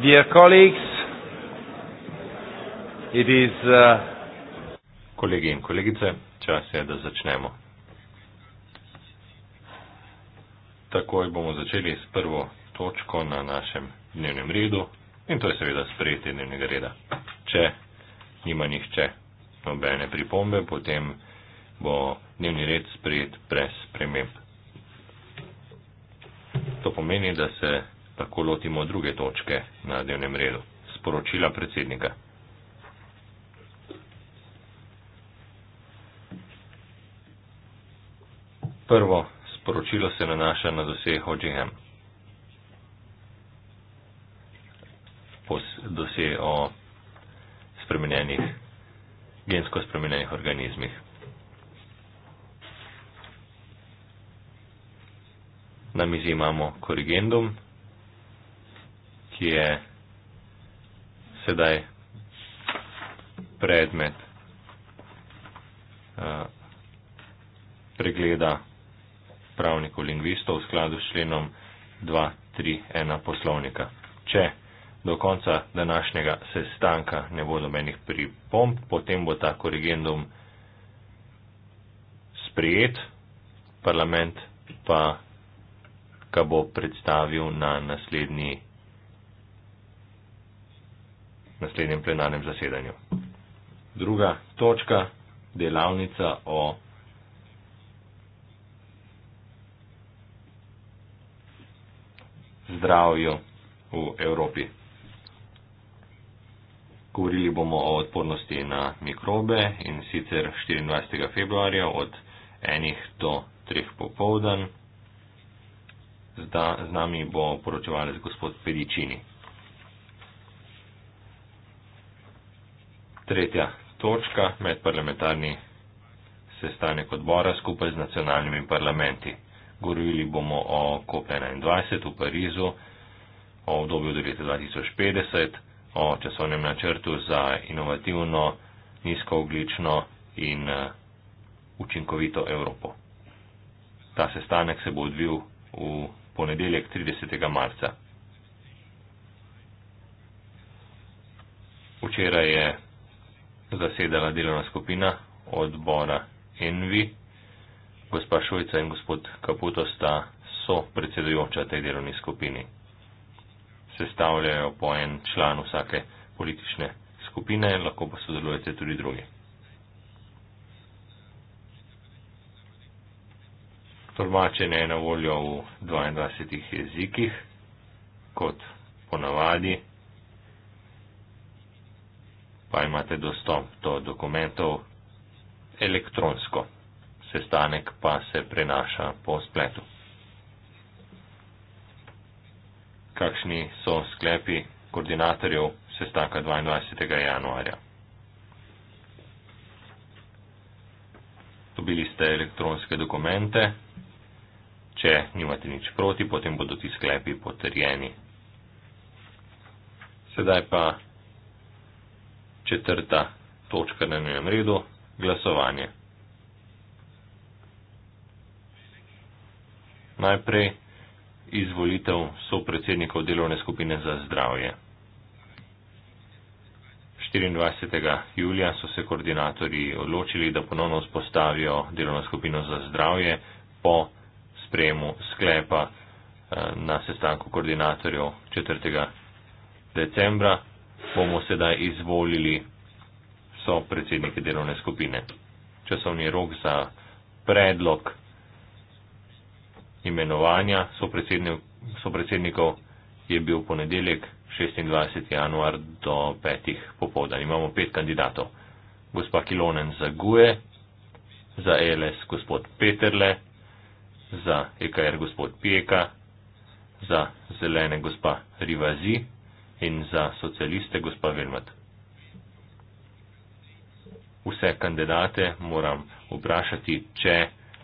Dear colleagues, it is, uh, Kolegi in kolegice, čas je, da začnemo. Takoj bomo začeli s prvo točko na našem dnevnem redu in to je seveda sprejetje dnevnega reda. Če nima nihče nobene pripombe, potem bo dnevni red sprejet brez sprememb. To pomeni, da se tako lotimo druge točke na dnevnem redu. Sporočila predsednika. Prvo sporočilo se nanaša na doseh OGM. dose o spremenjenih, gensko spremenjenih organizmih. Na mizi imamo korigendum, ki je sedaj predmet eh, pregleda pravnikov lingvistov v skladu s členom 231 poslovnika. Če do konca današnjega sestanka ne bo nobenih pripomb, potem bo ta korigendum sprijet, parlament pa ga bo predstavil na naslednji naslednjem plenarnem zasedanju. Druga točka, delavnica o zdravju v Evropi. Govorili bomo o odpornosti na mikrobe in sicer 24. februarja od 1 do 3 popovdan. Z nami bo poročevalec gospod Pedičini. Tretja točka med parlamentarni sestanek odbora skupaj z nacionalnimi parlamenti. Govorili bomo o COP21 v Parizu, o obdobju do leta 2050, o časovnem načrtu za inovativno, nizkooglično in eh, učinkovito Evropo. Ta sestanek se bo odvil v ponedeljek 30. marca. Včeraj je zasedala delovna skupina odbora Envi. Gospa Šojca in gospod Kaputo sta so predsedujoča tej delovni skupini. Sestavljajo po en član vsake politične skupine, lahko pa sodelujete tudi drugi. Tolmačenje je na voljo v 22 jezikih, kot ponavadi pa imate dostop do dokumentov elektronsko. Sestanek pa se prenaša po spletu. Kakšni so sklepi koordinatorjev sestanka 22. januarja? Dobili ste elektronske dokumente. Če nimate nič proti, potem bodo ti sklepi potrjeni. Sedaj pa četrta točka na njem redu, glasovanje. Najprej izvolitev sopredsednikov delovne skupine za zdravje. 24. julija so se koordinatorji odločili, da ponovno vzpostavijo delovno skupino za zdravje po sprejemu sklepa eh, na sestanku koordinatorjev 4. decembra bomo sedaj izvolili so predsednike delovne skupine. Časovni rok za predlog imenovanja so predsednikov je bil ponedeljek 26. januar do 5. popovdan. Imamo pet kandidatov. Gospa Kilonen za GUE, za ELS gospod Peterle, za EKR gospod Pijeka, za zelene gospa Rivazi, in za socialiste, gospa Vilmet. Vse kandidate moram vprašati, če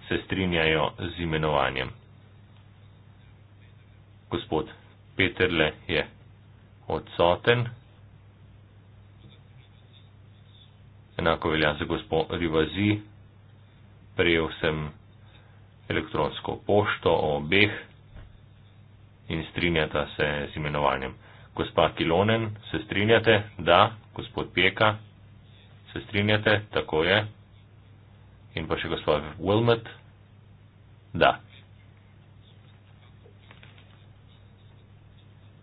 se strinjajo z imenovanjem. Gospod Peterle je odsoten. Enako velja za gospod Rivazi. Prejel sem elektronsko pošto o obeh in strinjata se z imenovanjem. Gospa Kilonen, se strinjate? Da, gospod Pieka, se strinjate? Tako je. In pa še gospod Wilmot? Da.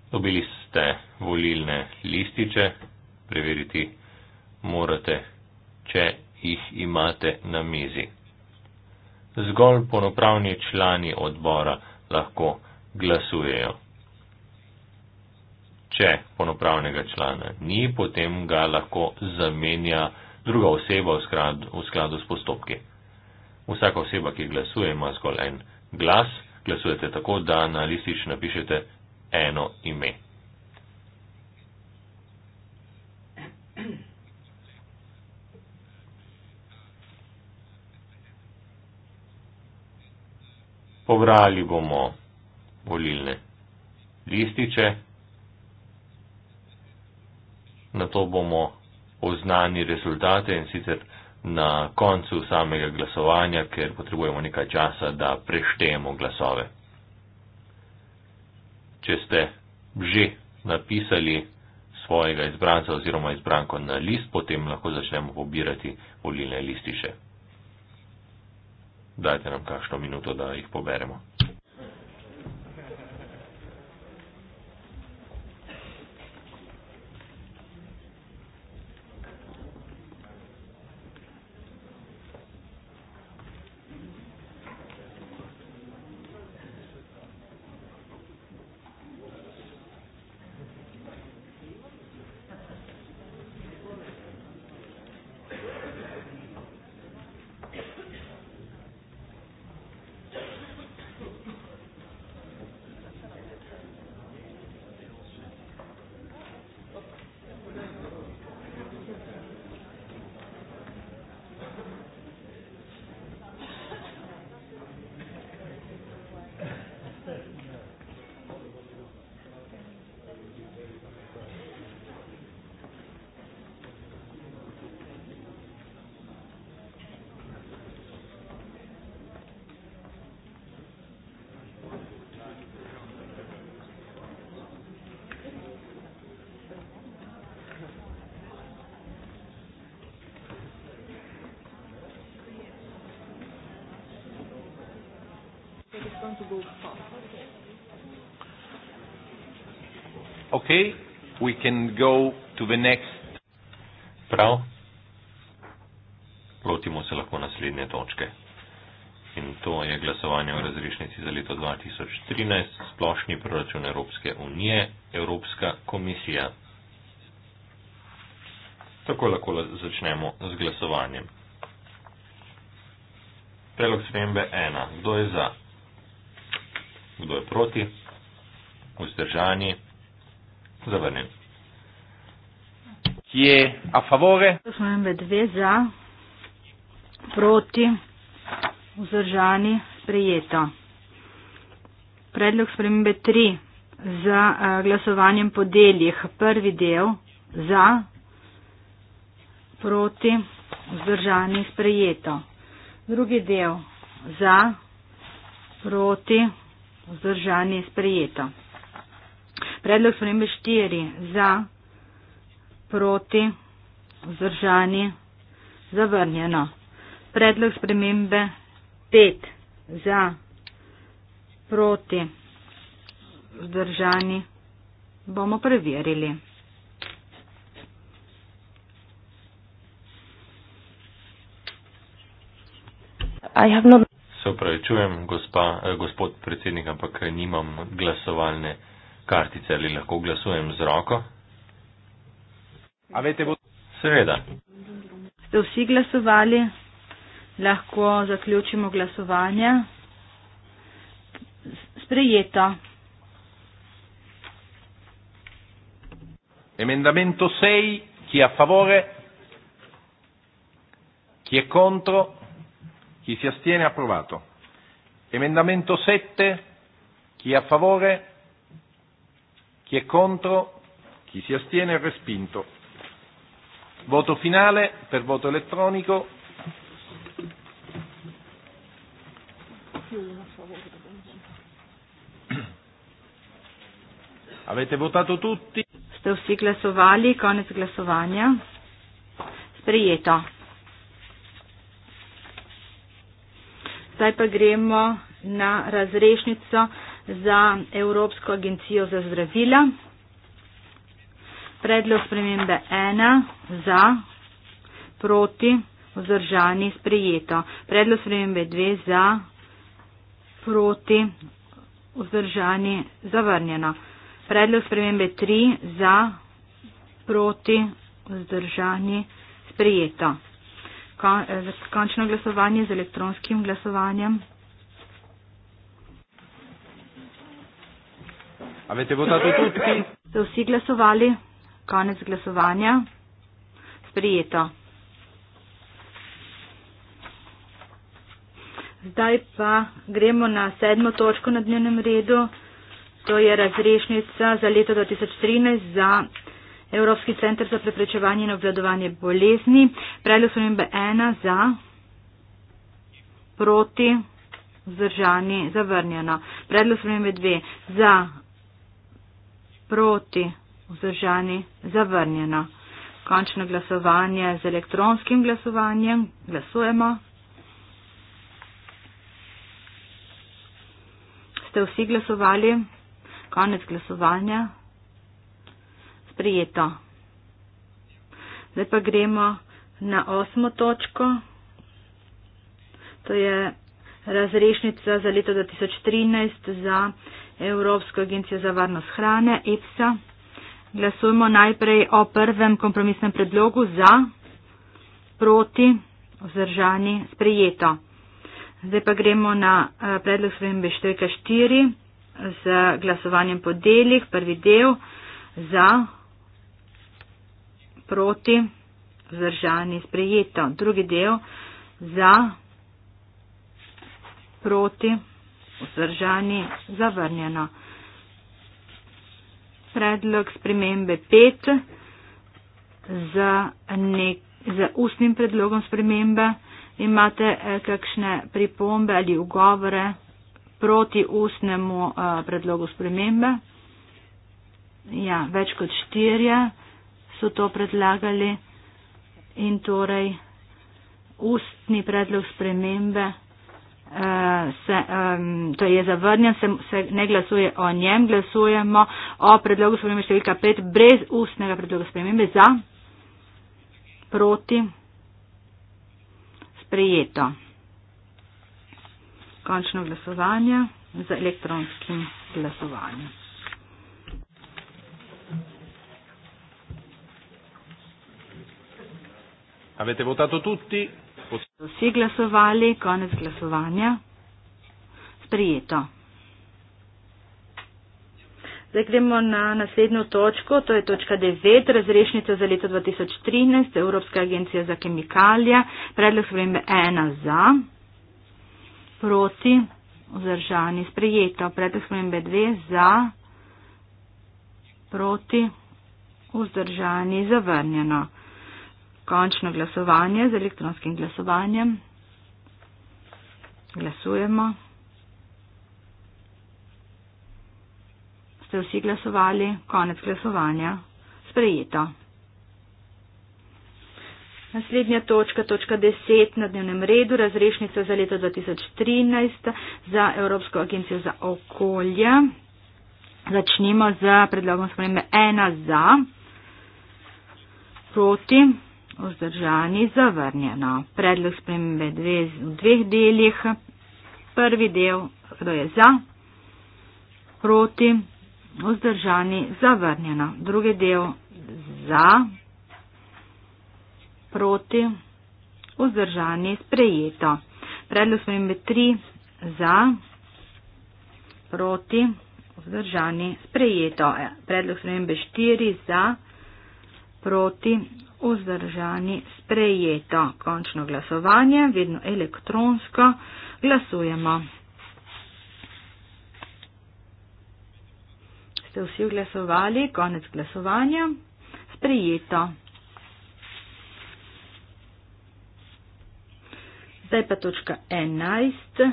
Dobili ste volilne lističe, preveriti morate, če jih imate na mizi. Zgolj ponopravni člani odbora lahko glasujejo če ponopravnega člana ni, potem ga lahko zamenja druga oseba v skladu, v skladu s postopki. Vsaka oseba, ki glasuje, ima zgolj en glas, glasujete tako, da na listič napišete eno ime. Pobrali bomo volilne lističe na to bomo oznani rezultate in sicer na koncu samega glasovanja, ker potrebujemo nekaj časa, da preštejemo glasove. Če ste že napisali svojega izbranca oziroma izbranko na list, potem lahko začnemo pobirati volilne listiše. Dajte nam kakšno minuto, da jih poberemo. Okay, we can go to the next. Prav. Protimo se lahko naslednje točke. In to je glasovanje o razrešnici za leto 2013, splošni proračun Evropske unije, Evropska komisija. Tako lahko začnemo z glasovanjem. Predlog spremembe 1. Kdo je za? proti, vzdržani, zavrnjen. Kje je a favore? Dve za, proti, vzdržani, sprejeto. Predlog spremembe tri za eh, glasovanjem po delih. Prvi del za, proti, vzdržani, sprejeto. Drugi del za, proti, vzdržanje sprejeto. Predlog spremembe 4 za, proti, vzdržanje, zavrnjeno. Predlog spremembe 5 za, proti, vzdržanje, bomo preverili. I have not se upravičujem, gospa, eh, gospod predsednik, ampak nimam glasovalne kartice ali lahko glasujem z roko. Vete, bo... Seveda. Ste vsi glasovali? Lahko zaključimo glasovanje. Sprejeto. Emendamento 6, chi a favore? Chi è contro? Chi si astiene? Approvato. Emendamento 7. Chi è a favore? Chi è contro? Chi si astiene? Respinto. Voto finale per voto elettronico. Avete votato tutti? Ste vsi glasovali, konec glasovanja. Sprijeto. Zdaj pa gremo na razrešnico za Evropsko agencijo za zdravila. Predlog spremembe 1 za, proti, vzdržani, sprejeto. Predlog spremembe 2 za, proti, vzdržani, zavrnjeno. Predlog spremembe 3 za, proti, vzdržani, sprejeto. Eh, končno glasovanje z elektronskim glasovanjem. Avete votato tutti? So vsi glasovali? Konec glasovanja. Sprijeto. Zdaj pa gremo na sedmo točko na dnevnem redu. To je razrešnica za leto 2013 za Evropski center za preprečevanje in obvladovanje bolezni. Predlog spremembe 1 za, proti, vzdržani, zavrnjeno. Predlog spremembe 2 za, proti, vzdržani, zavrnjeno. Končno glasovanje z elektronskim glasovanjem. Glasujemo. Ste vsi glasovali? Konec glasovanja sprijeto. Zdaj pa gremo na osmo točko. To je razrešnica za leto 2013 za Evropsko agencijo za varnost hrane, EFSA. Glasujemo najprej o prvem kompromisnem predlogu za, proti, vzdržani, sprijeto. Zdaj pa gremo na eh, predlog spremembe številka 4 z glasovanjem po delih, prvi del za proti, vzdržani, sprejeto. Drugi del za, proti, vzdržani, zavrnjeno. Predlog spremembe 5 za, za ustnim predlogom spremembe. Imate eh, kakšne pripombe ali ugovore proti ustnemu eh, predlogu spremembe? Ja, več kot štirje so to predlagali in torej ustni predlog spremembe eh, se, um, to je zavrnjen, se, se ne glasuje o njem, glasujemo o predlogu spremembe številka 5 brez ustnega predloga spremembe za, proti, sprejeto. Končno glasovanje za elektronskim glasovanjem. Avete votato tutti? Potete... Vsi glasovali, konec glasovanja. Sprijeto. Zdaj gremo na naslednjo točko, to je točka 9, razrešnica za leto 2013, Evropska agencija za kemikalije, predlog spremembe 1 za, proti, vzdržani, sprejeto, predlog spremembe 2 za, proti, vzdržani, zavrnjeno končno glasovanje z elektronskim glasovanjem. Glasujemo. Ste vsi glasovali? Konec glasovanja. Sprejeto. Naslednja točka, točka 10 na dnevnem redu, razrešnica za leto 2013 za Evropsko agencijo za okolje. Začnimo z predlogom spremembe 1 za, proti vzdržani, zavrnjeno. Predlog spremembe dve, v dveh delih. Prvi del, kdo je za, proti, vzdržani, zavrnjeno. Drugi del, za, proti, vzdržani, sprejeto. Predlog spremembe tri, za, proti, vzdržani, sprejeto. Predlog spremembe štiri, za, proti, vzdržani, sprejeto. Končno glasovanje, vedno elektronsko, glasujemo. Ste vsi glasovali, konec glasovanja, sprejeto. Zdaj pa točka 11,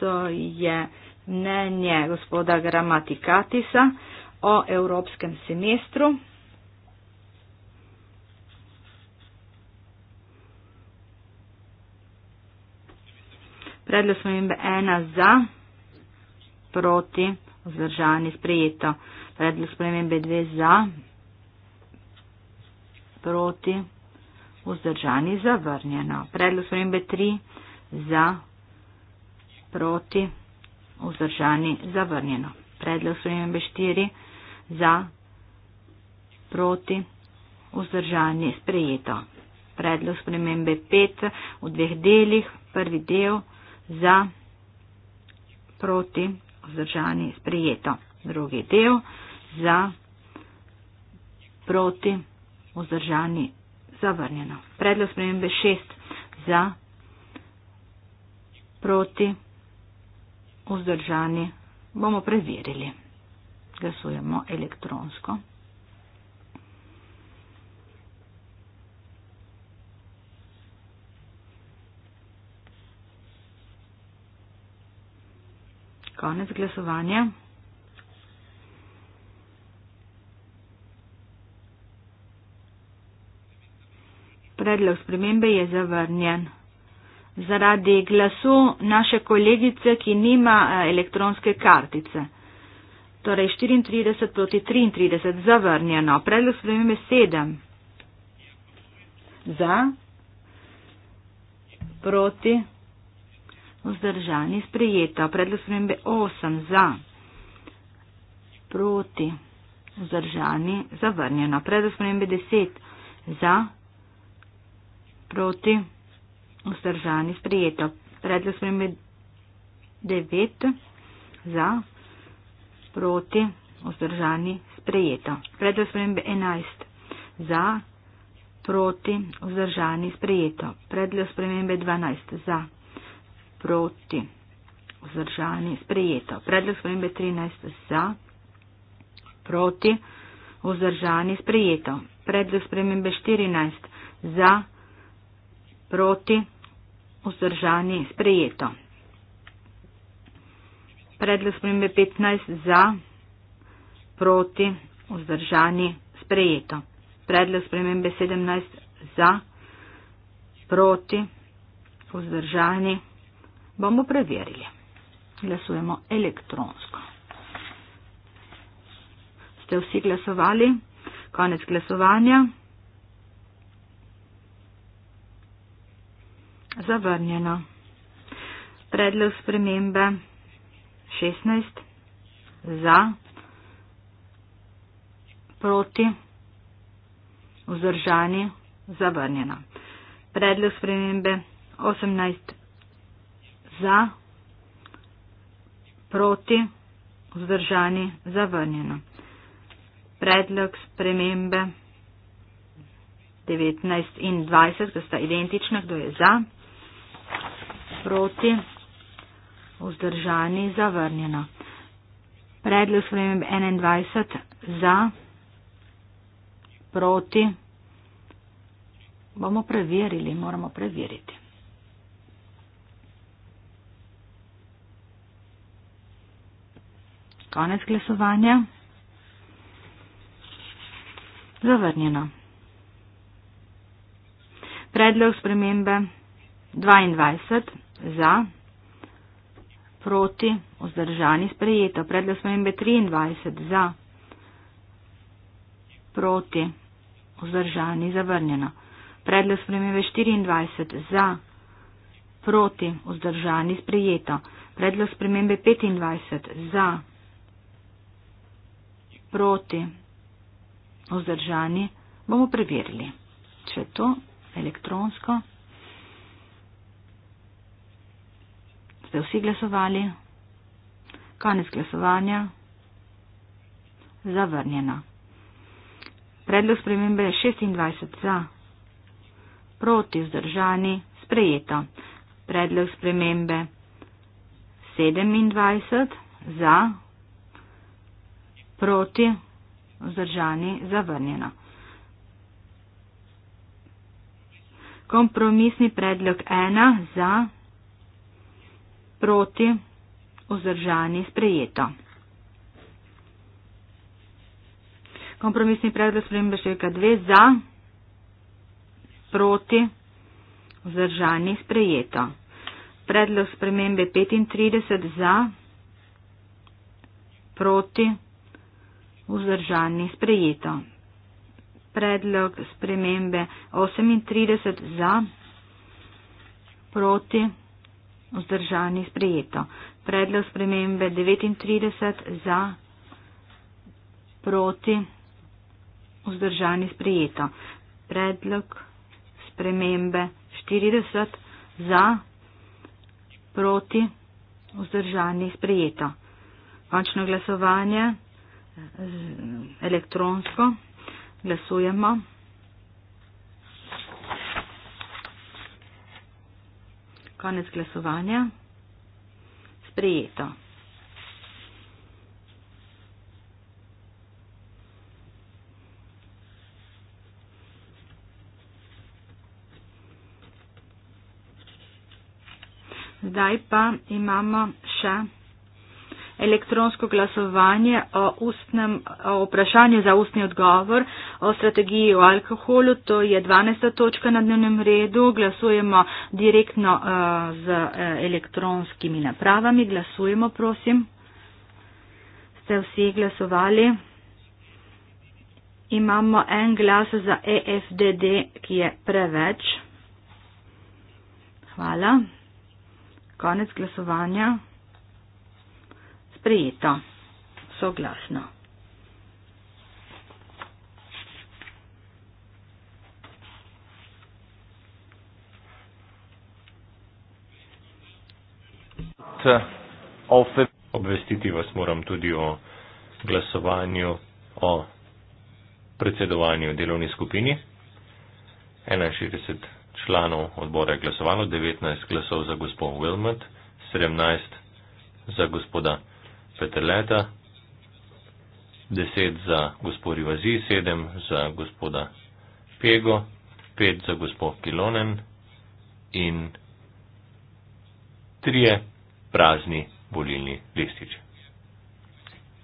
to je mnenje gospoda Gramatikatisa o evropskem semestru. Predlog spremembe ena za, proti, vzdržani, sprejeto. Predlog spremembe dve za, proti, vzdržani, zavrnjeno. Predlog spremembe tri za, proti, vzdržani, zavrnjeno. Predlog spremembe štiri za, proti, vzdržani, sprejeto. Predlog spremembe pet v dveh delih, prvi del za, proti, vzdržani, sprejeto. Drugi del za, proti, vzdržani, zavrnjeno. Predlog spremembe šest za, proti, vzdržani, bomo preverili. Glasujemo elektronsko. Konec glasovanja. Predlog spremembe je zavrnjen. Zaradi glasu naše kolegice, ki nima eh, elektronske kartice. Torej 34 proti 33 zavrnjeno. Predlog spremembe 7. Za. Proti vzdržani, sprejeta. Predlog spremembe 8 za, proti, vzdržani, zavrnjena. Predlog spremembe 10 za, proti, vzdržani, sprejeta. Predlog spremembe 9 za, proti, vzdržani, sprejeta. Predlog spremembe 11 za, proti, vzdržani, sprejeta. Predlog spremembe 12 za proti. Vzdržani, sprejeto. Predlog spremembe 13 za, proti, vzdržani, sprejeto. Predlog spremembe 14 za, proti, vzdržani, sprejeto. Predlog spremembe 15 za, proti, vzdržani, sprejeto. Predlog spremembe 17 za, proti, vzdržani, sprejeto. Bomo preverili. Glasujemo elektronsko. Ste vsi glasovali? Konec glasovanja. Zavrnjeno. Predlog spremembe 16. Za. Proti. Vzdržani. Zavrnjeno. Predlog spremembe 18 za, proti, vzdržani, zavrnjeno. Predlog spremembe 19 in 20, ki sta identična, kdo je za, proti, vzdržani, zavrnjeno. Predlog spremembe 21 za, proti, bomo preverili, moramo preveriti. konec glasovanja. Zavrnjeno. Predlog spremembe 22 za, proti, vzdržani sprejeto. Predlog spremembe 23 za, proti, vzdržani zavrnjeno. Predlog spremembe 24 za, proti, vzdržani sprejeto. Predlog spremembe 25 za, proti, vzdržani sprejeto proti, vzdržani, bomo preverili. Če to elektronsko. Ste vsi glasovali? Konec glasovanja. Zavrnjena. Predlog spremembe je 26 za, proti vzdržani, sprejeto. Predlog spremembe 27 za, proti, vzdržani, zavrnjeno. Kompromisni predlog ena za, proti, vzdržani, sprejeto. Kompromisni predlog spremembe številka dve za, proti, vzdržani, sprejeto. Predlog spremembe 35 za, proti, vzdržani, sprejeto vzdržani sprejeto. Predlog spremembe 38 za, proti, vzdržani sprejeto. Predlog spremembe 39 za, proti, vzdržani sprejeto. Predlog spremembe 40 za, proti, vzdržani sprejeto. Končno glasovanje. Eh, elektronsko. Glasujemo. Konec glasovanja. Sprijeto. Zdaj pa imamo še elektronsko glasovanje o, ustnem, o vprašanju za ustni odgovor o strategiji o alkoholu. To je 12. točka na dnevnem redu. Glasujemo direktno uh, z uh, elektronskimi napravami. Glasujemo, prosim. Ste vsi glasovali? Imamo en glas za EFDD, ki je preveč. Hvala. Konec glasovanja sprejeto. Soglasno. Obvestiti vas moram tudi o glasovanju o predsedovanju delovni skupini. 61 članov odbora je glasovalo, 19 glasov za gospod Wilmot, 17 za gospoda. Peterleta, deset za gospod Ivazi, sedem za gospoda Pego, pet za gospod Kilonen in trije prazni volilni listič.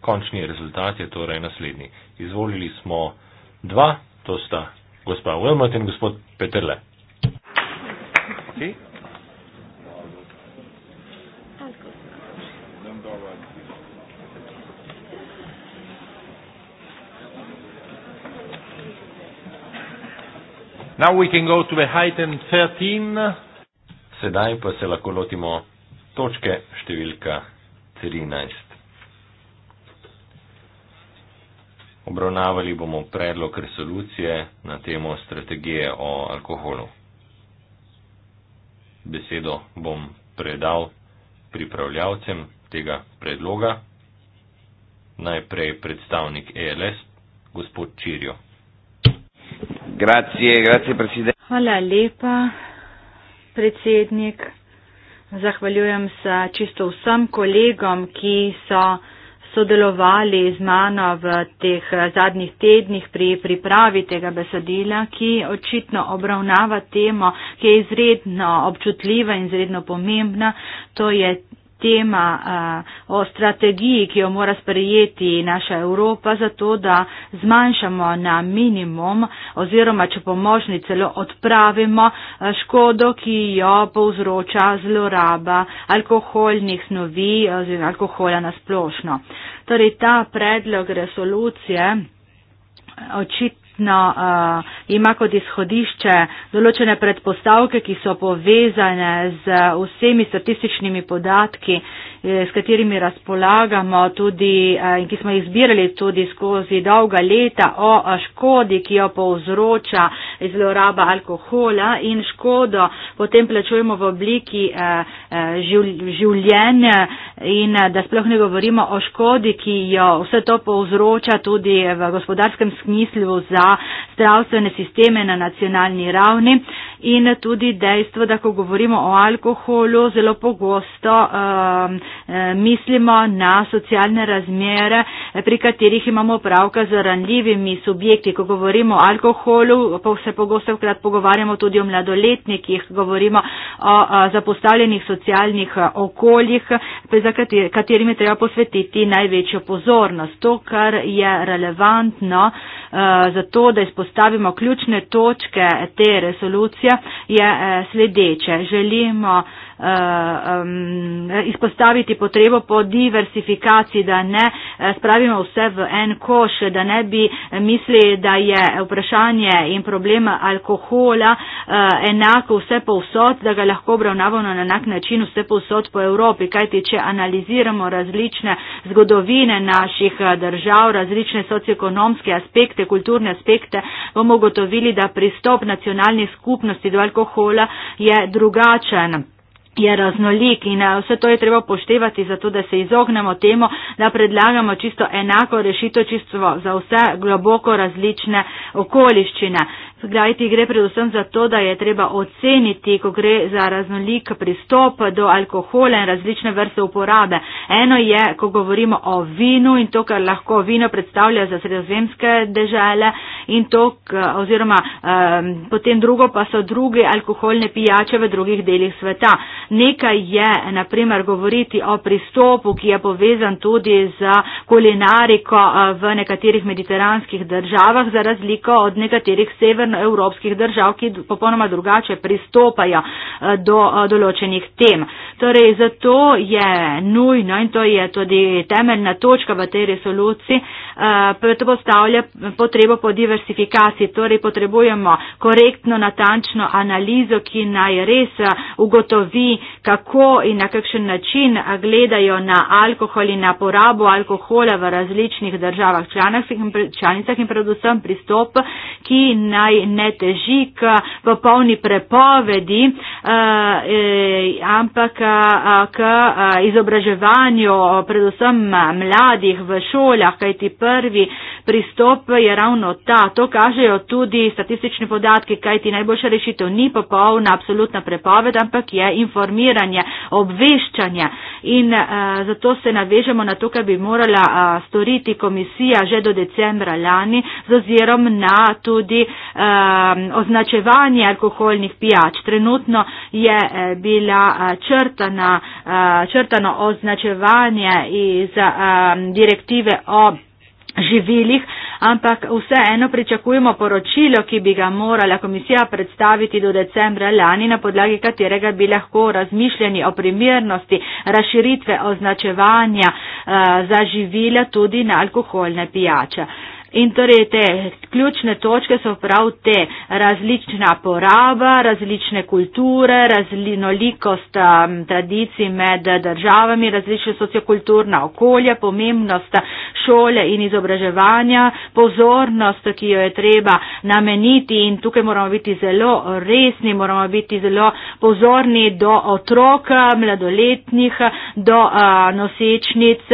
Končni rezultat je torej naslednji. Izvolili smo dva, to sta gospa Wilmot in gospod Peterle. Okay. Now we can go to the item 13. Sedaj pa se lahko lotimo točke številka 13. Obravnavali bomo predlog resolucije na temo strategije o alkoholu. Besedo bom predal pripravljavcem tega predloga. Najprej predstavnik ELS, gospod Čirjo. Grazie, grazie predsednik. Hvala lepa, predsednik. Zahvaljujem se čisto vsem kolegom, ki so sodelovali z mano v teh zadnjih tednih pri pripravi tega besedila, ki očitno obravnava temo, ki je izredno občutljiva in izredno pomembna, to je tema eh, o strategiji, ki jo mora sprejeti naša Evropa, zato da zmanjšamo na minimum oziroma, če pomožni celo odpravimo eh, škodo, ki jo povzroča zloraba alkoholnih snovi eh, oziroma alkohola na splošno. Torej, ta predlog resolucije očitno jasno uh, eh, ima kot izhodišče določene predpostavke, ki so povezane z vsemi statističnimi podatki, uh, Eh, s katerimi razpolagamo tudi eh, in ki smo jih zbirali tudi skozi dolga leta o škodi, ki jo povzroča zloraba alkohola in škodo potem plačujemo v obliki eh, življenja in da sploh ne govorimo o škodi, ki jo vse to povzroča tudi v gospodarskem smislu za zdravstvene sisteme na nacionalni ravni. In tudi dejstvo, da ko govorimo o alkoholu, zelo pogosto um, Eh, mislimo na socialne razmere, eh, pri katerih imamo opravka z ranljivimi subjekti. Ko govorimo o alkoholu, pa se pogosto vkrat pogovarjamo tudi o mladoletnikih, govorimo o zapostavljenih socialnih eh, okoljih, za katerimi treba posvetiti največjo pozornost. To, kar je relevantno, Eh, zato, da izpostavimo ključne točke te resolucije, je eh, sledeče. Želimo eh, izpostaviti potrebo po diversifikaciji, da ne spravimo vse v en koš, da ne bi mislili, da je vprašanje in problema alkohola enako vse povsod, da ga lahko obravnavamo na enak način vse povsod po Evropi. Kajti, če analiziramo različne zgodovine naših držav, različne socioekonomske aspekte, tudi kulturne aspekte, bomo ugotovili, da pristop nacionalnih skupnosti do alkohola je drugačen je raznolik in eh, vse to je treba poštevati, zato da se izognemo temu, da predlagamo čisto enako rešito čistvo za vse globoko različne okoliščine zgraditi gre predvsem za to, da je treba oceniti, ko gre za raznolik pristop do alkohola in različne vrste uporabe. Eno je, ko govorimo o vinu in to, kar lahko vino predstavlja za sredozemske dežele in to, oziroma um, potem drugo pa so druge alkoholne pijače v drugih delih sveta. Nekaj je, na primer, govoriti o pristopu, ki je povezan tudi z kulinariko eh, v nekaterih mediteranskih državah, za razliko od nekaterih severnih zahodnoevropskih držav, ki popolnoma drugače pristopajo eh, do eh, določenih tem. Torej, zato je nujno in to je tudi temeljna točka v tej resoluciji, eh, to postavlja potrebo po diversifikaciji. Torej, potrebujemo korektno, natančno analizo, ki naj res eh, ugotovi, kako in na kakšen način eh, gledajo na alkohol in na porabo alkohola v različnih državah članicah in predvsem pristop, ki naj ne teži k popolni prepovedi, ampak k izobraževanju predvsem mladih v šolah, kajti prvi pristop je ravno ta. To kažejo tudi statistični podatki, kajti najboljša rešitev ni popolna, absolutna prepoved, ampak je informiranje, obveščanje. In zato se navežemo na to, kar bi morala storiti komisija že do decembra lani, z ozirom na tudi označevanje alkoholnih pijač. Trenutno je bila črta crtana, crtano označevanje iz direktive o živilih, ampak vseeno pričakujemo poročilo, ki bi ga morala komisija predstaviti do decembra lani, na podlagi katerega bi lahko razmišljeni o primernosti razširitve označevanja za živila tudi na alkoholne pijače. In torej te ključne točke so prav te različna poraba, različne kulture, raznolikost um, tradicij med državami, različna sociokulturna okolja, pomembnost šole in izobraževanja, pozornost, ki jo je treba nameniti in tukaj moramo biti zelo resni, moramo biti zelo pozorni do otrok, mladoletnih, do uh, nosečnic,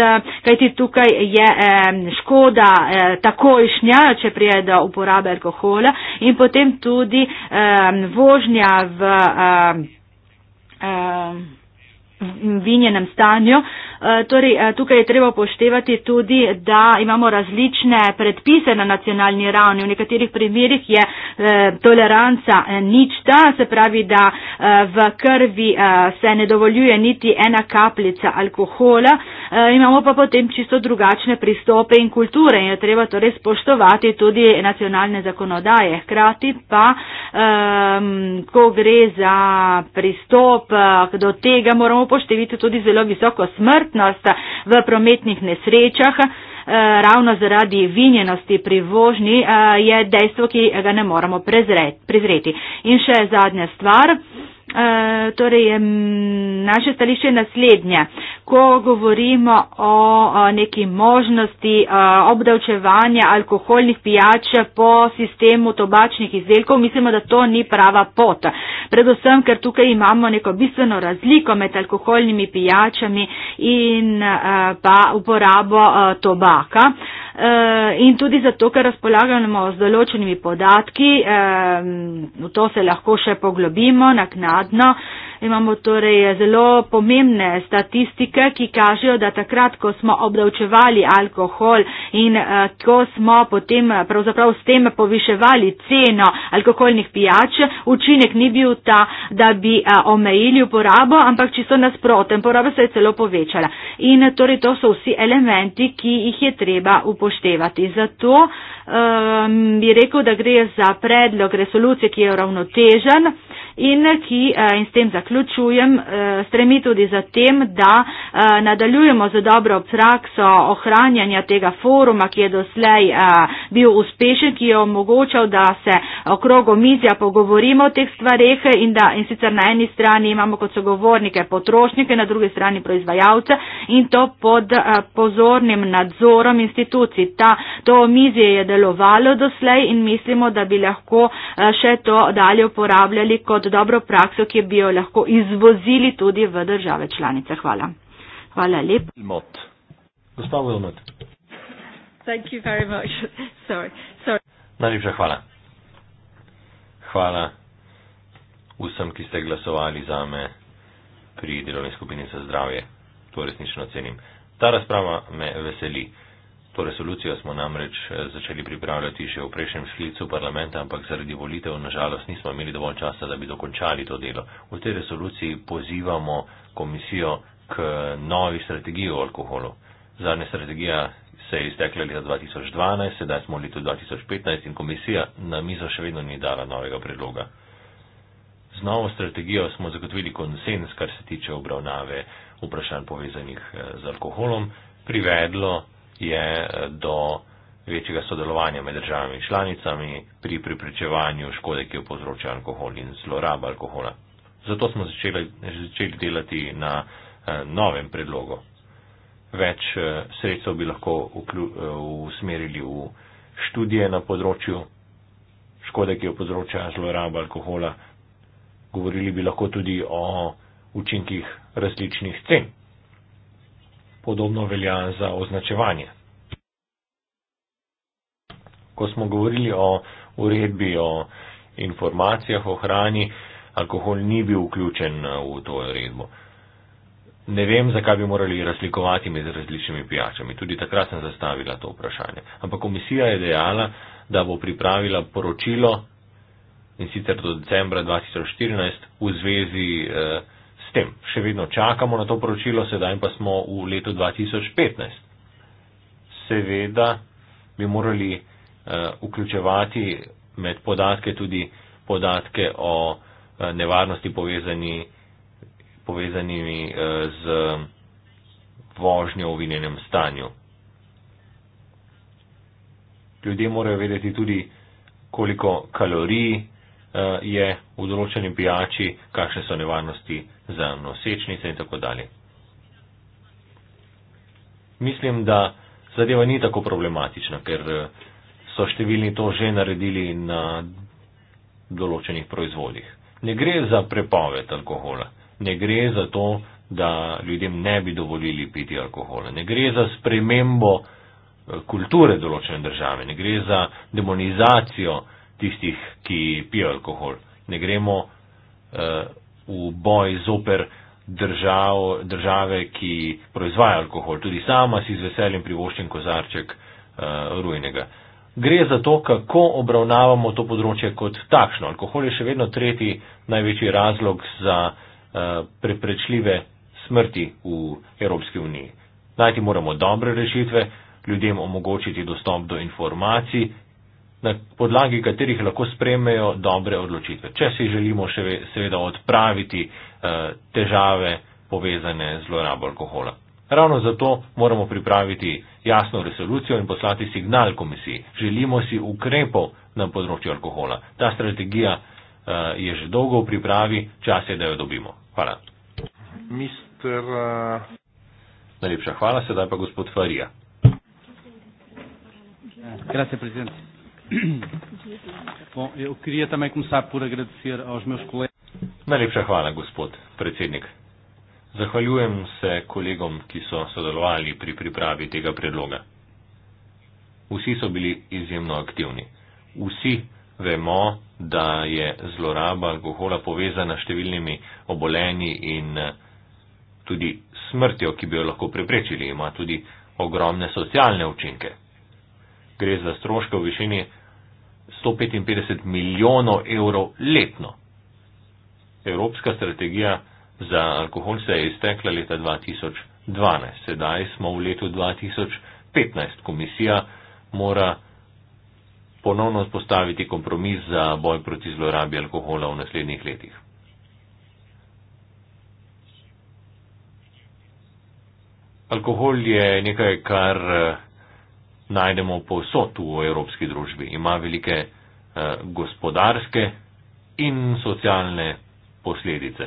kajti tukaj je um, škoda uh, tako vožnja, če prije do uporabe alkohola in potem tudi um, vožnja v. Um, um, vinjenem stanju. E, torej, e, tukaj je treba poštevati tudi, da imamo različne predpise na nacionalni ravni. V nekaterih primerjih je e, toleranca ničta, se pravi, da v krvi se ne dovoljuje niti ena kapljica alkohola. Imamo pa potem čisto drugačne pristope in kulture in je treba torej spoštovati tudi nacionalne zakonodaje. Hkrati pa, ko gre za pristop do tega, moramo upoštevati tudi zelo visoko smrtnost v prometnih nesrečah. Eh, ravno zaradi vinjenosti pri vožnji eh, je dejstvo, ki ga ne moramo prezreti. In še zadnja stvar. Eh, torej, naše stališče je naslednje. Ko govorimo o neki možnosti eh, obdavčevanja alkoholnih pijač po sistemu tobačnih izdelkov, mislimo, da to ni prava pot. Predvsem, ker tukaj imamo neko bistveno razliko med alkoholnimi pijačami in eh, pa uporabo tobaka. Eh, in tudi zato, ker razpolagamo z določenimi podatki, eh, v to se lahko še poglobimo naknadno. Imamo torej zelo pomembne statistike, ki kažejo, da takrat, ko smo obdavčevali alkohol in eh, ko smo potem pravzaprav s tem poviševali ceno alkoholnih pijač, učinek ni bil ta, da bi eh, omejili uporabo, ampak čisto nasproten, poraba se je celo povečala. In torej to so vsi elementi, ki jih je treba upoštevati. Zato um, bi rekel, da gre za predlog resolucije, ki je ravnotežen in, ki, eh, in s tem zaključujem, eh, stremi tudi za tem, da eh, nadaljujemo z dobro prakso ohranjanja tega foruma, ki je doslej bil uspešen, ki je omogočal, da se okrog omizja pogovorimo o teh stvareh in da in sicer na eni strani imamo kot sogovornike potrošnike, na drugi strani proizvajalce in to pod pozornim nadzorom institucij. Ta, to omizje je delovalo doslej in mislimo, da bi lahko še to dalje uporabljali kot dobro prakso, ki bi jo lahko izvozili tudi v države članice. Hvala. Hvala lep. Mot. Gospa Vilmot. Najlepša hvala. Hvala vsem, ki ste glasovali za me pri delovni skupini za zdravje. To resnično cenim. Ta razprava me veseli. To resolucijo smo namreč eh, začeli pripravljati še v prejšnjem šlicu parlamenta, ampak zaradi volitev nažalost nismo imeli dovolj časa, da bi dokončali to delo. V tej resoluciji pozivamo komisijo k novi strategiji o alkoholu. Zadnja strategija se je iztekla leta 2012, sedaj smo v letu 2015 in komisija na mizo še vedno ni dala novega predloga. Z novo strategijo smo zagotovili konsens, kar se tiče obravnave vprašanj povezanih eh, z alkoholom, privedlo je eh, do večjega sodelovanja med državami članicami pri priprečevanju škode, ki jo povzroča alkohol in zloraba alkohola. Zato smo začeli, začeli delati na eh, novem predlogu. Več eh, sredstev bi lahko usmerili v študije na področju škode, ki jo povzroča zloraba alkohola. Govorili bi lahko tudi o učinkih različnih cen podobno velja za označevanje. Ko smo govorili o uredbi o informacijah o hrani, alkohol ni bil vključen uh, v to uredbo. Ne vem, zakaj bi morali razlikovati med različnimi pijačami. Tudi takrat sem zastavila to vprašanje. Ampak komisija je dejala, da bo pripravila poročilo in sicer do decembra 2014 v zvezi. Eh, s tem. Še vedno čakamo na to poročilo, sedaj pa smo v letu 2015. Seveda bi morali uh, vključevati med podatke tudi podatke o uh, nevarnosti povezani, povezanimi uh, z vožnjo v vinjenem stanju. Ljudje morajo vedeti tudi, koliko kalorij uh, je v določenem pijači, kakšne so nevarnosti za nosečnice in tako dalje. Mislim, da zadeva ni tako problematična, ker eh, so številni to že naredili na določenih proizvodih. Ne gre za prepoved alkohola, ne gre za to, da ljudem ne bi dovolili piti alkohola, ne gre za spremembo eh, kulture določene države, ne gre za demonizacijo tistih, ki pijo alkohol. Ne gremo eh, v boj zoper držav, države, ki proizvaja alkohol. Tudi sama si z veseljem privoščim kozarček uh, rujnega. Gre za to, kako obravnavamo to področje kot takšno. Alkohol je še vedno tretji največji razlog za uh, preprečljive smrti v Evropski uniji. Najti moramo dobre rešitve, ljudem omogočiti dostop do informacij na podlagi katerih lahko sprejmejo dobre odločitve. Če si želimo še seveda odpraviti eh, težave povezane z zlorabo alkohola. Ravno zato moramo pripraviti jasno resolucijo in poslati signal komisiji. Želimo si ukrepov na področju alkohola. Ta strategija eh, je že dolgo v pripravi, čas je, da jo dobimo. Hvala. Mister. Eh, Najlepša hvala, sedaj pa gospod Farija. Grazie, predsednik. Bom, eu queria também começar por agradecer aos meus colegas. Najlepša hvala, gospod predsednik. Zahvaljujem se kolegom, ki so sodelovali pri pripravi tega predloga. Vsi so bili izjemno aktivni. Vsi vemo, da je zloraba alkohola povezana s številnimi obolenji in eh, tudi smrtjo, ki bi jo lahko preprečili, ima tudi ogromne socialne učinke. Gre za stroške v višini 155 milijonov evrov letno. Evropska strategija za alkohol se je iztekla leta 2012, sedaj smo v letu 2015. Komisija mora ponovno spostaviti kompromis za boj proti zlorabi alkohola v naslednjih letih. Alkohol je nekaj, kar najdemo povsod v evropski družbi. Ima velike eh, gospodarske in socialne posledice.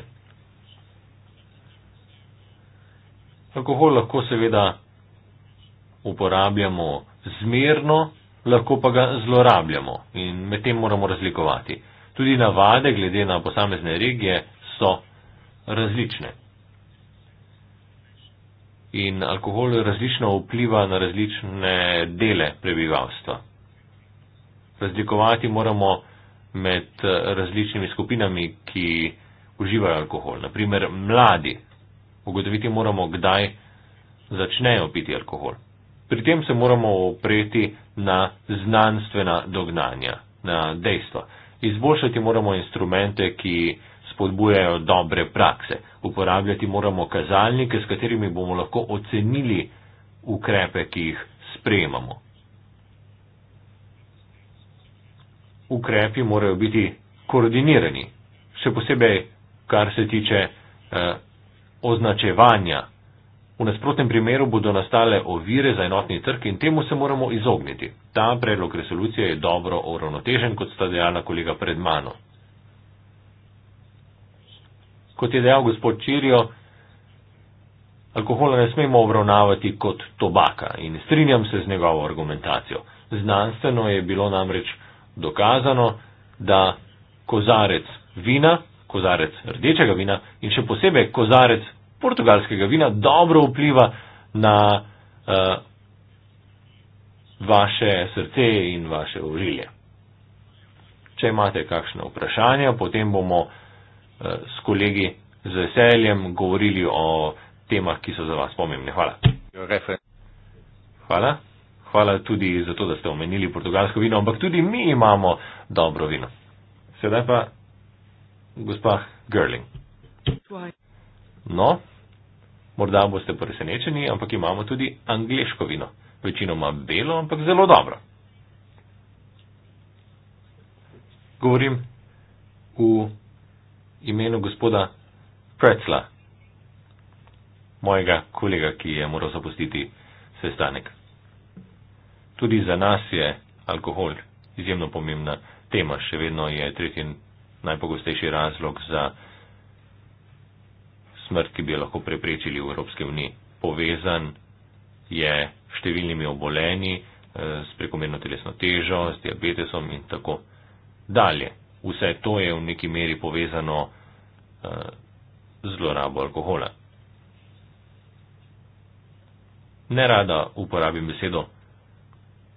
Alkohol lahko seveda uporabljamo zmerno, lahko pa ga zlorabljamo in med tem moramo razlikovati. Tudi navade glede na posamezne regije so različne in alkohol različno vpliva na različne dele prebivalstva. Razlikovati moramo med eh, različnimi skupinami, ki uživajo alkohol. Naprimer, mladi. Ugotoviti moramo, kdaj začnejo piti alkohol. Pri tem se moramo opreti na znanstvena dognanja, na dejstva. Izboljšati moramo instrumente, ki spodbujajo dobre prakse uporabljati moramo kazalnike, s katerimi bomo lahko ocenili ukrepe, ki jih sprejemamo. Ukrepi morajo biti koordinirani, še posebej, kar se tiče eh, označevanja. V nasprotnem primeru bodo nastale ovire za enotni trg in temu se moramo izogniti. Ta predlog resolucije je dobro uravnotežen, kot sta dejala kolega pred mano kot je dejal gospod Čirjo, alkohola ne smemo obravnavati kot tobaka in strinjam se z njegovo argumentacijo. Znanstveno je bilo namreč dokazano, da kozarec vina, kozarec rdečega vina in še posebej kozarec portugalskega vina dobro vpliva na uh, vaše srce in vaše ožilje. Če imate kakšno vprašanje, potem bomo uh, s kolegi z veseljem govorili o temah, ki so za vas pomembne. Hvala. Hvala. Hvala tudi za to, da ste omenili portugalsko vino, ampak tudi mi imamo dobro vino. Sedaj pa gospa Gerling. No, morda boste presenečeni, ampak imamo tudi angliško vino. Večinoma belo, ampak zelo dobro. Govorim v imenu gospoda Pretzla, mojega kolega, ki je moral zapustiti sestanek. Tudi za nas je alkohol izjemno pomembna tema, še vedno je tretji najpogostejši razlog za smrt, ki bi jo lahko preprečili v Evropski uniji. Povezan je s številnimi obolenji, eh, s prekomerno telesno težo, s diabetesom in tako dalje. Vse to je v neki meri povezano eh, z zlorabo alkohola. Nerada uporabim besedo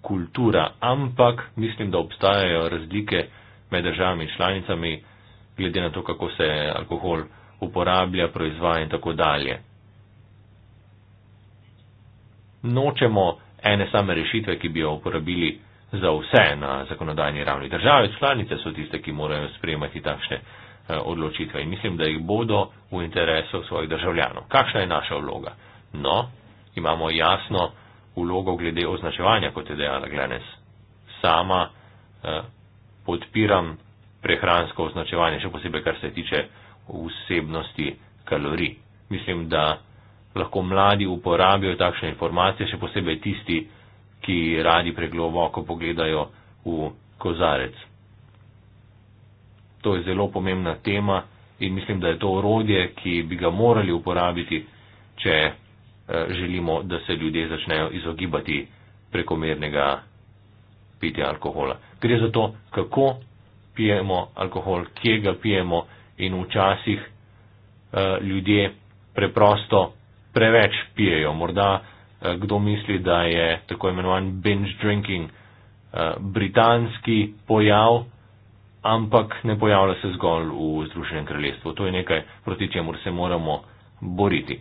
kultura, ampak mislim, da obstajajo razlike med državami in članicami, glede na to, kako se alkohol uporablja, proizvaja in tako dalje. Nočemo ene same rešitve, ki bi jo uporabili za vse na zakonodajni ravni. Države članice so tiste, ki morajo sprejemati takšne eh, odločitve in mislim, da jih bodo v interesu svojih državljanov. Kakšna je naša vloga? No, imamo jasno vlogo glede označevanja, kot je dejala Glenes. Sama eh, podpiram prehransko označevanje, še posebej, kar se tiče vsebnosti kalorij. Mislim, da lahko mladi uporabijo takšne informacije, še posebej tisti, ki radi pregloboko pogledajo v kozarec. To je zelo pomembna tema in mislim, da je to orodje, ki bi ga morali uporabiti, če eh, želimo, da se ljudje začnejo izogibati prekomernega pitja alkohola. Gre za to, kako pijemo alkohol, kje ga pijemo in včasih eh, ljudje preprosto preveč pijejo. Morda Eh, kdo misli, da je tako imenovan binge drinking eh, britanski pojav, ampak ne pojavlja se zgolj v Združenem kraljestvu. To je nekaj, proti čemur se moramo boriti.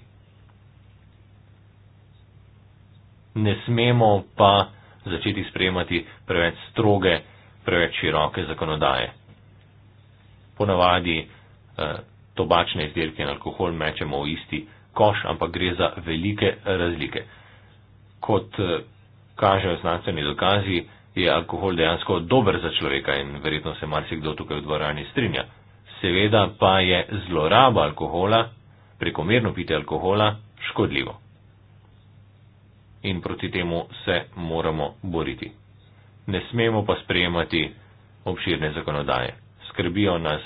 Ne smemo pa začeti sprejemati preveč stroge, preveč široke zakonodaje. Ponavadi eh, tobačne izdelke in alkohol mečemo v isti koš, ampak gre za velike razlike kot eh, kažejo znanstveni dokazi, je alkohol dejansko dober za človeka in verjetno se marsikdo tukaj v dvorani strinja. Seveda pa je zloraba alkohola, prekomerno pite alkohola, škodljivo. In proti temu se moramo boriti. Ne smemo pa sprejemati obširne zakonodaje. Skrbijo nas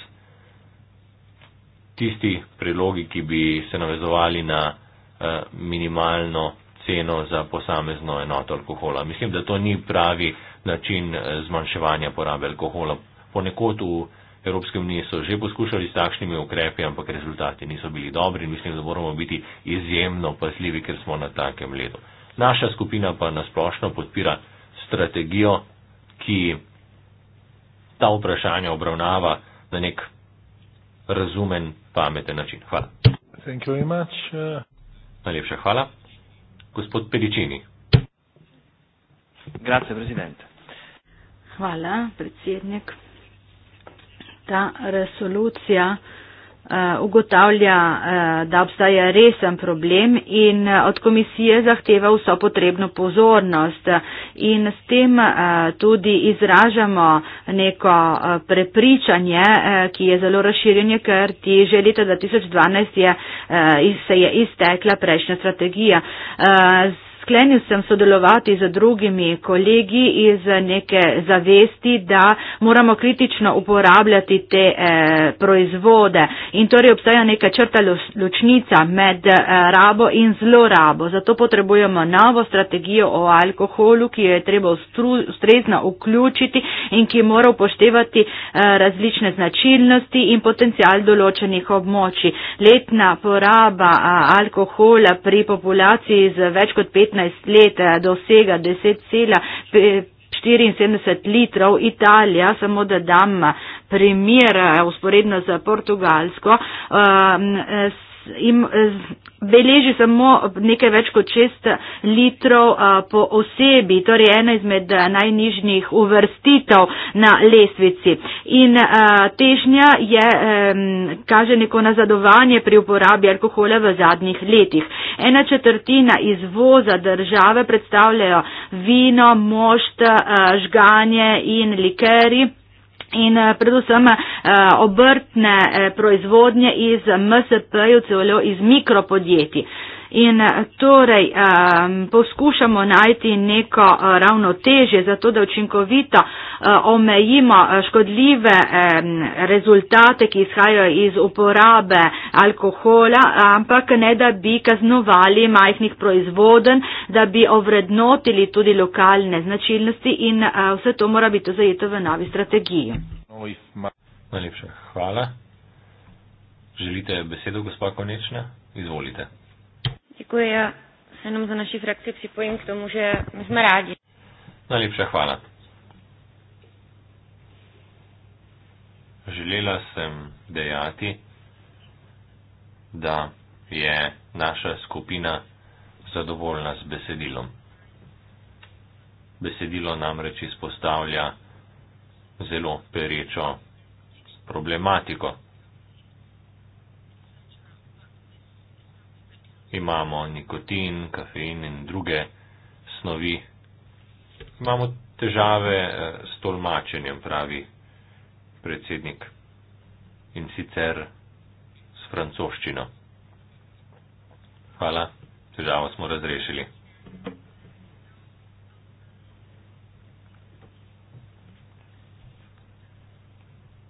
tisti predlogi, ki bi se navezovali na eh, minimalno ceno za posamezno enoto alkohola. Mislim, da to ni pravi način eh, zmanjševanja porabe alkohola. Ponekod v Evropske unije so že poskušali s takšnimi ukrepi, ampak rezultati niso bili dobri in mislim, da moramo biti izjemno pazljivi, ker smo na takem ledu. Naša skupina pa nasplošno podpira strategijo, ki ta vprašanja obravnava na nek razumen, pameten način. Hvala. Uh. Najlepša hvala. Gospod Pedicini. Grazie, presidente. Hvala, predsednik. Ta resolucija. Eh, ugotavlja, eh, da obstaja resen problem in eh, od komisije zahteva vso potrebno pozornost. In s tem tudi izražamo neko prepričanje, ki je zelo razširjenje, ker ti že leta 2012 je, se je iztekla prejšnja strategija. Z sklenil sem sodelovati z drugimi kolegi iz neke zavesti, da moramo kritično uporabljati te e, proizvode. In torej obstaja neka črta ločnica med e, rabo in zlorabo. Zato potrebujemo novo strategijo o alkoholu, ki jo je treba ustrezno vključiti in ki mora upoštevati e, različne značilnosti in potencial določenih območij. Letna poraba a, alkohola pri populaciji z več kot 15 15 let eh, dosega 10,74 litrov Italija, samo da dam eh, primer usporedno eh, za Portugalsko. Uh, im, eh, beleži samo nekaj več kot 6 litrov a, eh, po osebi, torej ena izmed eh, najnižjih uvrstitev na lestvici. In a, težnja je, a, kaže neko nazadovanje pri uporabi alkohola v zadnjih letih. Ena četrtina izvoza države predstavljajo vino, mošt, a, žganje in likeri. In eh, predvsem eh, obrtne eh, proizvodnje iz MSP-jev, celo iz mikropodjetij in eh, torej um, poskušamo najti neko uh, ravnotežje za to, da učinkovito uh, omejimo škodljive um, rezultate, ki izhajajo iz uporabe alkohola, ampak ne da bi kaznovali majhnih proizvoden, da bi ovrednotili tudi lokalne značilnosti in uh, vse to mora biti zajeto v novi strategiji. Najlepša hvala. Želite besedo, gospa Konečna? Izvolite. Děkuji a se jenom za naši frakci připojím k tomu, že my jsme rádi. Najlepša hvala. Želela sem dejati, da je naša skupina zadovoljna z besedilom. Besedilo namreč izpostavlja zelo perečo problematiko. imamo nikotin, kafein in druge snovi. Imamo težave eh, s tolmačenjem, pravi predsednik in sicer s francoščino. Hvala, težavo smo razrešili.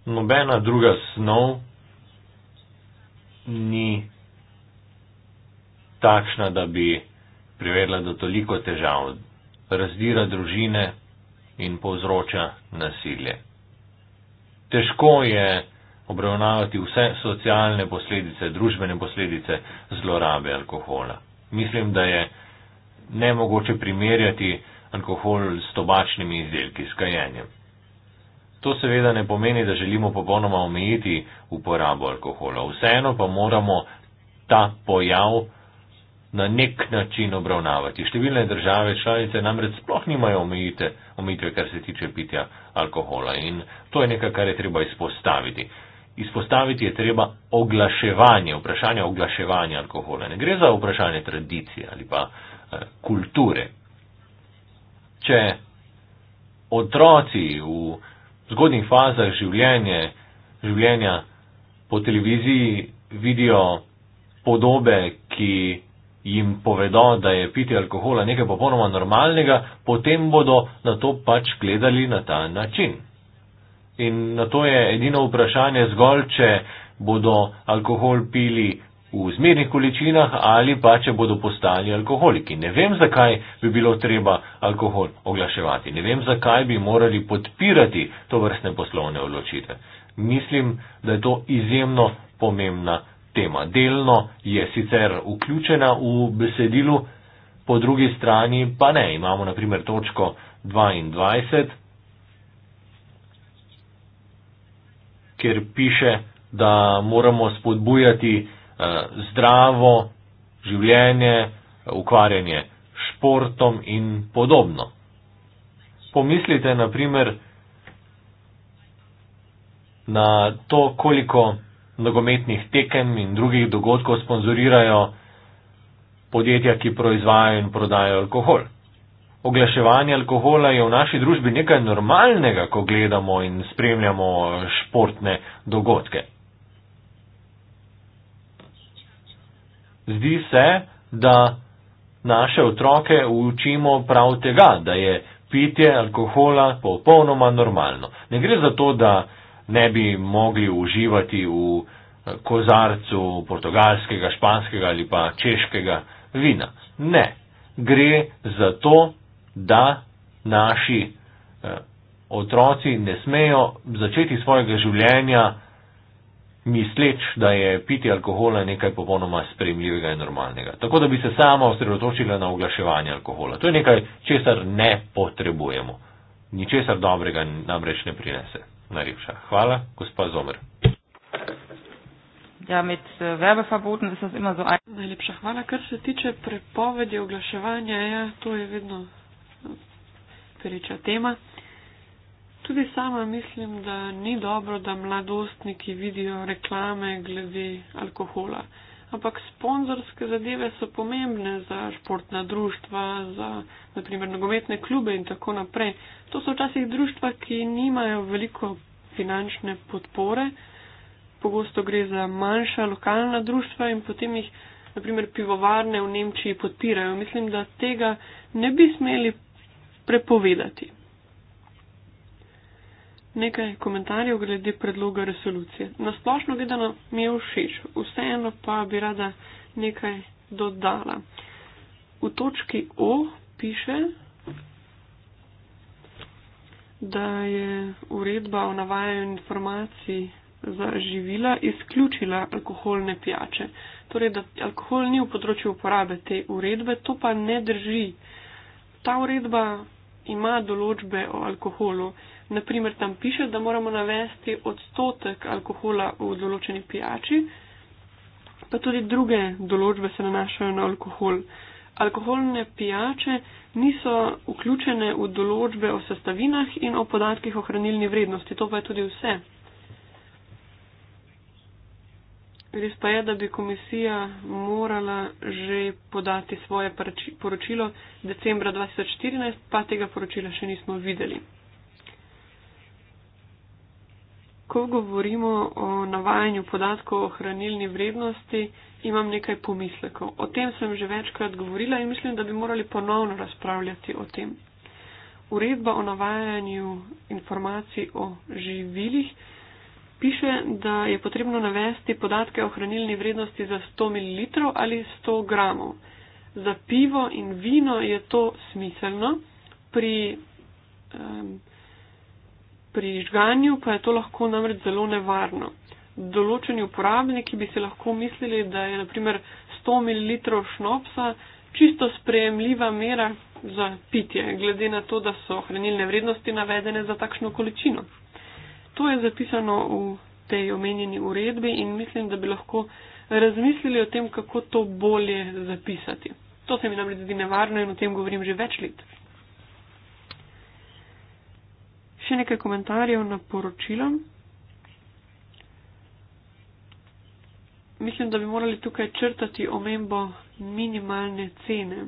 Nobena druga snov ni takšna, da bi privedla do toliko težav, razdira družine in povzroča nasilje. Težko je obravnavati vse socialne posledice, družbene posledice zlorabe alkohola. Mislim, da je nemogoče primerjati alkohol s tobačnimi izdelki, s kajenjem. To seveda ne pomeni, da želimo popolnoma omejiti uporabo alkohola. Vseeno pa moramo ta pojav na nek način obravnavati. Številne države članice namreč sploh nimajo omejite, omejitve, kar se tiče pitja alkohola in to je nekaj, kar je treba izpostaviti. Izpostaviti je treba oglaševanje, vprašanje oglaševanja alkohola. Ne gre za vprašanje tradicije ali pa eh, kulture. Če otroci v zgodnjih fazah življenje, življenja po televiziji vidijo podobe, ki jim povedo, da je piti alkohola nekaj popolnoma normalnega, potem bodo na to pač gledali na ta način. In na to je edino vprašanje zgolj, če bodo alkohol pili v zmernih količinah ali pa če bodo postali alkoholiki. Ne vem, zakaj bi bilo treba alkohol oglaševati, ne vem, zakaj bi morali podpirati to vrstne poslovne odločitve. Mislim, da je to izjemno pomembna Tema delno je sicer vključena v besedilu, po drugi strani pa ne. Imamo naprimer točko 22, kjer piše, da moramo spodbujati eh, zdravo življenje, ukvarjanje s športom in podobno. Pomislite naprimer na to, koliko nogometnih tekem in drugih dogodkov sponzorirajo podjetja, ki proizvajajo in prodajajo alkohol. Oglaševanje alkohola je v naši družbi nekaj normalnega, ko gledamo in spremljamo športne dogodke. Zdi se, da naše otroke učimo prav tega, da je pitje alkohola popolnoma normalno. Ne gre za to, da ne bi mogli uživati v eh, kozarcu portugalskega, španskega ali pa češkega vina. Ne, gre za to, da naši eh, otroci ne smejo začeti svojega življenja misleč, da je piti alkohola nekaj popolnoma spremljivega in normalnega. Tako da bi se sama osredotočila na oglaševanje alkohola. To je nekaj, česar ne potrebujemo. Ničesar dobrega namreč ne prinese. Najlepša hvala. Gospa Zomer. Ja, med eh, verbefabotom se ima zelo ajno. Najlepša hvala. Kar se tiče prepovedi oglaševanja, ja, to je vedno eh, pereča tema. Tudi sama mislim, da ni dobro, da mladostniki vidijo reklame glede alkohola ampak sponzorske zadeve so pomembne za športna društva, za naprimer nogometne klube in tako naprej. To so včasih društva, ki nimajo veliko finančne podpore, pogosto gre za manjša lokalna društva in potem jih naprimer pivovarne v Nemčiji podpirajo. Mislim, da tega ne bi smeli prepovedati nekaj komentarjev glede predloga resolucije. Nasplošno gledano mi je všeč, vseeno pa bi rada nekaj dodala. V točki O piše, da je uredba o navajanju informacij za živila izključila alkoholne pijače. Torej, da alkohol ni v področju uporabe te uredbe, to pa ne drži. Ta uredba ima določbe o alkoholu. Naprimer, tam piše, da moramo navesti odstotek alkohola v določeni pijači, pa tudi druge določbe se nanašajo na alkohol. Alkoholne pijače niso vključene v določbe o sestavinah in o podatkih o hranilni vrednosti, to pa je tudi vse. Res pa je, da bi komisija morala že podati svoje poročilo decembra 2014, pa tega poročila še nismo videli. Ko govorimo o navajanju podatkov o hranilni vrednosti, imam nekaj pomislekov. O tem sem že večkrat govorila in mislim, da bi morali ponovno razpravljati o tem. Uredba o navajanju informacij o živilih piše, da je potrebno navesti podatke o hranilni vrednosti za 100 ml ali 100 g. Za pivo in vino je to smiselno. Pri, um, Pri žganju pa je to lahko namreč zelo nevarno. Določeni uporabniki bi si lahko mislili, da je naprimer 100 ml šnopsa čisto sprejemljiva mera za pitje, glede na to, da so hranilne vrednosti navedene za takšno količino. To je zapisano v tej omenjeni uredbi in mislim, da bi lahko razmislili o tem, kako to bolje zapisati. To se mi namreč zdi nevarno in o tem govorim že več let. še nekaj komentarjev na poročilo. Mislim, da bi morali tukaj črtati omembo minimalne cene.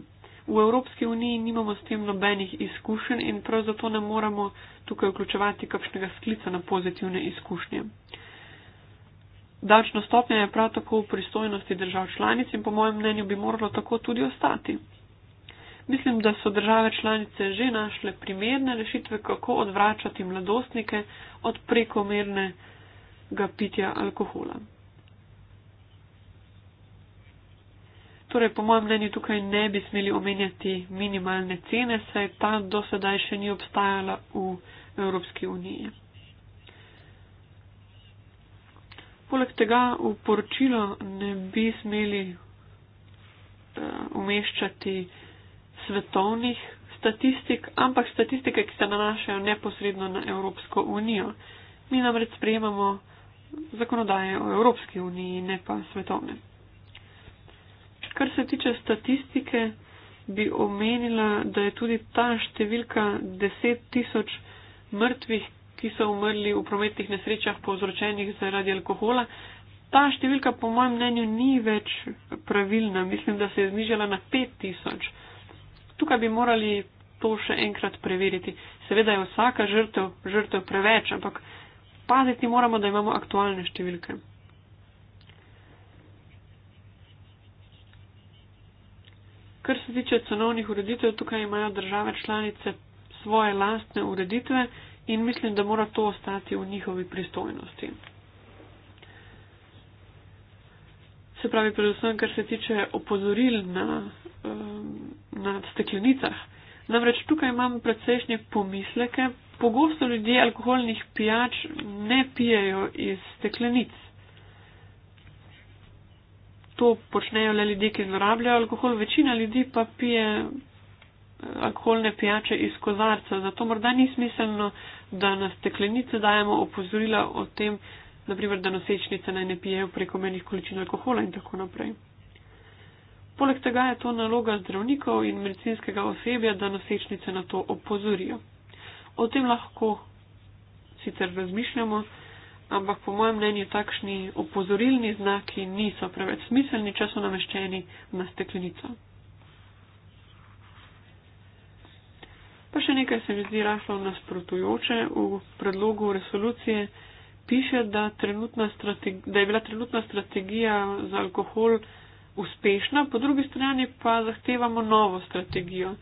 V Evropski uniji nimamo s tem nobenih izkušenj in prav zato ne moramo tukaj vključevati kakšnega sklica na pozitivne izkušnje. Davčna stopnja je prav tako v pristojnosti držav članic in po mojem mnenju bi moralo tako tudi ostati. Mislim, da so države članice že našle primerne rešitve, kako odvračati mladostnike od prekomernega pitja alkohola. Torej, po mojem mnenju tukaj ne bi smeli omenjati minimalne cene, saj ta do sedaj še ni obstajala v Evropski uniji. Poleg tega v poročilo ne bi smeli uh, umeščati uh, svetovnih statistik, ampak statistike, ki se nanašajo neposredno na Evropsko unijo. Mi namreč sprejemamo zakonodaje o Evropski uniji, ne pa svetovne. Kar se tiče statistike, bi omenila, da je tudi ta številka 10 tisoč mrtvih, ki so umrli v prometnih nesrečah povzročenih zaradi alkohola. Ta številka po mojem mnenju ni več pravilna, mislim, da se je znižala na 5 tisoč tukaj bi morali to še enkrat preveriti. Seveda je vsaka žrtev, žrtev preveč, ampak paziti moramo, da imamo aktualne številke. Kar se tiče cenovnih ureditev, tukaj imajo države članice svoje lastne ureditve in mislim, da mora to ostati v njihovi pristojnosti. Se pravi, predvsem kar se tiče opozoril na na steklenicah. Namreč tukaj imam precejšnje pomisleke. Pogosto ljudje alkoholnih pijač ne pijejo iz steklenic. To počnejo le ljudje, ki zlorabljajo alkohol, večina ljudi pa pije eh, alkoholne pijače iz kozarca. Zato morda ni smiselno, da na steklenice dajemo opozorila o tem, naprimer, da nosečnice naj ne pijejo prekomernih količin alkohola in tako naprej. Poleg tega je to naloga zdravnikov in medicinskega osebja, da nosečnice na to opozorijo. O tem lahko sicer razmišljamo, ampak po mojem mnenju takšni opozorilni znaki niso preveč smiselni, če so nameščeni na steklenico. Pa še nekaj se mi zdi rahlo nasprotujoče. V predlogu resolucije piše, da, da je bila trenutna strategija za alkohol uspešna, po drugi strani pa zahtevamo novo strategijo.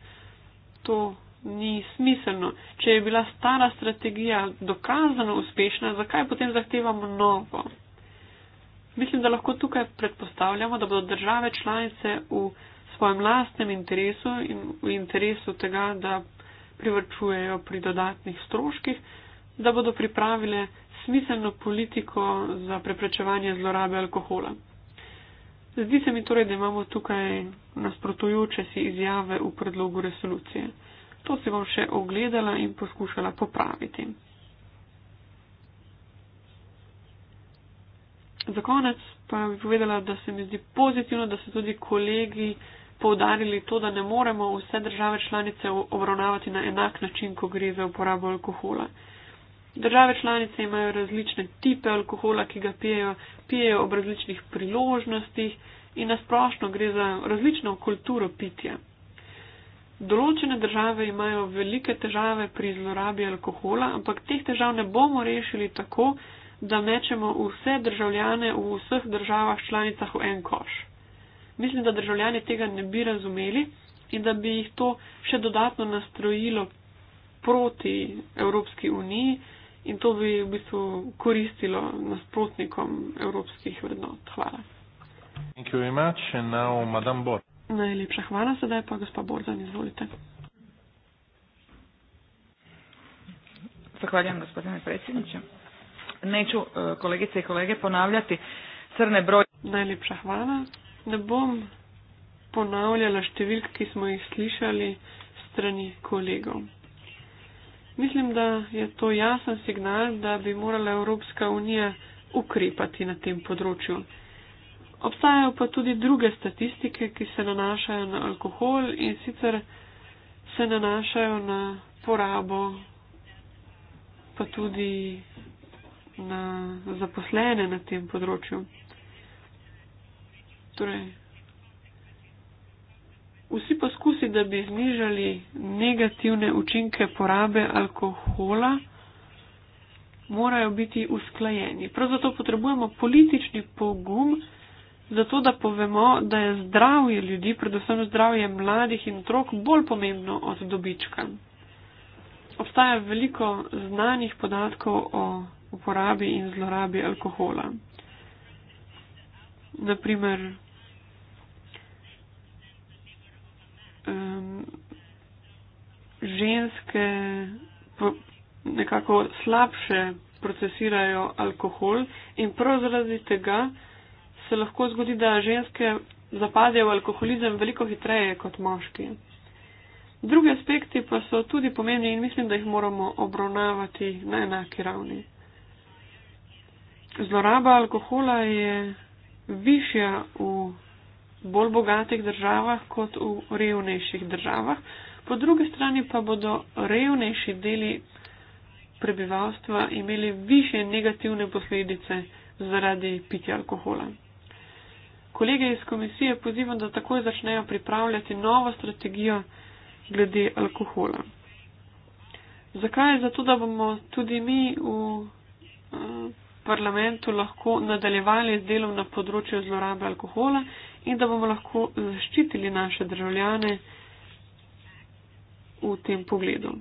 To ni smiselno. Če je bila stara strategija dokazano uspešna, zakaj potem zahtevamo novo? Mislim, da lahko tukaj predpostavljamo, da bodo države članice v svojem lastnem interesu in v interesu tega, da privrčujejo pri dodatnih stroških, da bodo pripravile smiselno politiko za preprečevanje zlorabe alkohola. Zdi se mi torej, da imamo tukaj nasprotujoče si izjave v predlogu resolucije. To si bom še ogledala in poskušala popraviti. Za konec pa bi povedala, da se mi zdi pozitivno, da so tudi kolegi poudarili to, da ne moremo vse države članice obravnavati na enak način, ko gre za uporabo alkohola. Države članice imajo različne tipe alkohola, ki ga pijejo, pijejo ob različnih priložnostih in nasplošno gre za različno kulturo pitja. Določene države imajo velike težave pri zlorabi alkohola, ampak teh težav ne bomo rešili tako, da mečemo vse državljane v vseh državah članicah v en koš. Mislim, da državljani tega ne bi razumeli in da bi jih to še dodatno nastrojilo proti Evropski uniji, in to bi v bistvu koristilo nasprotnikom evropskih vrednot. Hvala. Najlepša hvala, sedaj pa gospa Borzan, izvolite. Zahvaljujem gospodine predsjedniče. Neću uh, kolegice i kolege ponavljati crne broje. Najlepša hvala. Ne bom ponavljala številk, ki smo jih slišali strani kolegov. Mislim, da je to jasen signal, da bi morala Evropska unija ukrepati na tem področju. Obstajajo pa tudi druge statistike, ki se nanašajo na alkohol in sicer se nanašajo na porabo, pa tudi na zaposlene na tem področju. Torej, Vsi poskusi, da bi znižali negativne učinke porabe alkohola, morajo biti usklajeni. Prav zato potrebujemo politični pogum, zato da povemo, da je zdravje ljudi, predvsem zdravje mladih in otrok, bolj pomembno od dobička. Obstaja veliko znanih podatkov o uporabi in zlorabi alkohola. Naprimer, um, ženske po, nekako slabše procesirajo alkohol in prav zaradi tega se lahko zgodi, da ženske zapadejo v alkoholizem veliko hitreje kot moški. Drugi aspekti pa so tudi pomembni in mislim, da jih moramo obravnavati na enaki ravni. Zloraba alkohola je višja v bolj bogatih državah kot v revnejših državah. Po drugi strani pa bodo revnejši deli prebivalstva imeli više negativne posledice zaradi pitja alkohola. Kolege iz komisije pozivam, da takoj začnejo pripravljati novo strategijo glede alkohola. Zakaj? Zato, da bomo tudi mi v eh, parlamentu lahko nadaljevali z delom na področju zlorabe alkohola in da bomo lahko zaščitili eh, naše državljane v tem pogledu.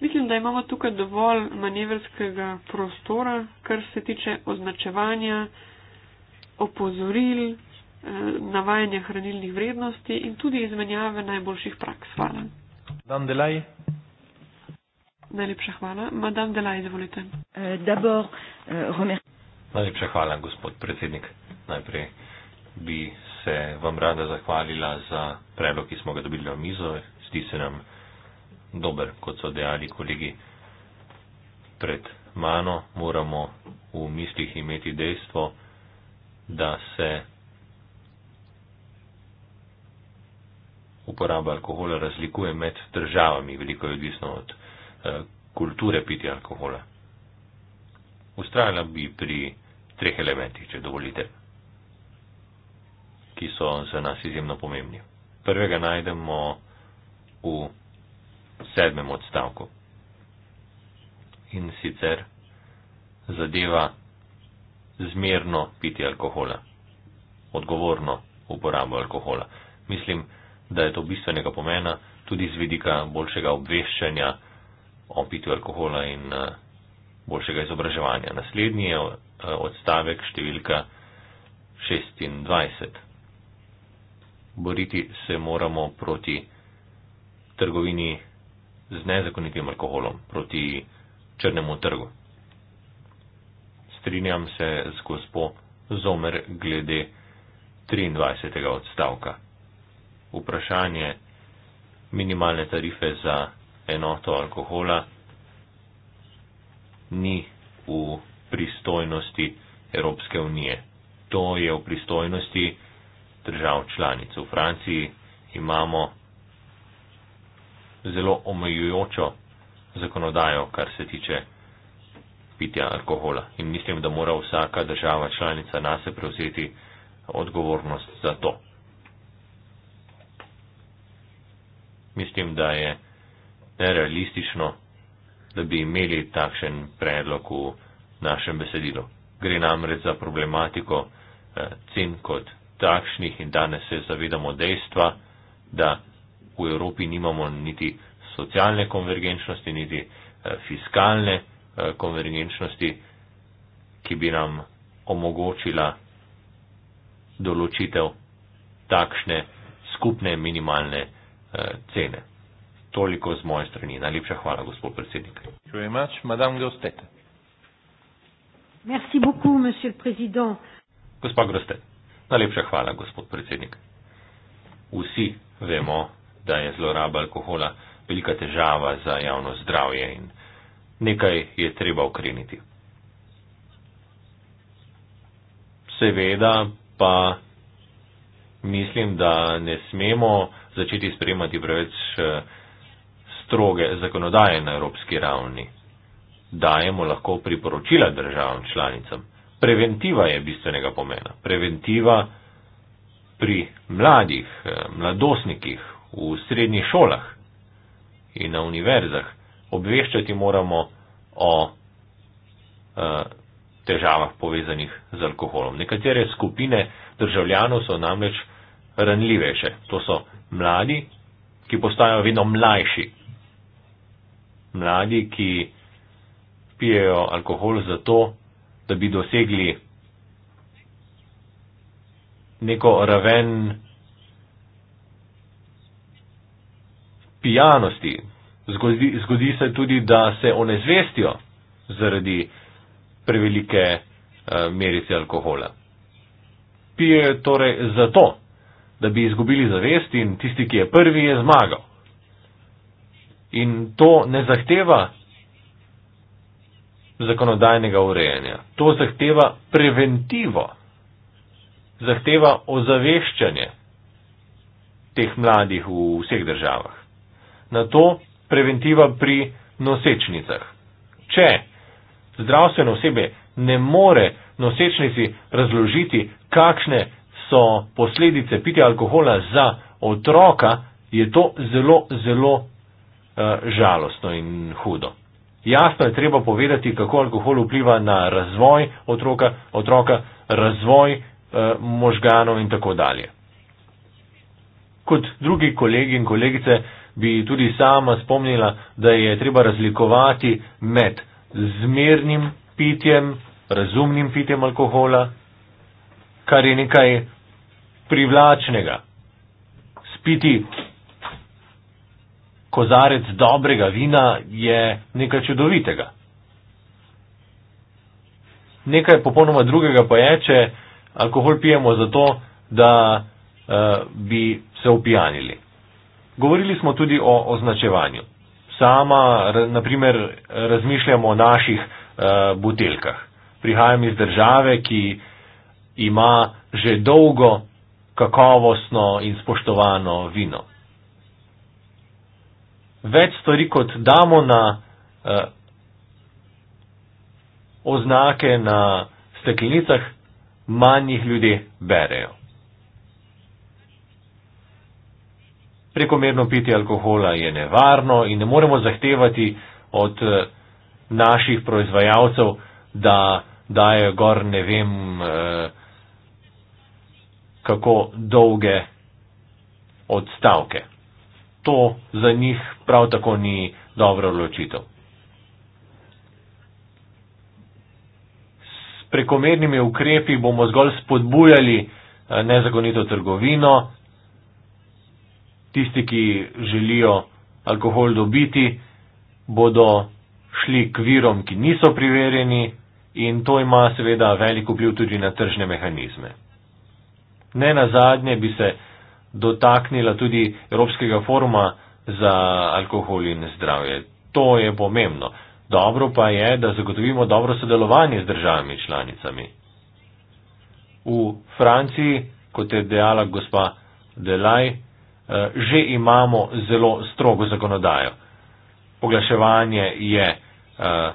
Mislim, da imamo tukaj dovolj manevrskega prostora, kar se tiče označevanja, opozoril, eh, navajanja hranilnih vrednosti in tudi izmenjave najboljših praks. Hvala. Dan Delaj. Najlepša hvala. Madame Delaj, izvolite. Eh, Najlepša hvala, gospod predsednik. Najprej bi se vam rada zahvalila za predlog, ki smo ga dobili na mizo. Zdi se nam dober, kot so dejali kolegi pred mano, moramo v mislih imeti dejstvo, da se uporaba alkohola razlikuje med državami, veliko je odvisno od eh, kulture piti alkohola. Ustrajala bi pri treh elementih, če dovolite ki so za nas izjemno pomembni. Prvega najdemo v sedmem odstavku. In sicer zadeva zmerno piti alkohola, odgovorno uporabo alkohola. Mislim, da je to bistvenega pomena tudi z vidika boljšega obveščanja o pitju alkohola in eh, boljšega izobraževanja. Naslednji je eh, odstavek številka 26 boriti se moramo proti trgovini z nezakonitim alkoholom, proti črnemu trgu. Strinjam se z gospo Zomer glede 23. odstavka. Vprašanje minimalne tarife za enoto alkohola ni v pristojnosti Evropske unije. To je v pristojnosti držav članic. V Franciji imamo zelo omejujočo zakonodajo, kar se tiče pitja alkohola. In mislim, da mora vsaka država članica nase prevzeti odgovornost za to. Mislim, da je nerealistično, da bi imeli takšen predlog v našem besedilu. Gre namreč za problematiko eh, cen kot takšnih in danes se zavedamo dejstva, da v Evropi nimamo niti socialne konvergenčnosti, niti eh, fiskalne eh, konvergenčnosti, ki bi nam omogočila določitev takšne skupne minimalne eh, cene. Toliko z moje strani. Najlepša hvala, gospod predsednik. Gospa Grostet. Najlepša hvala, gospod predsednik. Vsi vemo, da je zloraba alkohola velika težava za javno zdravje in nekaj je treba ukreniti. Seveda pa mislim, da ne smemo začeti sprejemati preveč eh, stroge zakonodaje na evropski ravni. Dajemo lahko priporočila državam članicam preventiva je bistvenega pomena. Preventiva pri mladih, eh, mladostnikih, v srednjih šolah in na univerzah. Obveščati moramo o eh, težavah povezanih z alkoholom. Nekatere skupine državljanov so namreč ranljivejše. To so mladi, ki postajajo vedno mlajši. Mladi, ki pijejo alkohol zato, da bi dosegli neko raven pijanosti. Zgodi, zgodi se tudi, da se onezvestijo zaradi prevelike uh, merice alkohola. Pijejo torej zato, da bi izgubili zavest in tisti, ki je prvi, je zmagal. In to ne zahteva zakonodajnega urejanja. To zahteva preventivo, zahteva ozaveščanje teh mladih v vseh državah. Na to preventiva pri nosečnicah. Če zdravstveno osebe ne more nosečnici razložiti, kakšne so posledice pitja alkohola za otroka, je to zelo, zelo uh, žalostno in hudo. Jasno je treba povedati, kako alkohol vpliva na razvoj otroka, otroka razvoj eh, možganov in tako dalje. Kot drugi kolegi in kolegice bi tudi sama spomnila, da je treba razlikovati med zmernim pitjem, razumnim pitjem alkohola, kar je nekaj privlačnega. Spiti kozarec dobrega vina je nekaj čudovitega. Nekaj popolnoma drugega pa je, če alkohol pijemo zato, da uh, bi se opijanili. Govorili smo tudi o označevanju. Sama, naprimer, razmišljamo o naših uh, buteljkah. Prihajam iz države, ki ima že dolgo kakovostno in spoštovano vino več stvari, kot damo na eh, oznake na steklenicah, manj jih ljudje berejo. Prekomerno piti alkohola je nevarno in ne moremo zahtevati od eh, naših proizvajalcev, da dajo gor ne vem eh, kako dolge odstavke to za njih prav tako ni dobro odločitev. S prekomernimi ukrepi bomo zgolj spodbujali eh, nezakonito trgovino, tisti, ki želijo alkohol dobiti, bodo šli k virom, ki niso priverjeni in to ima seveda veliko vpliv tudi na tržne mehanizme. Ne na zadnje bi se dotaknila tudi Evropskega foruma za alkohol in zdravje. To je pomembno. Dobro pa je, da zagotovimo dobro sodelovanje z državami članicami. V Franciji, kot je dejala gospa Delaj, eh, že imamo zelo strogo zakonodajo. Oglaševanje je eh,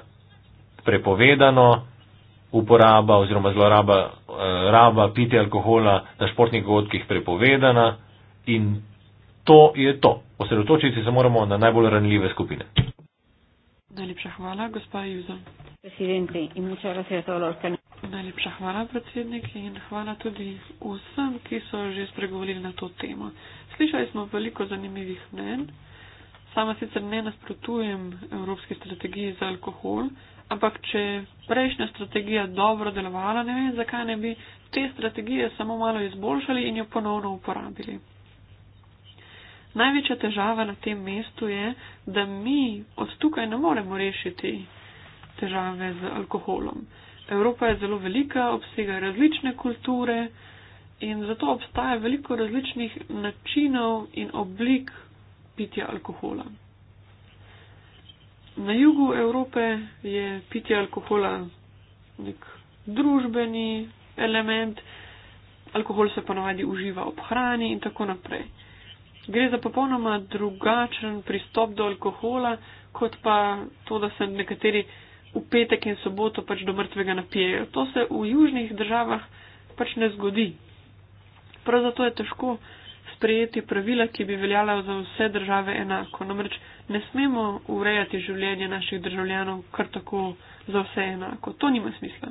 prepovedano, uporaba oziroma zloraba eh, raba piti alkohola na športnih godkih prepovedana in to je to. Osredotočiti se moramo na najbolj ranljive skupine. Najlepša hvala, gospa Juza. Najlepša hvala, predsednik, in hvala tudi vsem, ki so že spregovorili na to temo. Slišali smo veliko zanimivih mnen. Sama sicer ne nasprotujem Evropski strategiji za alkohol, ampak če prejšnja strategija dobro delovala, ne vem, zakaj ne bi te strategije samo malo izboljšali in jo ponovno uporabili. Največja težava na tem mestu je, da mi od tukaj ne moremo rešiti težave z alkoholom. Evropa je zelo velika, obsega različne kulture in zato obstaja veliko različnih načinov in oblik pitja alkohola. Na jugu Evrope je pitje alkohola nek družbeni element, alkohol se ponavadi uživa ob hrani in tako naprej. Gre za popolnoma drugačen pristop do alkohola, kot pa to, da se nekateri v petek in soboto pač do mrtvega napijejo. To se v južnih državah pač ne zgodi. Prav zato je težko sprejeti pravila, ki bi veljala za vse države enako. Namreč ne smemo urejati življenje naših državljanov kar tako za vse enako. To nima smisla.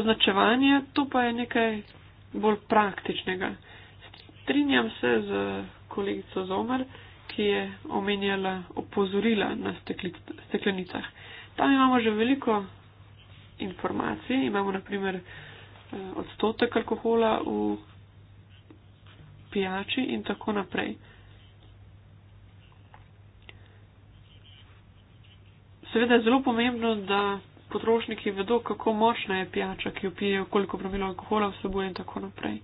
Označevanje, to pa je nekaj bolj praktičnega strinjam se z kolegico Zomer, ki je omenjala opozorila na steklenicah. Tam imamo že veliko informacij, imamo naprimer eh, odstotek alkohola v pijači in tako naprej. Seveda je zelo pomembno, da potrošniki vedo, kako močna je pijača, ki jo pijejo, koliko promilov alkohola vsebuje in tako naprej.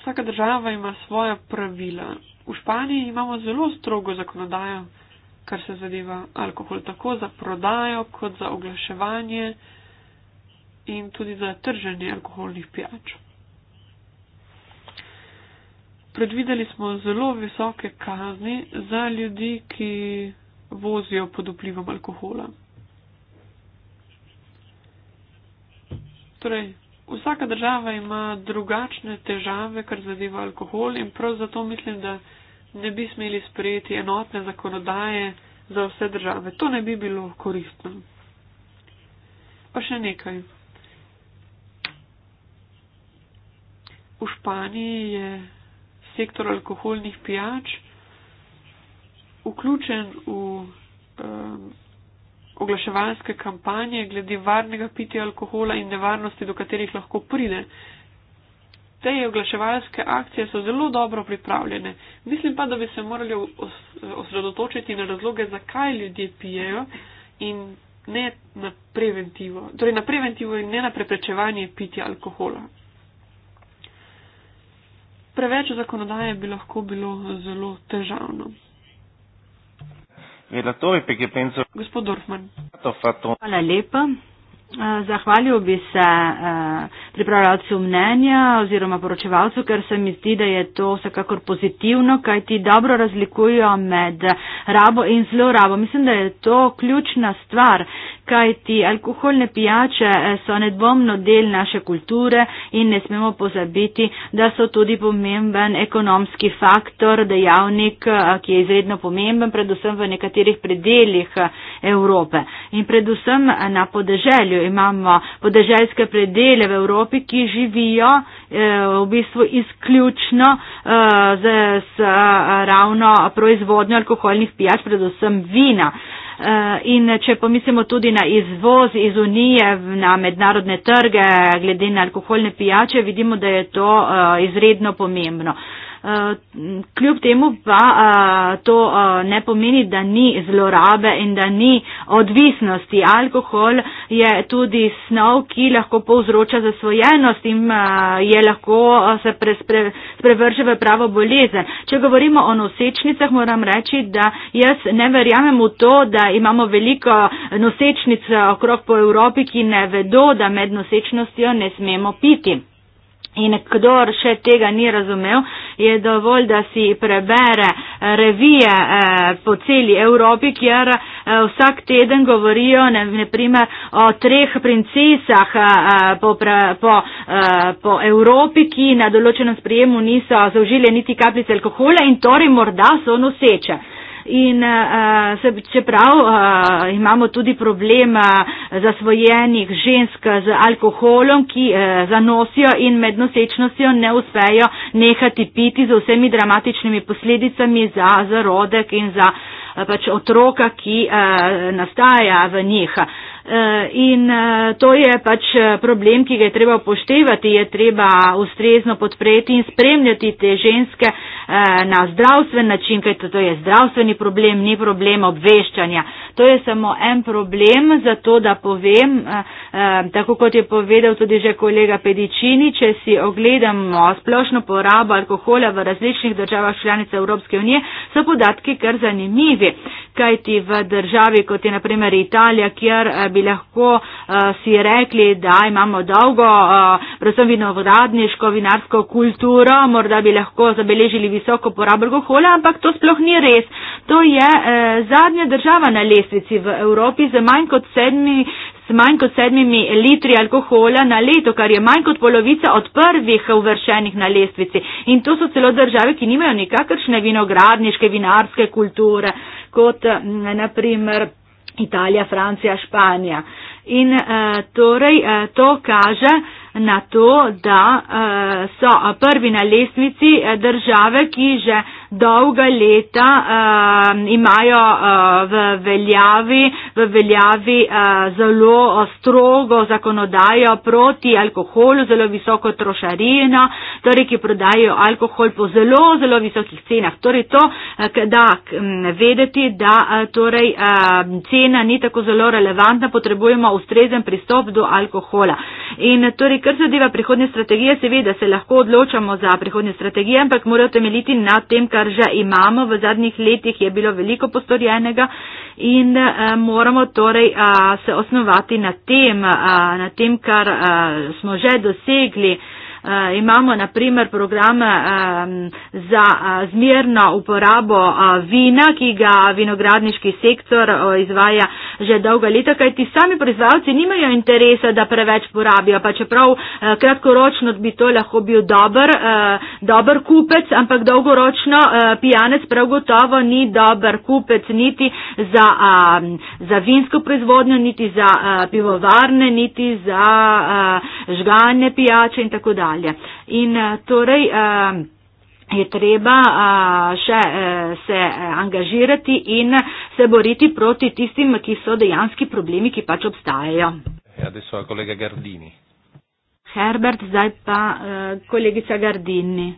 Vsaka država ima svoja pravila. V Španiji imamo zelo strogo zakonodajo, kar se zadeva alkohol, tako za prodajo, kot za oglaševanje in tudi za trženje alkoholnih pijač. Predvideli smo zelo visoke kazni za ljudi, ki vozijo pod vplivom alkohola. Torej, vsaka država ima drugačne težave, kar zadeva alkohol in prav zato mislim, da ne bi smeli sprejeti enotne zakonodaje za vse države. To ne bi bilo koristno. Pa še nekaj. V Španiji je sektor alkoholnih pijač vključen v. Um, oglaševalske kampanje glede varnega pitja alkohola in nevarnosti, do katerih lahko pride. Te oglaševalske akcije so zelo dobro pripravljene. Mislim pa, da bi se morali osredotočiti na razloge, zakaj ljudje pijejo in ne na preventivo. Torej na preventivo in ne na preprečevanje pitja alkohola. Preveč zakonodaje bi lahko bilo zelo težavno. Gospod Dorfman. Hvala lepa. Eh, zahvalil bi se eh, pripravljalcu mnenja oziroma poročevalcu, ker se mi zdi, da je to vsekakor pozitivno, kaj ti dobro razlikujo med rabo in zlorabo. Mislim, da je to ključna stvar, kajti alkoholne pijače eh, so nedvomno del naše kulture in ne smemo pozabiti, da so tudi pomemben ekonomski faktor, dejavnik, eh, ki je izredno pomemben, predvsem v nekaterih predeljih eh, Evrope. In predvsem na podeželju imamo podeželjske predele v Evropi, ki živijo v bistvu izključno z ravno proizvodnjo alkoholnih pijač, predvsem vina. Eh, in če pomislimo tudi na izvoz iz Unije na mednarodne trge glede na alkoholne pijače, vidimo, da je to eh, izredno pomembno. Eh, kljub temu pa uh, to uh, ne pomeni, da ni zlorabe in da ni odvisnosti. Alkohol je tudi snov, ki lahko povzroča zasvojenost in uh, je lahko uh, se pre, spre, sprevrže v pravo bolezen. Če govorimo o nosečnicah, moram reči, da jaz ne verjamem v to, da imamo veliko nosečnic okrog po Evropi, ki ne vedo, da med nosečnostjo ne smemo piti. In kdor še tega ni razumel, je dovolj, da si prebere eh, revije eh, po celi Evropi, kjer eh, vsak teden govorijo ne, ne primer, o treh princesah po, po, po Evropi, ki na določenem sprijemu niso zaužile niti kapljice alkohola in torej morda so noseče in uh, se, čeprav uh, imamo tudi problem uh, zasvojenih žensk z alkoholom, ki uh, zanosijo in med nosečnostjo ne uspejo nehati piti z vsemi dramatičnimi posledicami za zarodek in za uh, pač otroka, ki uh, nastaja v njih. In to je pač problem, ki ga je treba upoštevati, je treba ustrezno podpreti in spremljati te ženske, Eh, na zdravstven način, kajte to je zdravstveni problem, ni problem obveščanja. To je samo en problem, zato da povem, eh, eh, tako kot je povedal tudi že kolega Pedičini, če si ogledamo splošno porabo alkohola v različnih državah članice Evropske unije, so podatki kar zanimivi. Kajti v državi, kot je naprimer Italija, kjer bi lahko si rekli, da imamo dolgo, predvsem vinovradniško, vinarsko kulturo, morda bi lahko zabeležili visoko porabo alkohola, ampak to sploh ni res. To je eh, zadnja država na lestvici v Evropi z manj kot sedmi z manj kot sedmimi litri alkohola na leto, kar je manj kot polovica od prvih uvršenih na lestvici. In to so celo države, ki nimajo nikakršne vinogradniške, vinarske kulture, kot mm, naprimer Italija, Francija, Španija. In eh, torej eh, to kaže, eh, na to, da eh, so eh, prvi na lestvici eh, države, ki že dolga leta uh, imajo uh, v veljavi, v veljavi uh, zelo eh, strogo zakonodajo proti alkoholu, zelo visoko trošarino, torej ki prodajo alkohol po zelo, zelo visokih cenah. Torej to, da vedeti, da torej, uh, cena ni tako zelo relevantna, potrebujemo ustrezen pristop do alkohola. In torej, kar zadeva prihodne strategije, seveda se lahko odločamo za prihodne strategije, ampak morajo temeljiti na tem, kar že imamo. V zadnjih letih je bilo veliko postorjenega in uh, moramo torej uh, se osnovati na tem, uh, na tem, kar uh, smo že dosegli. Uh, imamo naprimer program um, za uh, zmirno uporabo uh, vina, ki ga vinogradniški sektor uh, izvaja uh, že dolga leta, kaj ti sami proizvajalci nimajo interesa, da preveč porabijo, pa čeprav eh, kratkoročno bi to lahko bil dober, eh, dober kupec, ampak dolgoročno eh, pijanec prav gotovo ni dober kupec niti za, eh, za vinsko proizvodnjo, niti za eh, pivovarne, niti za eh, žganje pijače in tako dalje. In, eh, torej, eh, je treba še e, se e, angažirati in se boriti proti tistim, ki so dejanski problemi, ki pač obstajajo. Ja, e da so kolega Gardini. Herbert, zdaj pa kolegica Gardini.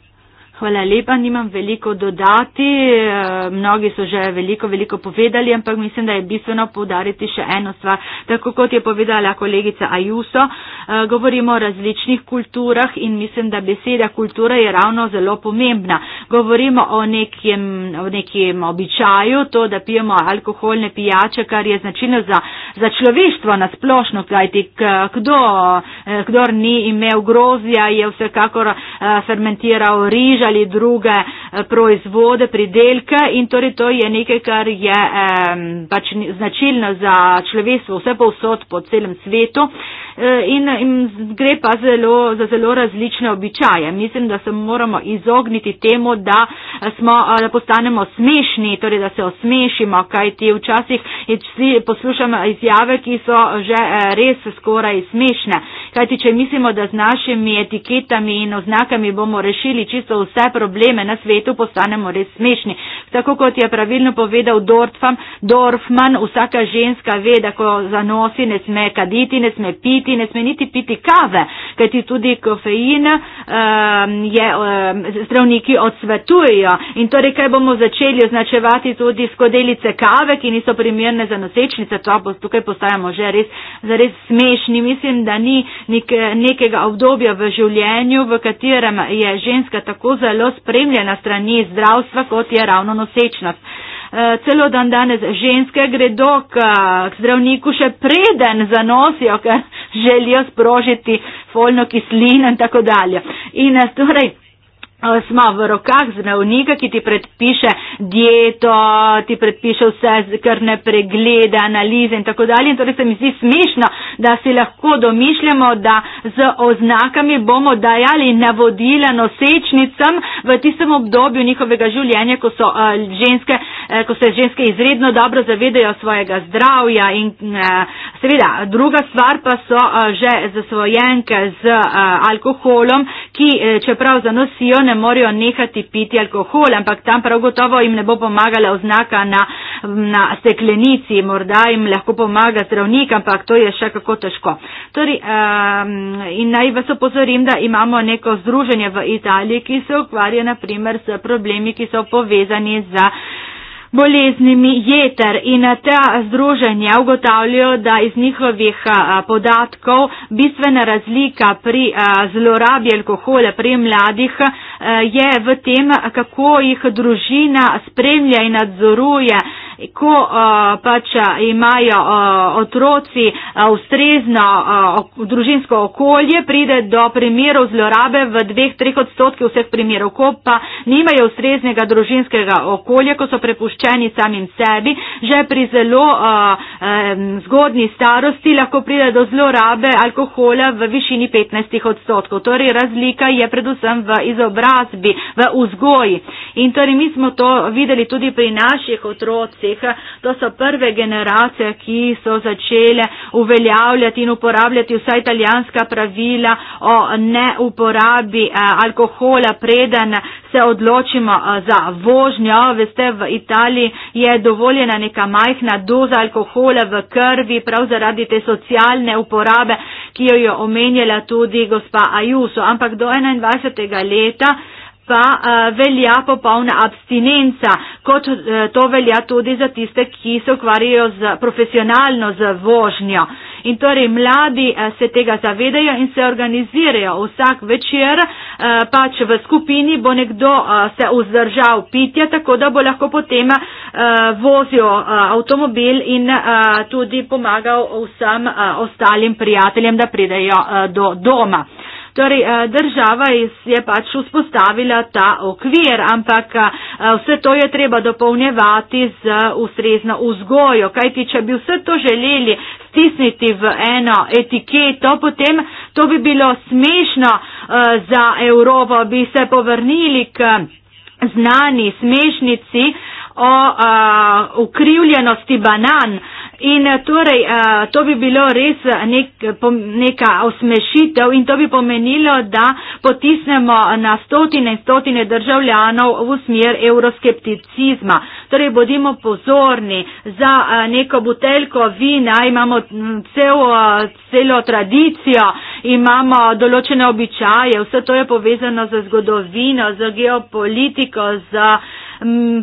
Hvala lepa, nimam veliko dodati. Eh, mnogi so že veliko, veliko povedali, ampak mislim, da je bistveno povdariti še eno stvar. Tako kot je povedala kolegica Ajuso, eh, govorimo o različnih kulturah in mislim, da beseda kultura je ravno zelo pomembna. Govorimo o nekem, o nekem običaju, to, da pijemo alkoholne pijače, kar je značilno za, za človeštvo nasplošno, kajti kdo, eh, kdor ni imel grozja, je vsekakor fermentiral riža ali druge eh, proizvode, pridelke in torej to je nekaj, kar je eh, pač značilno za človeštvo vse povsod po celem svetu. Eh, in, in gre pa zelo, za zelo različne običaje. Mislim, da se moramo izogniti temu, da, eh, smo, da postanemo smešni, torej da se osmešimo, kaj ti včasih poslušamo izjave, ki so že res skoraj smešne. Kajti, če mislimo, da z našimi etiketami in oznakami bomo rešili čisto vse, vse probleme na svetu postanemo res smešni. Tako kot je pravilno povedal Dortfam, Dorfman, vsaka ženska ve, da ko zanosi, ne sme kaditi, ne sme piti, ne sme niti piti kave, kajti tudi kofein um, je um, zdravniki odsvetujejo. In torej, kaj bomo začeli označevati tudi skodelice kave, ki niso primerne za nosečnice, to pa tukaj postajamo že res, res smešni. Mislim, da ni nek, nekega obdobja v življenju, v katerem je ženska tako zelo spremljena strani zdravstva, kot je ravno nosečnost. Eh, celo dan danes ženske gredo k zdravniku še preden zanosijo, ker želijo sprožiti folno kislino in tako dalje. In eh, torej, Eh, smo v rokah zdravnika, ki ti predpiše dieto, ti predpiše vse krne preglede, analize in tako dalje. In torej se mi zdi smešno, da si lahko domišljamo, da z oznakami bomo dajali navodila nosečnicam v tistem obdobju njihovega življenja, ko, so, uh, ženske, uh, ko se ženske izredno dobro zavedajo svojega zdravja. In uh, seveda, druga stvar pa so uh, že zasvojenke z uh, alkoholom, ki uh, čeprav zanosijo, ne morajo nehati piti alkohol, ampak tam prav gotovo jim ne bo pomagala oznaka na, na steklenici, morda jim lahko pomaga zdravnik, ampak to je še kako težko. Torej, um, in naj vas opozorim, da imamo neko združenje v Italiji, ki se ukvarja naprimer s problemi, ki so povezani z boleznimi jeter in eh, ta združenja ugotavljajo, da iz njihovih eh, podatkov bistvena razlika pri eh, zlorabi alkohola pri mladih je v tem, kako jih družina spremlja in nadzoruje ko uh, pač eh, imajo uh, otroci uh, ustrezno uh, družinsko okolje, pride do primerov zlorabe v dveh, treh odstotkih vseh primerov. Ko pa nimajo ustreznega družinskega okolja, ko so prepuščeni samim sebi, že pri zelo uh, um, zgodni starosti lahko pride do zlorabe alkohola v višini 15 odstotkov. Torej, razlika je predvsem v izobrazbi, v vzgoji. In torej, mi smo to videli tudi pri naših otrocih teh. To so prve generacije, ki so začele uveljavljati in uporabljati vsa italijanska pravila o neuporabi eh, alkohola preden se odločimo eh, za vožnjo. Veste, v Italiji je dovoljena neka majhna doza alkohola v krvi, prav zaradi te socialne uporabe, ki jo je omenjala tudi gospa Ajuso. Ampak do 21. leta pa uh, velja popolna abstinenca, kot uh, to velja tudi za tiste, ki se ukvarjajo z, profesionalno z vožnjo. In torej mladi uh, se tega zavedajo in se organizirajo. Vsak večer uh, pač v skupini bo nekdo uh, se vzdržal pitja, tako da bo lahko potem uh, vozil uh, avtomobil in uh, tudi pomagal vsem uh, ostalim prijateljem, da pridejo uh, do doma. Uh, Torej, eh, država je pač vzpostavila ta okvir, ampak eh, vse to je treba dopolnjevati z eh, ustrezno vzgojo, kajti če bi vse to želeli stisniti v eno etiketo, potem to bi bilo smešno za Evropo, bi se povrnili k znani smešnici o ukrivljenosti banan. In eh, torej, eh, to bi bilo res eh, nek, neka osmešitev in to bi pomenilo, da potisnemo na stotine in stotine državljanov v smer euroskepticizma. Torej, bodimo pozorni za neko buteljko vina, imamo mm, celo, celo tradicijo, imamo določene običaje, vse to je povezano z zgodovino, z geopolitiko, z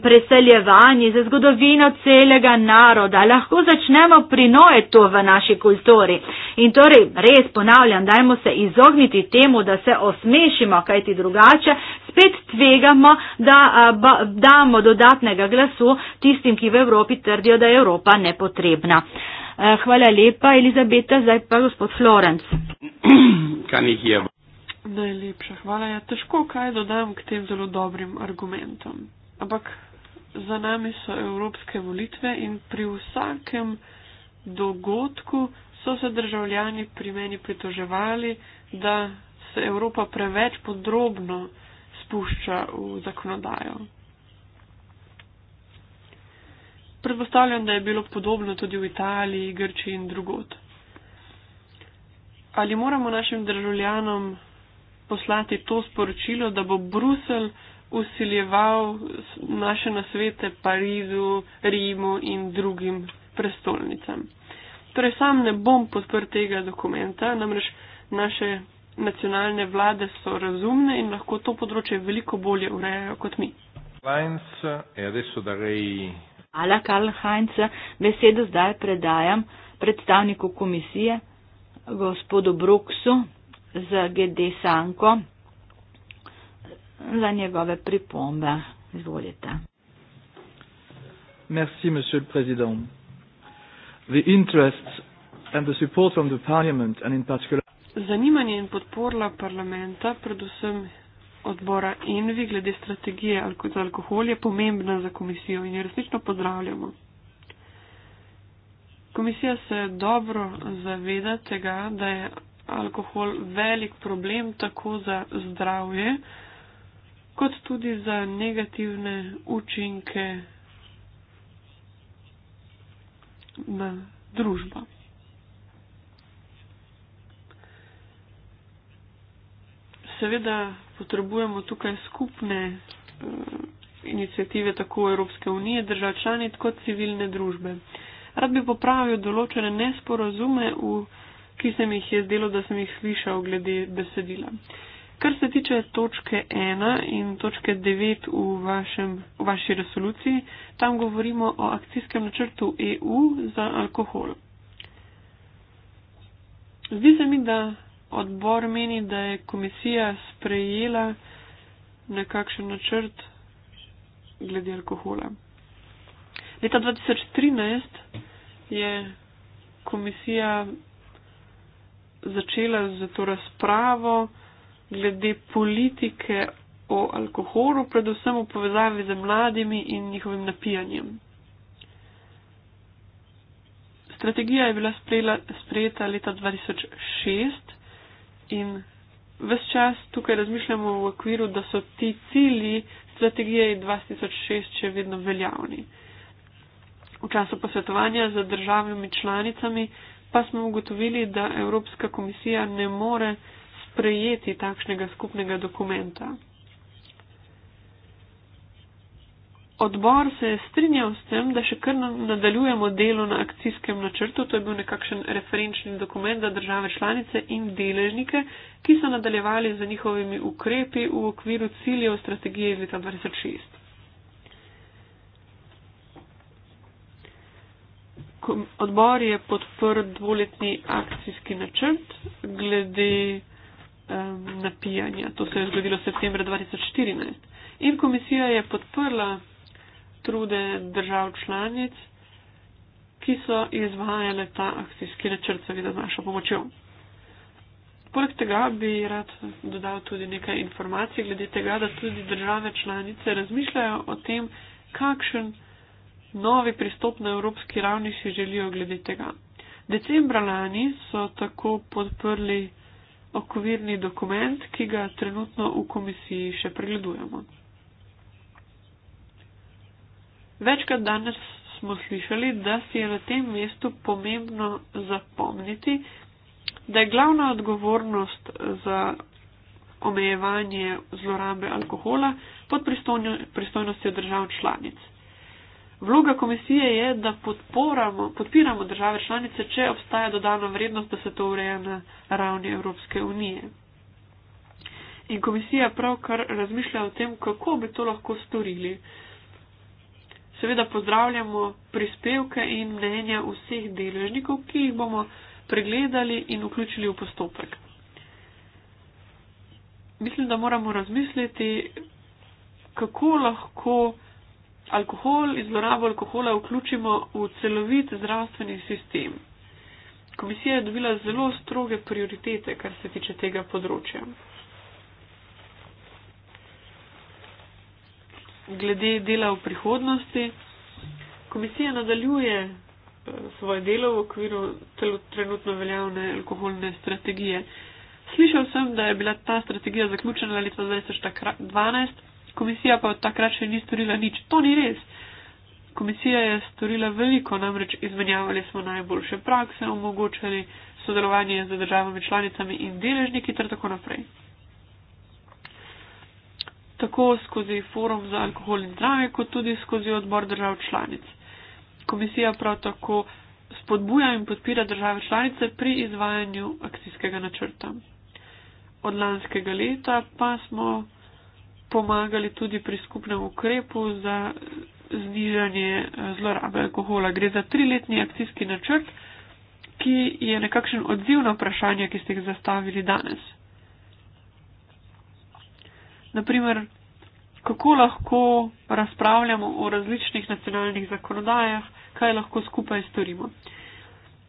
preseljevanje, za zgodovino celega naroda. Lahko začnemo pri noe to v naši kulturi. In torej, res ponavljam, dajmo se izogniti temu, da se osmešimo, kajti drugače spet tvegamo, da a, ba, damo dodatnega glasu tistim, ki v Evropi trdijo, da je Evropa nepotrebna. A, e, hvala lepa, Elizabeta, zdaj pa gospod Florenc. Najlepša hvala. Ja, težko kaj dodam k tem zelo dobrim argumentom ampak za nami so evropske volitve in pri vsakem dogodku so se državljani pri meni pritoževali, da se Evropa preveč podrobno spušča v zakonodajo. Predpostavljam, da je bilo podobno tudi v Italiji, Grčiji in drugod. Ali moramo našim državljanom poslati to sporočilo, da bo Bruselj usiljeval naše nasvete Parizu, Rimu in drugim prestolnicam. Torej, sam ne bom podprl tega dokumenta, namreč naše nacionalne vlade so razumne in lahko to področje veliko bolje urejajo kot mi. Eh, e Hvala, Karl Heinz. Besedo zdaj predajam predstavniku komisije, gospodu Bruksu z GD Sanko za njegove pripombe. Izvolite. Merci, monsieur le président. The interests and the support from the parliament and in particular Zanimanje in podporla parlamenta, predvsem odbora Envi glede strategije za alkohol je pomembna za komisijo in jo resnično pozdravljamo. Komisija se dobro zaveda tega, da je alkohol velik problem tako za zdravje, kot tudi za negativne učinke na družbo. Seveda potrebujemo tukaj skupne uh, eh, inicijative tako Evropske unije, držav članic, kot civilne družbe. Rad bi popravil določene nesporazume, v, ki se mi jih je zdelo, da sem jih slišal glede besedila. Uh, Kar se tiče točke 1 in točke 9 v, vašem, v vaši resoluciji, tam govorimo o akcijskem načrtu EU za alkohol. Zdi se mi, da odbor meni, da je komisija sprejela nekakšen načrt glede alkohola. Leta 2013 je komisija začela z to razpravo, glede politike o alkoholu, predvsem v povezavi z mladimi in njihovim napijanjem. Strategija je bila sprejela, sprejeta leta 2006 in vse čas tukaj razmišljamo v okviru, da so ti cilji strategije 2006 še vedno veljavni. V času posvetovanja z državami članicami pa smo ugotovili, da Evropska komisija ne more sprejeti takšnega skupnega dokumenta. Odbor se je strinjal s tem, da še kar nadaljujemo delo na akcijskem načrtu, to je bil nekakšen referenčni dokument za države članice in deležnike, ki so nadaljevali za njihovimi ukrepi v okviru ciljev strategije iz leta 2026. Odbor je podprl dvoletni akcijski načrt glede um, napijanja. To se je zgodilo septembra 2014. In komisija je podprla trude držav članic, ki so izvajale ta akcijski načrt, seveda z našo pomočjo. Poleg tega bi rad dodal tudi nekaj informacij glede tega, da tudi države članice razmišljajo o tem, kakšen novi pristop na evropski ravni si želijo glede tega. Decembra lani so tako podprli okvirni dokument, ki ga trenutno v komisiji še pregledujemo. Večkrat danes smo slišali, da si je na tem mestu pomembno zapomniti, da je glavna odgovornost za omejevanje zlorabe alkohola pod pristojnostjo držav članic. Vloga komisije je, da podpiramo države članice, če obstaja dodana vrednost, da se to ureja na ravni Evropske unije. In komisija pravkar razmišlja o tem, kako bi to lahko storili. Seveda pozdravljamo prispevke in mnenja vseh deležnikov, ki jih bomo pregledali in vključili v postopek. Mislim, da moramo razmisliti, kako lahko alkohol in zlorabo alkohola vključimo v celovit zdravstveni sistem. Komisija je dobila zelo stroge prioritete, kar se tiče tega področja. Glede dela v prihodnosti, komisija nadaljuje eh, svoje delo v okviru trenutno veljavne alkoholne strategije. Slišal sem, da je bila ta strategija zaključena leta 2012, komisija pa od takrat še ni storila nič. To ni res. Komisija je storila veliko, namreč izmenjavali smo najboljše prakse, omogočali sodelovanje z državami članicami in deležniki ter tako naprej. Tako skozi forum za alkohol in zdravje, kot tudi skozi odbor držav članic. Komisija prav tako spodbuja in podpira države članice pri izvajanju akcijskega načrta. Od lanskega leta pa smo pomagali tudi pri skupnem ukrepu za znižanje eh, zlorabe alkohola. Gre za triletni akcijski načrt, ki je nekakšen odziv na vprašanja, ki ste jih zastavili danes. Naprimer, kako lahko razpravljamo o različnih nacionalnih zakonodajah, kaj lahko skupaj storimo.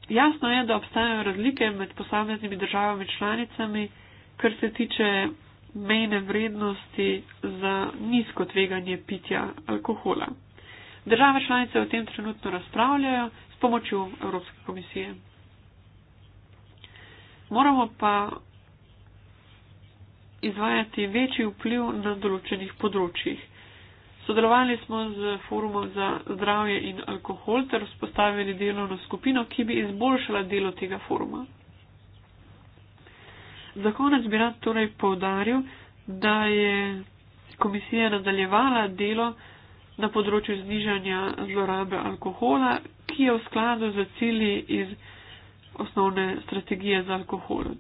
Jasno je, da obstajajo razlike med posameznimi državami članicami, kar se tiče mejne vrednosti za nizko tveganje pitja alkohola. Države članice o tem trenutno razpravljajo s pomočjo Evropske komisije. Moramo pa izvajati večji vpliv na določenih področjih. Sodelovali smo z Forumom za zdravje in alkohol ter spostavili delovno skupino, ki bi izboljšala delo tega foruma. Za konec bi rad torej povdaril, da je komisija nadaljevala delo na področju znižanja zlorabe alkohola, ki je v skladu z cilji iz osnovne strategije za alkohol.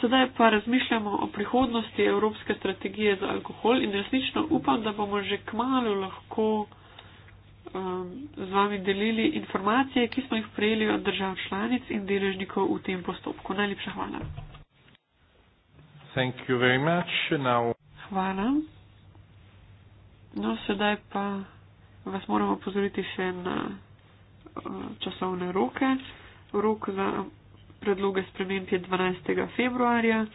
Sedaj pa razmišljamo o prihodnosti Evropske strategije za alkohol in resnično upam, da bomo že kmalo lahko um, z vami delili informacije, ki smo jih prejeli od držav članic in deležnikov v tem postopku. Najlepša hvala. Now... Hvala. No, sedaj pa vas moramo pozoriti še na uh, časovne roke. Rok za predloge sprememb je 12. februarja.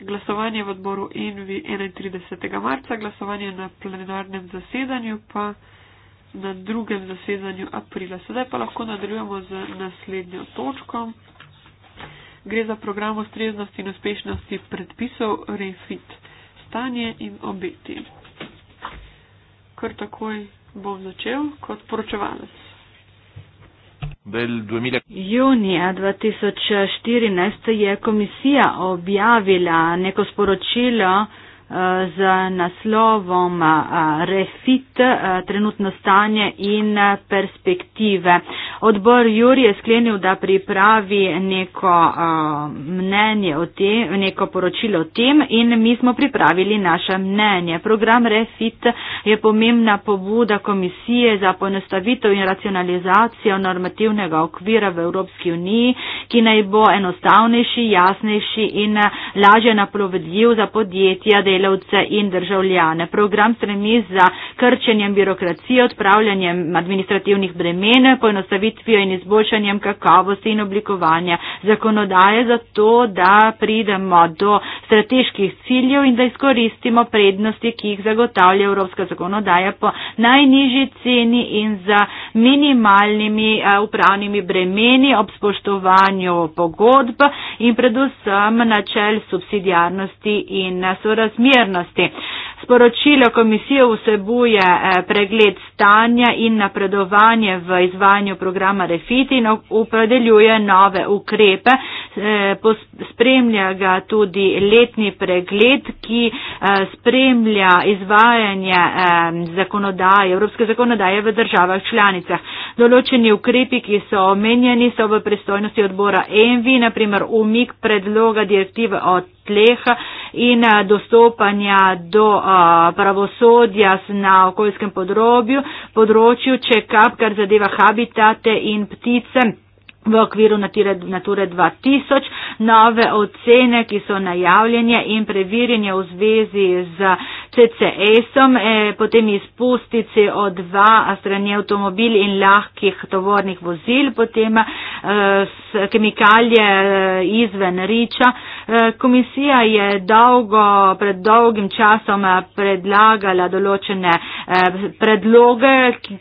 Glasovanje v odboru ENVI 31. marca, glasovanje na plenarnem zasedanju pa na drugem zasedanju aprila. Sedaj pa lahko nadaljujemo z naslednjo točko. Gre za program ustreznosti in uspešnosti predpisov REFIT. Stanje in obeti. Kar takoj bom začel kot poročevalec. Junija 2014 je komisija objavila neko sporočilo, z naslovom eh, Refit, eh, trenutno stanje in eh, perspektive. Odbor Juri je sklenil, da pripravi neko uh, mnenje o tem, neko poročilo o tem in mi smo pripravili naše mnenje. Program Refit je pomembna pobuda komisije za ponestavitev in racionalizacijo normativnega okvira v Evropski uniji, ki naj bo enostavnejši, jasnejši in lažje naprovedljiv za podjetja, delavce in državljane. Program stremi za krčenjem birokracije, odpravljanjem administrativnih bremen, ponestavitev krepitvijo in izboljšanjem kakovosti in oblikovanja zakonodaje za to, da pridemo do strateških ciljev in da izkoristimo prednosti, ki jih zagotavlja evropska zakonodaja po najnižji ceni in za minimalnimi eh, upravnimi bremeni ob spoštovanju pogodb in predvsem načel subsidijarnosti in sorazmernosti. Sporočilo komisije vsebuje eh, pregled stanja in napredovanje v izvajanju programa Refit in upredeljuje nove ukrepe. Eh, spremlja ga tudi letni pregled, ki eh, spremlja izvajanje zakonodaje, evropske zakonodaje v državah članicah. Določeni ukrepi, ki so omenjeni, so v pristojnosti odbora ENVI, naprimer umik predloga direktive od tleha in dostopanja do uh, pravosodja na okoljskem podrobju, področju check-up, kar zadeva habitate in ptice v okviru Nature 2000, nove ocene, ki so najavljene in preverjanje v zvezi z uh, CCS-om, eh, potem izpusti CO2 strani avtomobil in lahkih tovornih vozil, potem eh, kemikalije eh, izven riča. Eh, komisija je dolgo, pred dolgim časom eh, predlagala določene eh, predloge,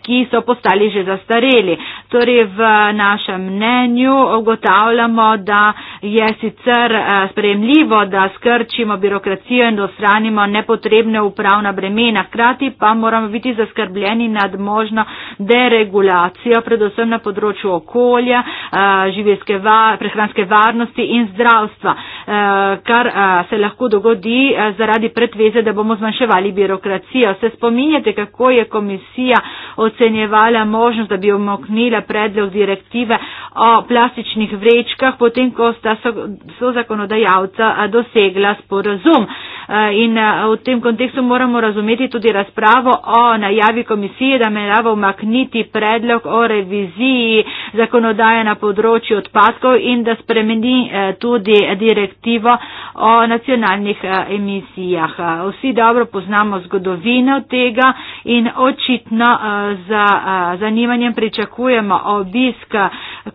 ki so postali že zastareli. Torej v našem mnenju ugotavljamo, da je sicer eh, spremljivo, da skrčimo birokracijo in dostranimo nepotrebne določene upravna bremena, krati pa moramo biti zaskrbljeni nad možno deregulacijo, predvsem na področju okolja, eh, živeske va, prehranske varnosti in zdravstva, eh, kar eh, se lahko dogodi zaradi pretveze, da bomo zmanjševali birokracijo. Se spominjate, kako je komisija ocenjevala možnost, da bi omoknila predlog direktive o plastičnih vrečkah, potem ko sta so, so zakonodajalca dosegla sporazum. Eh, in eh, v tem kontekstu moramo razumeti tudi razpravo o najavi komisije, da menjava umakniti predlog o reviziji zakonodaje na področju odpadkov in da spremeni eh, tudi direktivo o nacionalnih emisijah. Vsi dobro poznamo zgodovino tega in očitno za zanimanjem pričakujemo obisk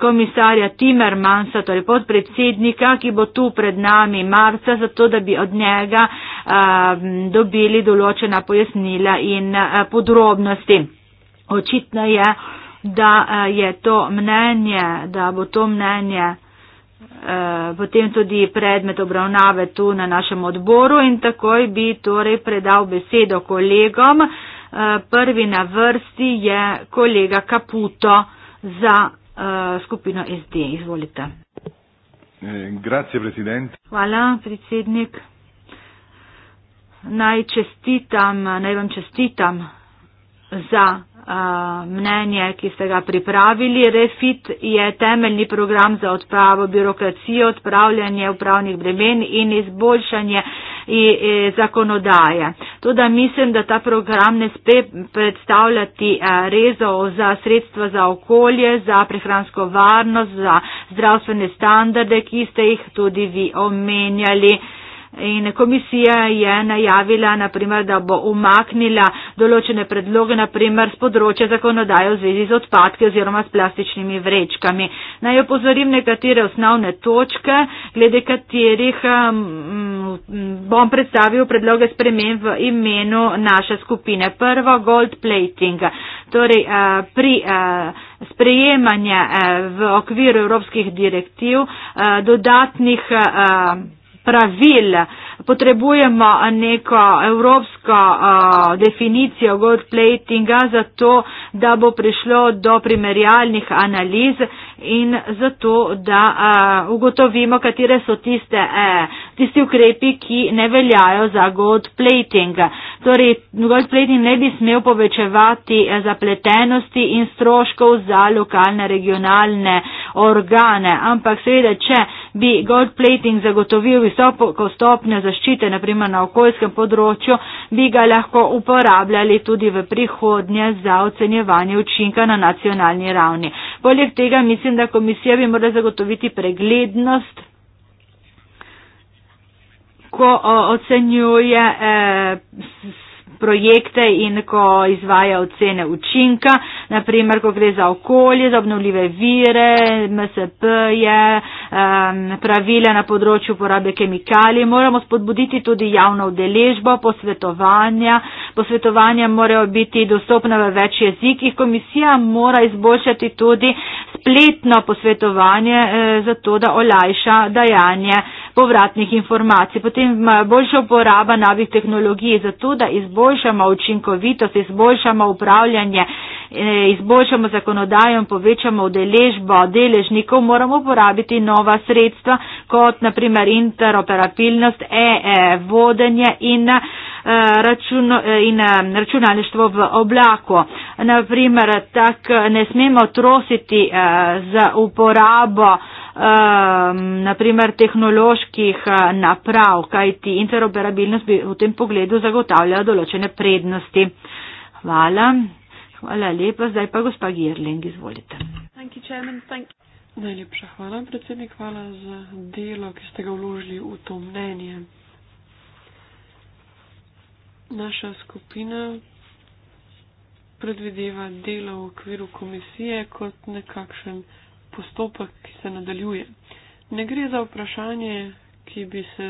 komisarja Timermansa, torej podpredsednika, ki bo tu pred nami marca, zato da bi od njega Um, dobili določena pojasnila in uh, podrobnosti. Očitno je, da uh, je to mnenje, da bo to mnenje uh, potem tudi predmet obravnave tu na našem odboru in takoj bi torej predal besedo kolegom. Prvi na vrsti je kolega Kaputo za skupino SD. Izvolite. Eh, grazie, Hvala, predsednik naj čestitam, naj vam čestitam za uh, mnenje, ki ste ga pripravili. Refit je temeljni program za odpravo birokracije, odpravljanje upravnih bremen in izboljšanje in, in e, zakonodaje. Tudi mislim, da ta program ne spe predstavljati rezo za sredstva za okolje, za prehransko varnost, za zdravstvene standarde, ki ste jih tudi vi omenjali. Uh, In komisija je najavila, naprimer, da bo umaknila določene predloge, naprimer, z področja zakonodaje v zvezi z odpadke oziroma s plastičnimi vrečkami. Naj opozorim nekatere osnovne točke, glede katerih bom predstavil predloge sprememb v imenu naše skupine. Prvo, gold plating. Torej, eh, pri eh, sprejemanju eh, v okviru evropskih direktiv dodatnih pravil, potrebujemo neko evropsko uh, definicijo gold platinga za to, da bo prišlo do primerjalnih analiz in zato, da a, ugotovimo, katere so tiste, a, tisti ukrepi, ki ne veljajo za gold plating. Torej, gold plating ne bi smel povečevati zapletenosti in stroškov za lokalne, regionalne organe, ampak seveda, če bi gold plating zagotovil visoko stopnjo zaščite, naprimer na okoljskem področju, bi ga lahko uporabljali tudi v prihodnje za ocenjevanje učinka na nacionalni ravni. Poleg tega mislim, mislim, da komisija bi morala zagotoviti preglednost, ko ocenjuje eh, projekte in ko izvaja ocene učinka, naprimer, ko gre za okolje, za obnovljive vire, MSP je, um, pravile na področju uporabe kemikalij, moramo spodbuditi tudi javno udeležbo, posvetovanja. Posvetovanja morajo biti dostopna v več jezikih. Komisija mora izboljšati tudi spletno posvetovanje, eh, zato da olajša dajanje povratnih informacij. Potem boljša uporaba novih tehnologij, zato da izboljša izboljšamo učinkovitost, izboljšamo upravljanje, eh, izboljšamo zakonodajo in povečamo udeležbo deležnikov, moramo uporabiti nova sredstva, kot naprimer interoperabilnost, e, e, vodenje in eh, Račun, eh, in računalništvo v oblaku. Naprimer, tak ne smemo trositi z uporabo uh, Ehm, naprimer tehnoloških eh, naprav, kajti interoperabilnost bi v tem pogledu zagotavljala določene prednosti. Hvala. Hvala lepa. Zdaj pa gospa Girling, izvolite. Thank you, chairman. Thank you. Najlepša hvala, predsednik, hvala za delo, ki ste ga vložili v to mnenje. Naša skupina predvideva delo v okviru komisije kot nekakšen postopek, ki se nadaljuje. Ne gre za vprašanje, ki bi se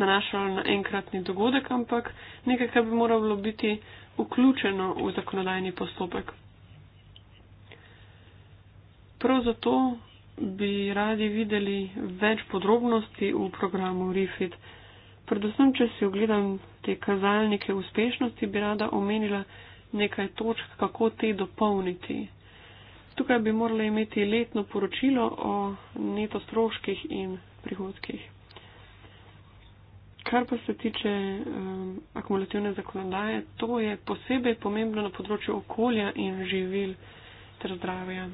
nanašalo na enkratni dogodek, ampak nekaj, kar bi moralo biti vključeno v zakonodajni postopek. Prav zato bi radi videli več podrobnosti v programu Refit. Predvsem, če si ogledam te kazalnike uspešnosti, bi rada omenila nekaj točk, kako te dopolniti. Tukaj bi morali imeti letno poročilo o neto stroških in prihodkih. Kar pa se tiče um, akumulativne zakonodaje, to je posebej pomembno na področju okolja in živil ter zdravja.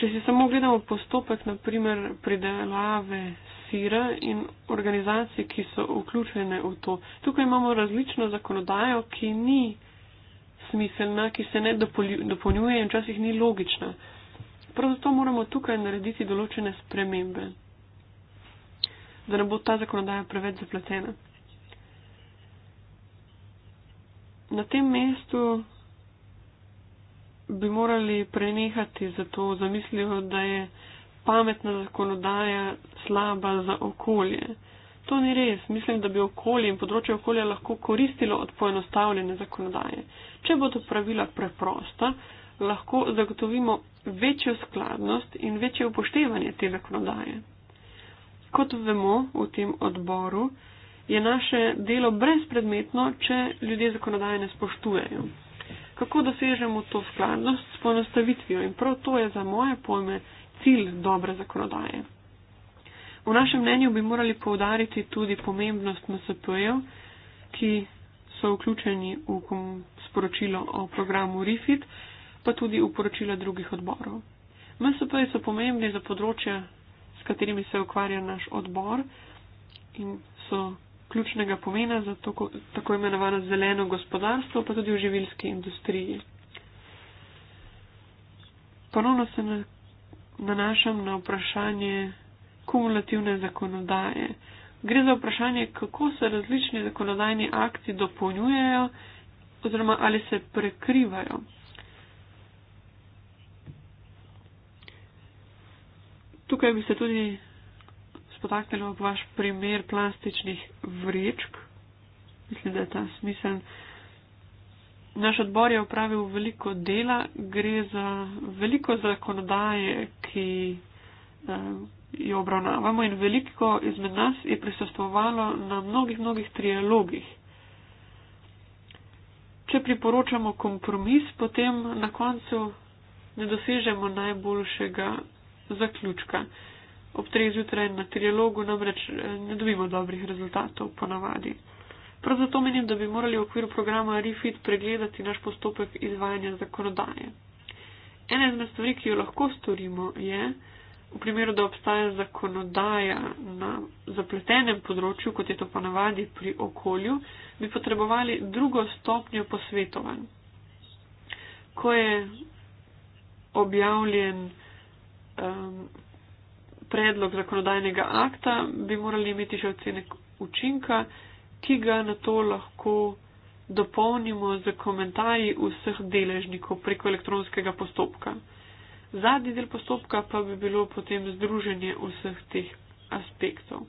Če si samo gledamo postopek, naprimer, pridelave sira in organizacije, ki so vključene v to, tukaj imamo različno zakonodajo, ki ni nesmiselna, ki se ne dopolnjuje in včasih ni logična. Prav zato moramo tukaj narediti določene spremembe, da ne bo ta zakonodaja preveč zapletena. Na tem mestu bi morali prenehati za to zamislijo, da je pametna zakonodaja slaba za okolje. To ni res. Mislim, da bi okolje in področje okolja lahko koristilo od poenostavljene zakonodaje. Če bodo pravila preprosta, lahko zagotovimo večjo skladnost in večje upoštevanje te zakonodaje. Kot vemo v tem odboru, je naše delo brezpredmetno, če ljudje zakonodaje ne spoštujejo. Kako dosežemo to skladnost s poenostavitvijo? In prav to je za moje pojme cilj dobre zakonodaje. V našem mnenju bi morali povdariti tudi pomembnost MSP-jev, ki so vključeni v sporočilo o programu RIFIT, pa tudi v poročila drugih odborov. MSP-ji so pomembni za področje, s katerimi se ukvarja naš odbor in so ključnega pomena za tako, tako imenovano zeleno gospodarstvo, pa tudi v živilski industriji. Ponovno se nanašam na vprašanje kumulativne zakonodaje. Gre za vprašanje, kako se različni zakonodajni akti dopolnjujejo oziroma ali se prekrivajo. Tukaj bi se tudi spotaknili ob vaš primer plastičnih vrečk. Mislim, da je ta smisel. Naš odbor je upravil veliko dela, gre za veliko zakonodaje, ki. Eh, jo obravnavamo in veliko izmed nas je prisostovalo na mnogih, mnogih trialogih. Če priporočamo kompromis, potem na koncu ne dosežemo najboljšega zaključka. Ob treh zjutraj na trialogu namreč eh, ne dobimo dobrih rezultatov ponavadi. Prav zato menim, da bi morali v okviru programa Refit pregledati naš postopek izvajanja zakonodaje. Ena izmed stvari, ki jo lahko storimo, je, da v primeru, da obstaja zakonodaja na zapletenem področju, kot je to ponavadi pri okolju, bi potrebovali drugo stopnjo posvetovanj. Ko je objavljen um, predlog zakonodajnega akta, bi morali imeti še ocenek učinka, ki ga na to lahko dopolnimo z komentarji vseh deležnikov preko elektronskega postopka. Zadnji del postopka pa bi bilo potem združenje vseh teh aspektov.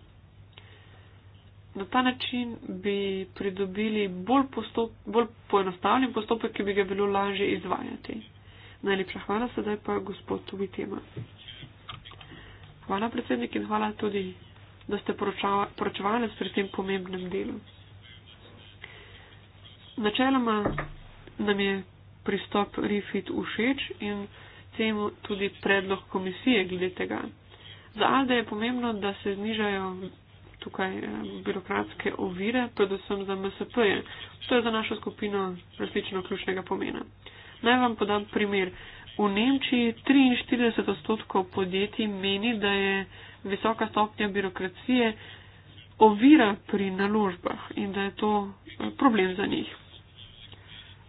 Na ta način bi pridobili bolj, postop, bolj poenostavljen postopek, ki bi ga bilo lažje izvajati. Najlepša hvala sedaj pa gospod Tobi Tema. Hvala predsednik in hvala tudi, da ste poročevali pri tem pomembnem delu. Načeloma nam je pristop refit všeč in temu tudi predlog komisije glede tega. Za ALDE je pomembno, da se znižajo tukaj eh, birokratske ovire, predvsem za MSP-je, što je za našo skupino resnično ključnega pomena. Naj vam podam primer. V Nemčiji 43 odstotkov podjetij meni, da je visoka stopnja birokracije ovira pri naložbah in da je to eh, problem za njih.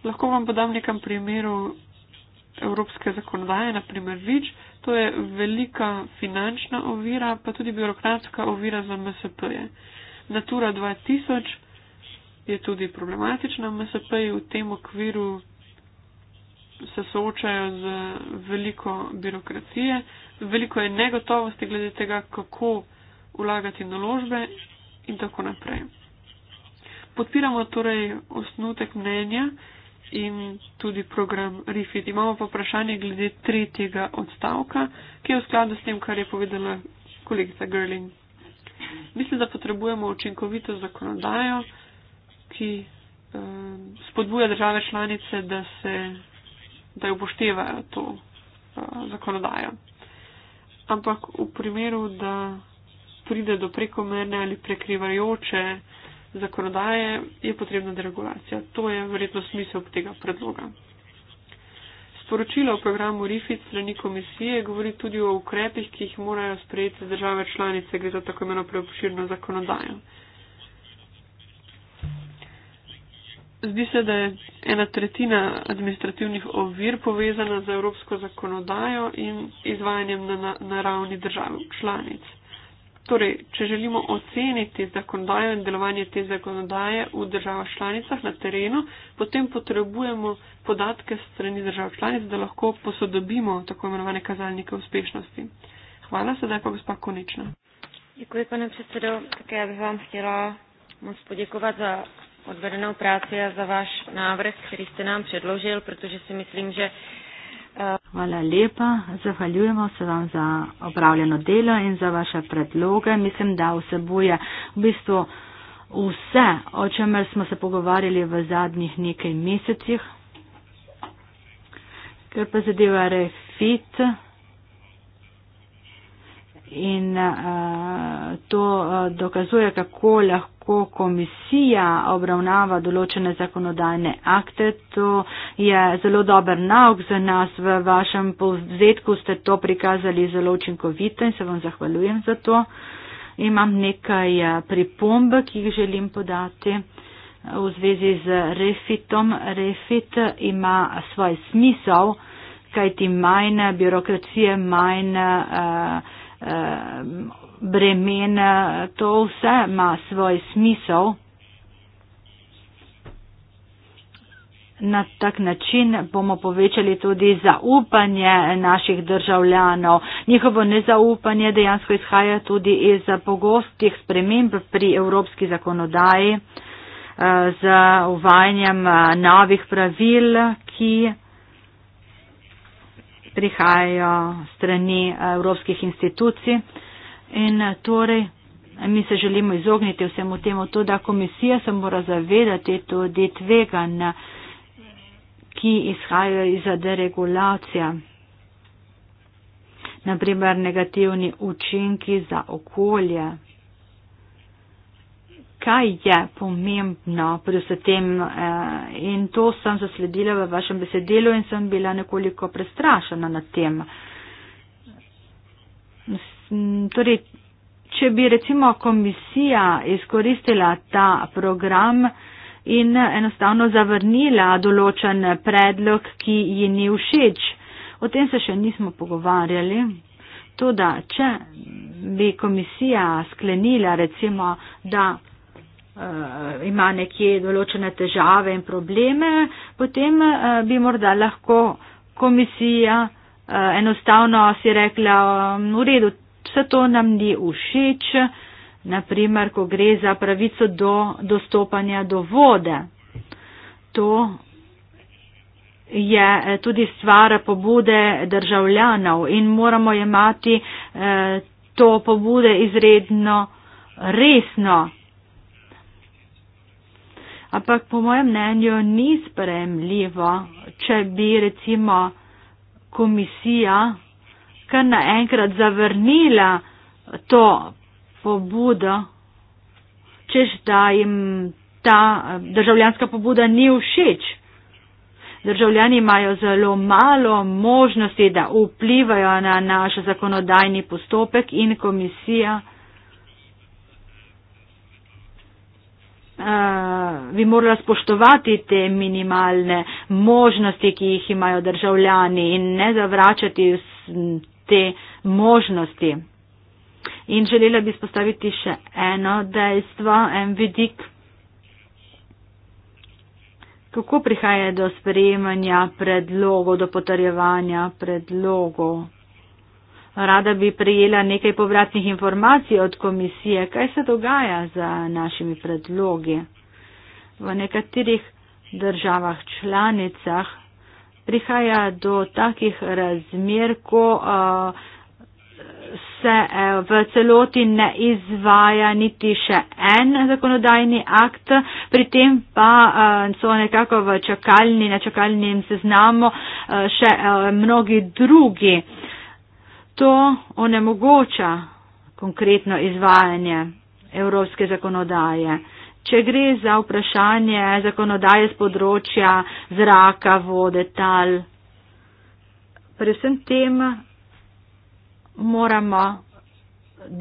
Lahko vam podam nekam primeru evropske zakonodaje, naprimer VIČ, to je velika finančna ovira, pa tudi birokratska ovira za MSP-je. Natura 2000 je tudi problematična, MSP-ji v tem okviru se soočajo z veliko birokracije, veliko je negotovosti glede tega, kako vlagati naložbe in tako naprej. Podpiramo torej osnutek mnenja, in tudi program Refit. Imamo pa vprašanje glede tretjega odstavka, ki je v skladu s tem, kar je povedala kolegica Gerling. Mislim, da potrebujemo učinkovito zakonodajo, ki eh, spodbuja države članice, da, se, da upoštevajo to eh, zakonodajo. Ampak v primeru, da pride do prekomerne ali prekrivajoče eh, zakonodaje, je potrebna deregulacija. To je verjetno smisel tega predloga. Sporočilo o programu RIFIT strani komisije govori tudi o ukrepih, ki jih morajo sprejeti države članice, gre za tako imeno preobširno zakonodajo. Zdi se, da je ena tretjina administrativnih ovir povezana z evropsko zakonodajo in izvajanjem na, na, na ravni držav članic. Torej, če želimo oceniti zakonodajo in delovanje te zakonodaje v državah članicah na terenu, potem potrebujemo podatke strani držav članic, da lahko posodobimo tako imenovane kazalnike uspešnosti. Hvala, sedaj pa gospa Konična. Děkuji, pane předsedo. Také bych vám chtěla moc poděkovat za odvedenou práci a za váš návrh, který jste nám předložil, protože si myslím, že Hvala lepa. Zahvaljujemo se vam za opravljeno delo in za vaše predloge. Mislim, da vsebuje v bistvu vse, o čemer smo se pogovarjali v zadnjih nekaj mesecih. Ker pa zadeva refit in uh, to uh, dokazuje, kako lahko komisija obravnava določene zakonodajne akte. To je zelo dober nauk za nas. V vašem povzetku ste to prikazali zelo učinkovito in se vam zahvaljujem za to. Imam nekaj eh, pripomb, ki jih želim podati v zvezi z refitom. Refit ima svoj smisel, kajti manj birokracije, manj. Uh, Ehm, bremen, eh, to vse ima svoj smisel. Na tak način bomo povečali tudi zaupanje naših državljanov. Njihovo nezaupanje dejansko izhaja tudi iz pogostih sprememb pri evropski zakonodaji eh, z uvajanjem eh, novih pravil, ki prihajajo strani eh, evropskih institucij. In eh, torej mi se želimo izogniti vsemu temu, to da komisija se mora zavedati tudi tvegan, ki izhajajo iz deregulacije. Naprimer negativni učinki za okolje kaj je pomembno pri vse tem eh, in to sem zasledila v vašem besedilu in sem bila nekoliko prestrašena nad tem. Mm, torej, če bi recimo komisija izkoristila ta program in enostavno zavrnila določen predlog, ki ji ni všeč, o tem se še nismo pogovarjali. Tudi, če bi komisija sklenila recimo, da uh, ima nekje določene težave in probleme, potem uh, bi morda lahko komisija uh, enostavno si rekla, um, v redu, vse to nam ni všeč, naprimer, ko gre za pravico do dostopanja do vode. To je tudi stvar pobude državljanov in moramo jemati eh, to pobude izredno resno ampak po mojem mnenju ni sprejemljivo, če bi recimo komisija kar naenkrat zavrnila to pobudo, čež da jim ta državljanska pobuda ni všeč. Državljani imajo zelo malo možnosti, da vplivajo na naš zakonodajni postopek in komisija. bi morala spoštovati te minimalne možnosti, ki jih imajo državljani in ne zavračati te možnosti. In želela bi spostaviti še eno dejstvo, en vidik, kako prihaja do sprejemanja predlogov, do potrjevanja predlogov Rada bi prejela nekaj povratnih informacij od komisije, kaj se dogaja z našimi predlogi. V nekaterih državah članicah prihaja do takih razmer, ko uh, se uh, v celoti ne izvaja niti še en zakonodajni akt, pri tem pa uh, so nekako v čakalni, na čakalnem seznamu uh, še uh, mnogi drugi. Uh, To onemogoča konkretno izvajanje evropske zakonodaje. Če gre za vprašanje zakonodaje z področja zraka, vode, tal, pri vsem tem moramo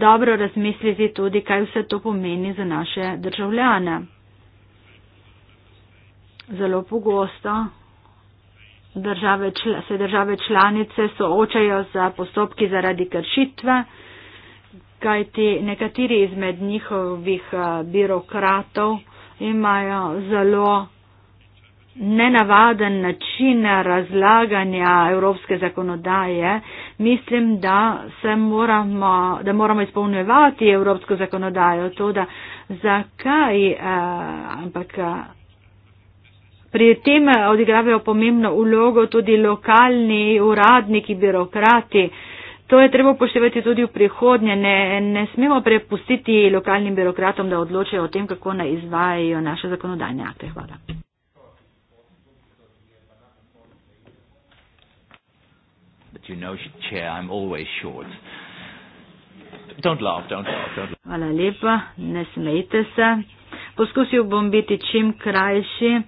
dobro razmisliti tudi, kaj vse to pomeni za naše državljane. Zelo pogosto države, se države članice soočajo za postopki zaradi kršitve, kajti nekateri izmed njihovih eh, birokratov imajo zelo nenavaden način razlaganja evropske zakonodaje. Mislim, da, moramo, da moramo izpolnjevati evropsko zakonodajo, to da zakaj, eh, ampak. Eh, Pri tem odigravajo pomembno ulogo tudi lokalni uradniki, birokrati. To je treba upoštevati tudi v prihodnje. Ne, ne smemo prepustiti lokalnim birokratom, da odločajo o tem, kako naj izvajajo naše zakonodajne akte. Hvala. You know, chair, don't laugh, don't laugh, don't laugh. Hvala lepa, ne smejte se. Poskusil bom biti čim krajši.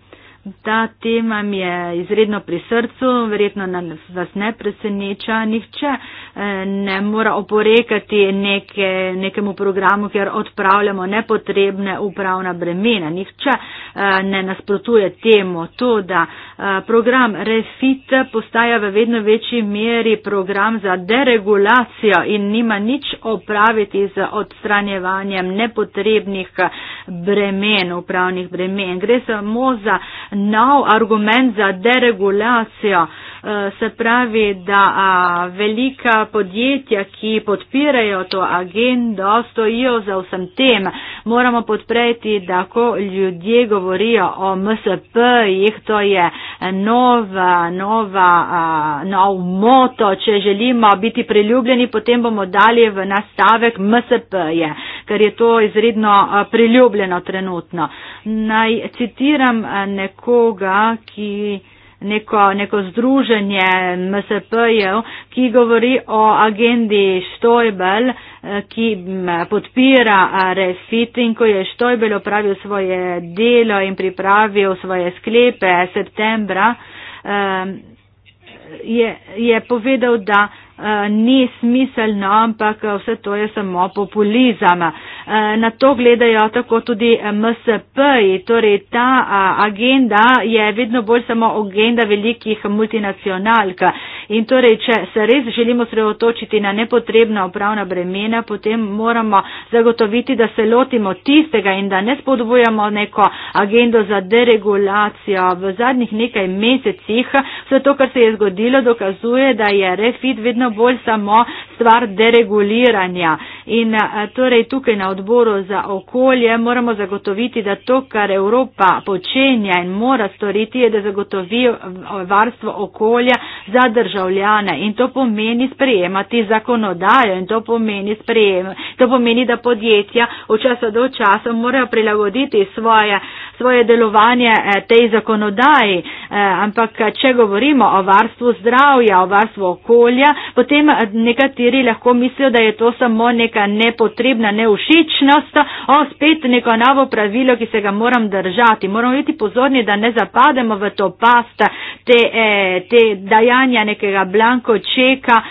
Ta tema mi je izredno pri srcu, verjetno nas ne preseneča, nihče eh, ne mora oporekati neke, nekemu programu, ker odpravljamo nepotrebne upravna bremena. Nihče eh, ne nasprotuje temu, to, da eh, program Refit postaja v vedno večji meri program za deregulacijo in nima nič opraviti z odstranjevanjem nepotrebnih bremen, upravnih bremen. Gre samo za nov argument za deregulacijo. Eh, se pravi, da a, velika podjetja, ki podpirajo to agendo, stojijo za vsem tem. Moramo podpreti, da ko ljudje govorijo o MSP-jih, to je nova, nova, a, nov moto, če želimo biti priljubljeni, potem bomo dali v nastavek MSP-je, ker je to izredno a, priljubljeno trenutno. Naj citiram a, nekoga, ki neko, neko združenje MSP-jev, ki govori o agendi Stoibel, eh, ki podpira eh, refit in ko je Stoibel opravil svoje delo in pripravil svoje sklepe septembra, eh, je, je povedal, da ni smiselno, ampak vse to je samo populizama. Eh, na to gledajo tako tudi eh, MSP. -ji. Torej, ta eh, agenda je vedno bolj samo agenda velikih multinacionalk. In torej, če se res želimo sredotočiti na nepotrebna upravna bremena, potem moramo zagotoviti, da se lotimo tistega in da ne spodbujamo neko agendo za deregulacijo. V zadnjih nekaj mesecih vse to, kar se je zgodilo, dokazuje, da je refit vedno bolj samo stvar dereguliranja. In eh, torej tukaj na odboru za okolje moramo zagotoviti, da to, kar Evropa počenja in mora storiti, je, da zagotovi eh, varstvo okolja za državljane. In to pomeni sprejemati zakonodajo in to pomeni, sprejema, to pomeni da podjetja od časa do časa morajo prilagoditi svoje, svoje delovanje eh, tej zakonodaji. Ampak, če govorimo o varstvu zdravja, o varstvu okolja, potem nekateri lahko mislijo, da je to samo nek neka nepotrebna neušičnost, o spet neko novo pravilo, ki se ga moram držati. Moramo biti pozorni, da ne zapademo v to past te, e, te dajanja nekega blanko čeka e,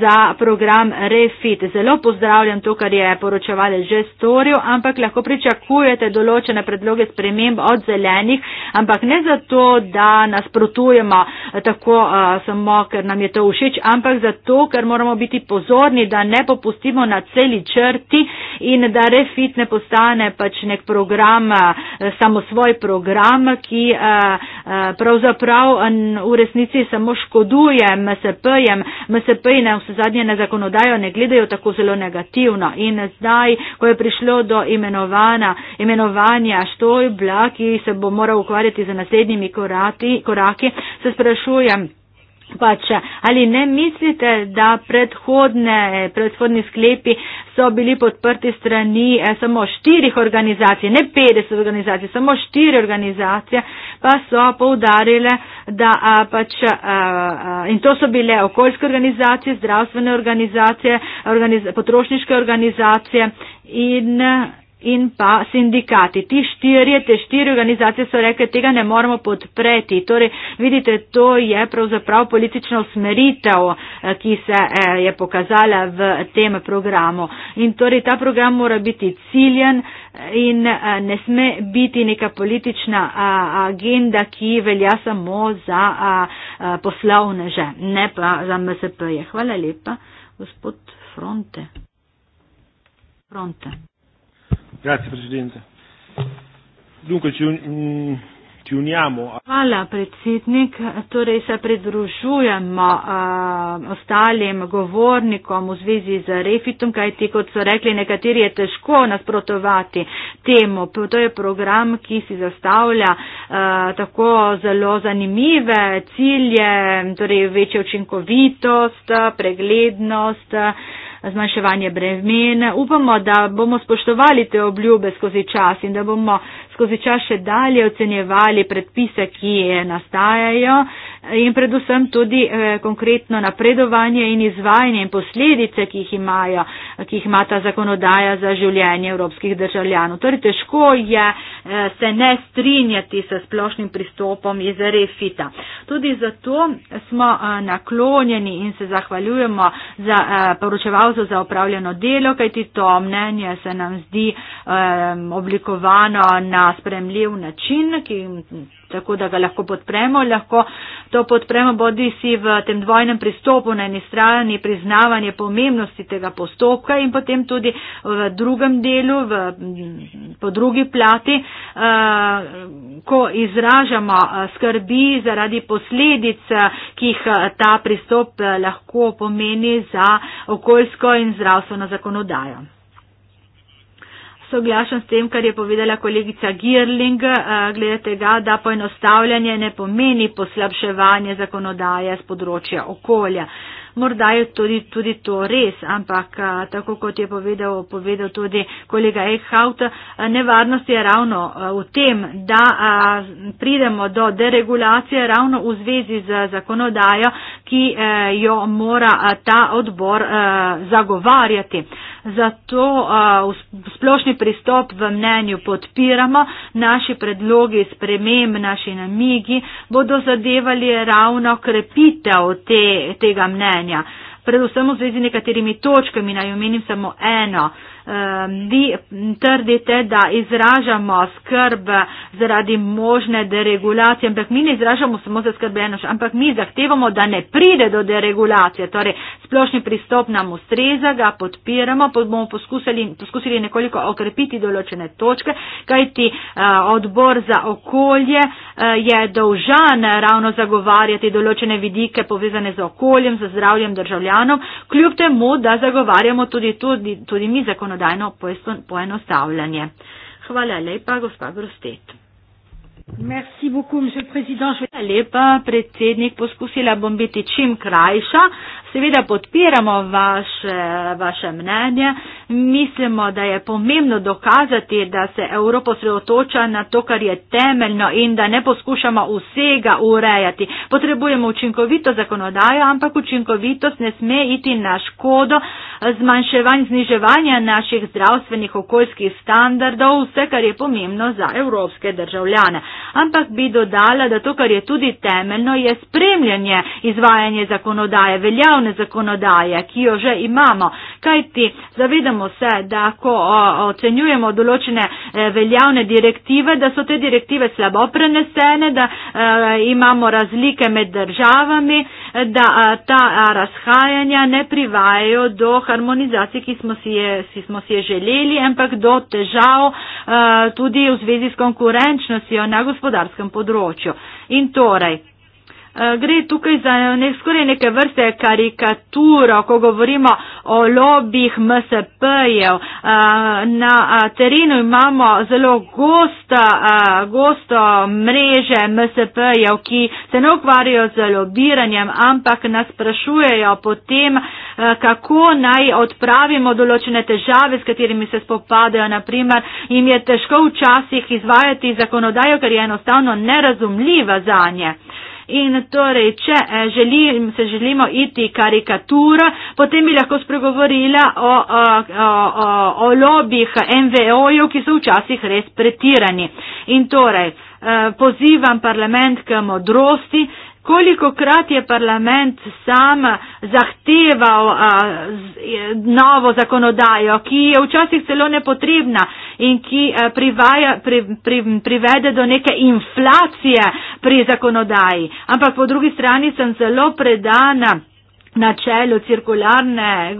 za program Refit. Zelo pozdravljam to, kar je poročevali že storil, ampak lahko pričakujete določene predloge sprememb od zelenih, ampak ne zato, da nasprotujemo e, tako samo, ker nam je to všeč, ampak zato, ker moramo biti pozorni, da ne popustimo nad celi črti in da refit ne postane pač nek program, eh, samo svoj program, ki eh, eh, pravzaprav v resnici samo škoduje MSP-jem. MSP-ji na vse zadnje na zakonodajo ne gledajo tako zelo negativno in zdaj, ko je prišlo do imenovanja Štojbla, ki se bo moral ukvarjati z naslednjimi koraki, koraki se sprašujem. Pač, ali ne mislite, da predhodni sklepi so bili podprti strani eh, samo štirih organizacij, ne 50 organizacij, samo štiri organizacije, pa so poudarile, da a, pač a, a, in to so bile okoljske organizacije, zdravstvene organizacije, organiz, potrošniške organizacije in. A, in pa sindikati. Ti štirje, te štiri organizacije so rekli, tega ne moramo podpreti. Torej, vidite, to je pravzaprav politična usmeritev, eh, ki se eh, je pokazala v tem programu. In torej, ta program mora biti ciljen eh, in ne sme biti neka politična agenda, ki velja samo za poslovneže, ne pa za MSP-je. Hvala lepa, gospod Fronte. Fronte. Grazie Presidente. Dunque ci, um, ci uniamo. A... Hvala predsednik, torej se pridružujemo uh, ostalim govornikom v zvezi z refitom, kajti kot so rekli nekateri je težko nasprotovati temu. To je program, ki si zastavlja uh, tako zelo zanimive cilje, torej večjo učinkovitost, preglednost. Uh, zmanjševanje bremen. Upamo, da bomo spoštovali te obljube skozi čas in da bomo skozi čas še dalje ocenjevali predpise, ki nastajajo in predvsem tudi eh, konkretno napredovanje in izvajanje in posledice, ki jih, imajo, ki jih ima ta zakonodaja za življenje evropskih državljanov. Torej, težko je eh, se ne strinjati s splošnim pristopom iz refita. Tudi zato smo eh, naklonjeni in se zahvaljujemo za poročevalcu za opravljeno delo, kajti to mnenje se nam zdi oblikovano na sprejemljiv način, ki, tako da ga lahko podpremo. Lahko to podpremo bodi si v tem dvojnem pristopu na eni strani priznavanje pomembnosti tega postopka in potem tudi v drugem delu, v, po drugi plati, eh, ko izražamo eh, skrbi zaradi posledic, eh, ki jih ta pristop lahko pomeni za okoljsko in zdravstveno zakonodajo soglašam s tem, kar je povedala kolegica Girling, eh, glede tega, da poenostavljanje ne pomeni poslabševanje zakonodaje z področja okolja. Morda je tudi, tudi to res, ampak eh, tako kot je povedal, povedal tudi kolega Eichhaut, eh, nevarnost je ravno v tem, da pridemo do deregulacije ravno v zvezi z zakonodajo, ki jo mora ta odbor zagovarjati. Zato uh, splošni pristop v mnenju podpiramo, naši predlogi sprememb, naši namigi bodo zadevali ravno krepitev te, tega mnenja. Predvsem v zvezi nekaterimi točkami, naj omenim samo eno. Uh, Ehm, vi trdite, da izražamo skrb zaradi možne deregulacije, ampak mi ne izražamo samo za skrbenost, ampak mi zahtevamo, da ne pride do deregulacije. Torej, splošni pristop nam ustreza, ga podpiramo, pa bomo poskusili, poskusili nekoliko okrepiti določene točke, kajti eh, odbor za okolje eh, je dolžan ravno zagovarjati določene vidike povezane z okoljem, z zdravljem državljanov, kljub temu, da zagovarjamo tudi, tudi, tudi mi zakonodajno zakonodajno poenostavljanje. Hvala lepa, gospa Grostet. Merci beaucoup, monsieur le président. Je... Lepa, predsednik, poskusila bom biti čim krajša. Seveda podpiramo vaše, vaše mnenje. Mislimo, da je pomembno dokazati, da se Evropa osredotoča na to, kar je temeljno in da ne poskušamo vsega urejati. Potrebujemo učinkovito zakonodajo, ampak učinkovitost ne sme iti na škodo zmanjševanja, zniževanja naših zdravstvenih okoljskih standardov, vse, kar je pomembno za evropske državljane. Ampak bi dodala, da to, kar je tudi temeljno, je spremljanje izvajanja zakonodaje veljavnosti veljavne zakonodaje, ki jo že imamo, kajti zavedamo se, da ko ocenjujemo določene eh, veljavne direktive, da so te direktive slabo prenesene, da eh, imamo razlike med državami, da eh, ta razhajanja ne privajajo do harmonizacije, ki smo si je, si smo si je želeli, ampak do težav tudi v zvezi s konkurenčnostjo na gospodarskem področju. In torej, Eh, gre tukaj za ne, skoraj neke vrste karikaturo, ko govorimo o lobih MSP-jev. Eh, na eh, terenu imamo zelo gosto, gosto mreže MSP-jev, ki se ne ukvarjajo z lobiranjem, ampak nas sprašujejo potem, kako naj odpravimo določene težave, s katerimi se spopadajo. Naprimer, jim je težko včasih izvajati zakonodajo, ker je enostavno nerazumljiva za njih. In torej, če eh, želim, se želimo iti karikatura, potem bi lahko spregovorila o, o, o, o lobih MVO-jev, ki so včasih res pretirani. In torej, eh, pozivam parlament k modrosti, Kolikokrat je parlament sam zahteval a, z, novo zakonodajo, ki je včasih celo nepotrebna in ki a, privaja, pri, pri, privede do neke inflacije pri zakonodaji. Ampak po drugi strani sem zelo predana načelu cirkularne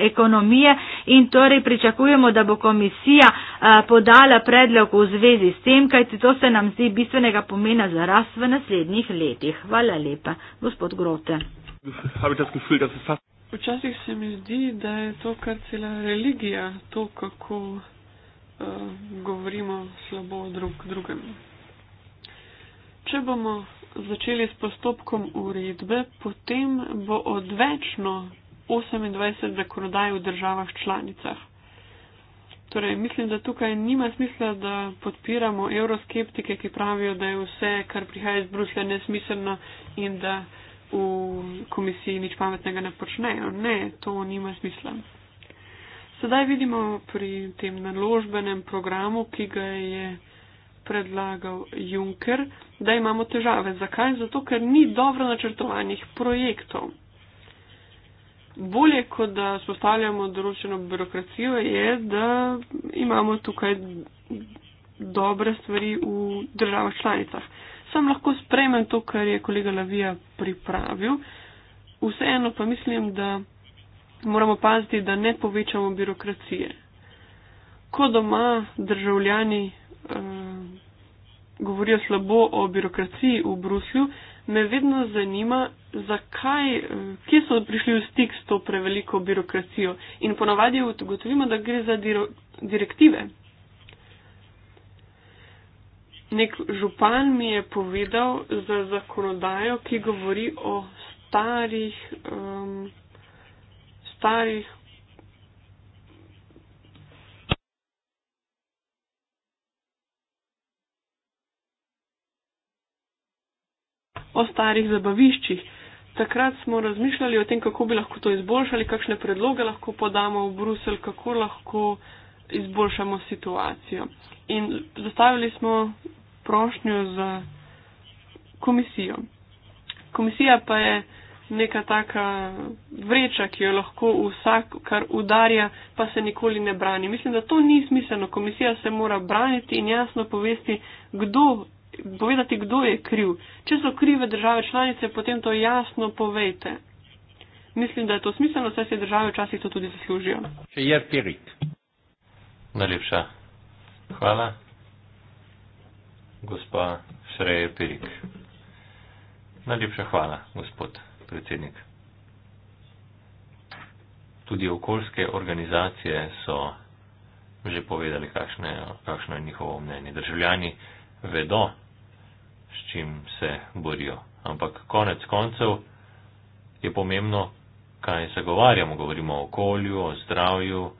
ekonomije in torej pričakujemo, da bo komisija eh, podala predlog v zvezi s tem, kajti to se nam zdi bistvenega pomena za rast v naslednjih letih. Hvala lepa, gospod Grote. Včasih se mi zdi, da je to kar cela religija, to kako uh, govorimo slabo drug drugem. Če bomo začeli s postopkom uredbe, potem bo odvečno 28 zakonodaj v državah članicah. Torej, mislim, da tukaj nima smisla, da podpiramo euroskeptike, ki pravijo, da je vse, kar prihaja iz Bruslja, nesmiselno in da v komisiji nič pametnega ne počnejo. Ne, to nima smisla. Sedaj vidimo pri tem naložbenem programu, ki ga je predlagal Juncker, da imamo težave. Zakaj? Zato, ker ni dobro načrtovanih projektov. Bolje, kot da spostavljamo določeno birokracijo, je, da imamo tukaj dobre stvari v državah članicah. Sam lahko sprejmem to, kar je kolega Lavija pripravil. Vseeno pa mislim, da moramo paziti, da ne povečamo birokracije. Ko doma državljani eh, govorijo slabo o birokraciji v Bruslju, me vedno zanima, zakaj, eh, kje so prišli v stik s to preveliko birokracijo. In ponavadi ugotovimo, da gre za diro, direktive. Nek župan mi je povedal za zakonodajo, ki govori o starih, um, starih o starih zabaviščih. Takrat smo razmišljali o tem, kako bi lahko to izboljšali, kakšne predloge lahko podamo v Bruselj, kako lahko izboljšamo situacijo. In zastavili smo prošnjo za komisijo. Komisija pa je neka taka vreča, ki jo lahko vsak, kar udarja, pa se nikoli ne brani. Mislim, da to ni smiselno. Komisija se mora braniti in jasno povesti, kdo povedati, kdo je kriv. Če so krive države članice, potem to jasno povejte. Mislim, da je to smiselno, saj se države včasih to tudi zaslužijo. Če je pirik. Najlepša. Hvala. Gospa Šreje Pirik. Najlepša hvala, gospod predsednik. Tudi okoljske organizacije so že povedali, kakšno je, kakšno je njihovo mnenje. Državljani vedo, s čim se borijo. Ampak konec koncev je pomembno, kaj se govarjamo. Govorimo o okolju, o zdravju,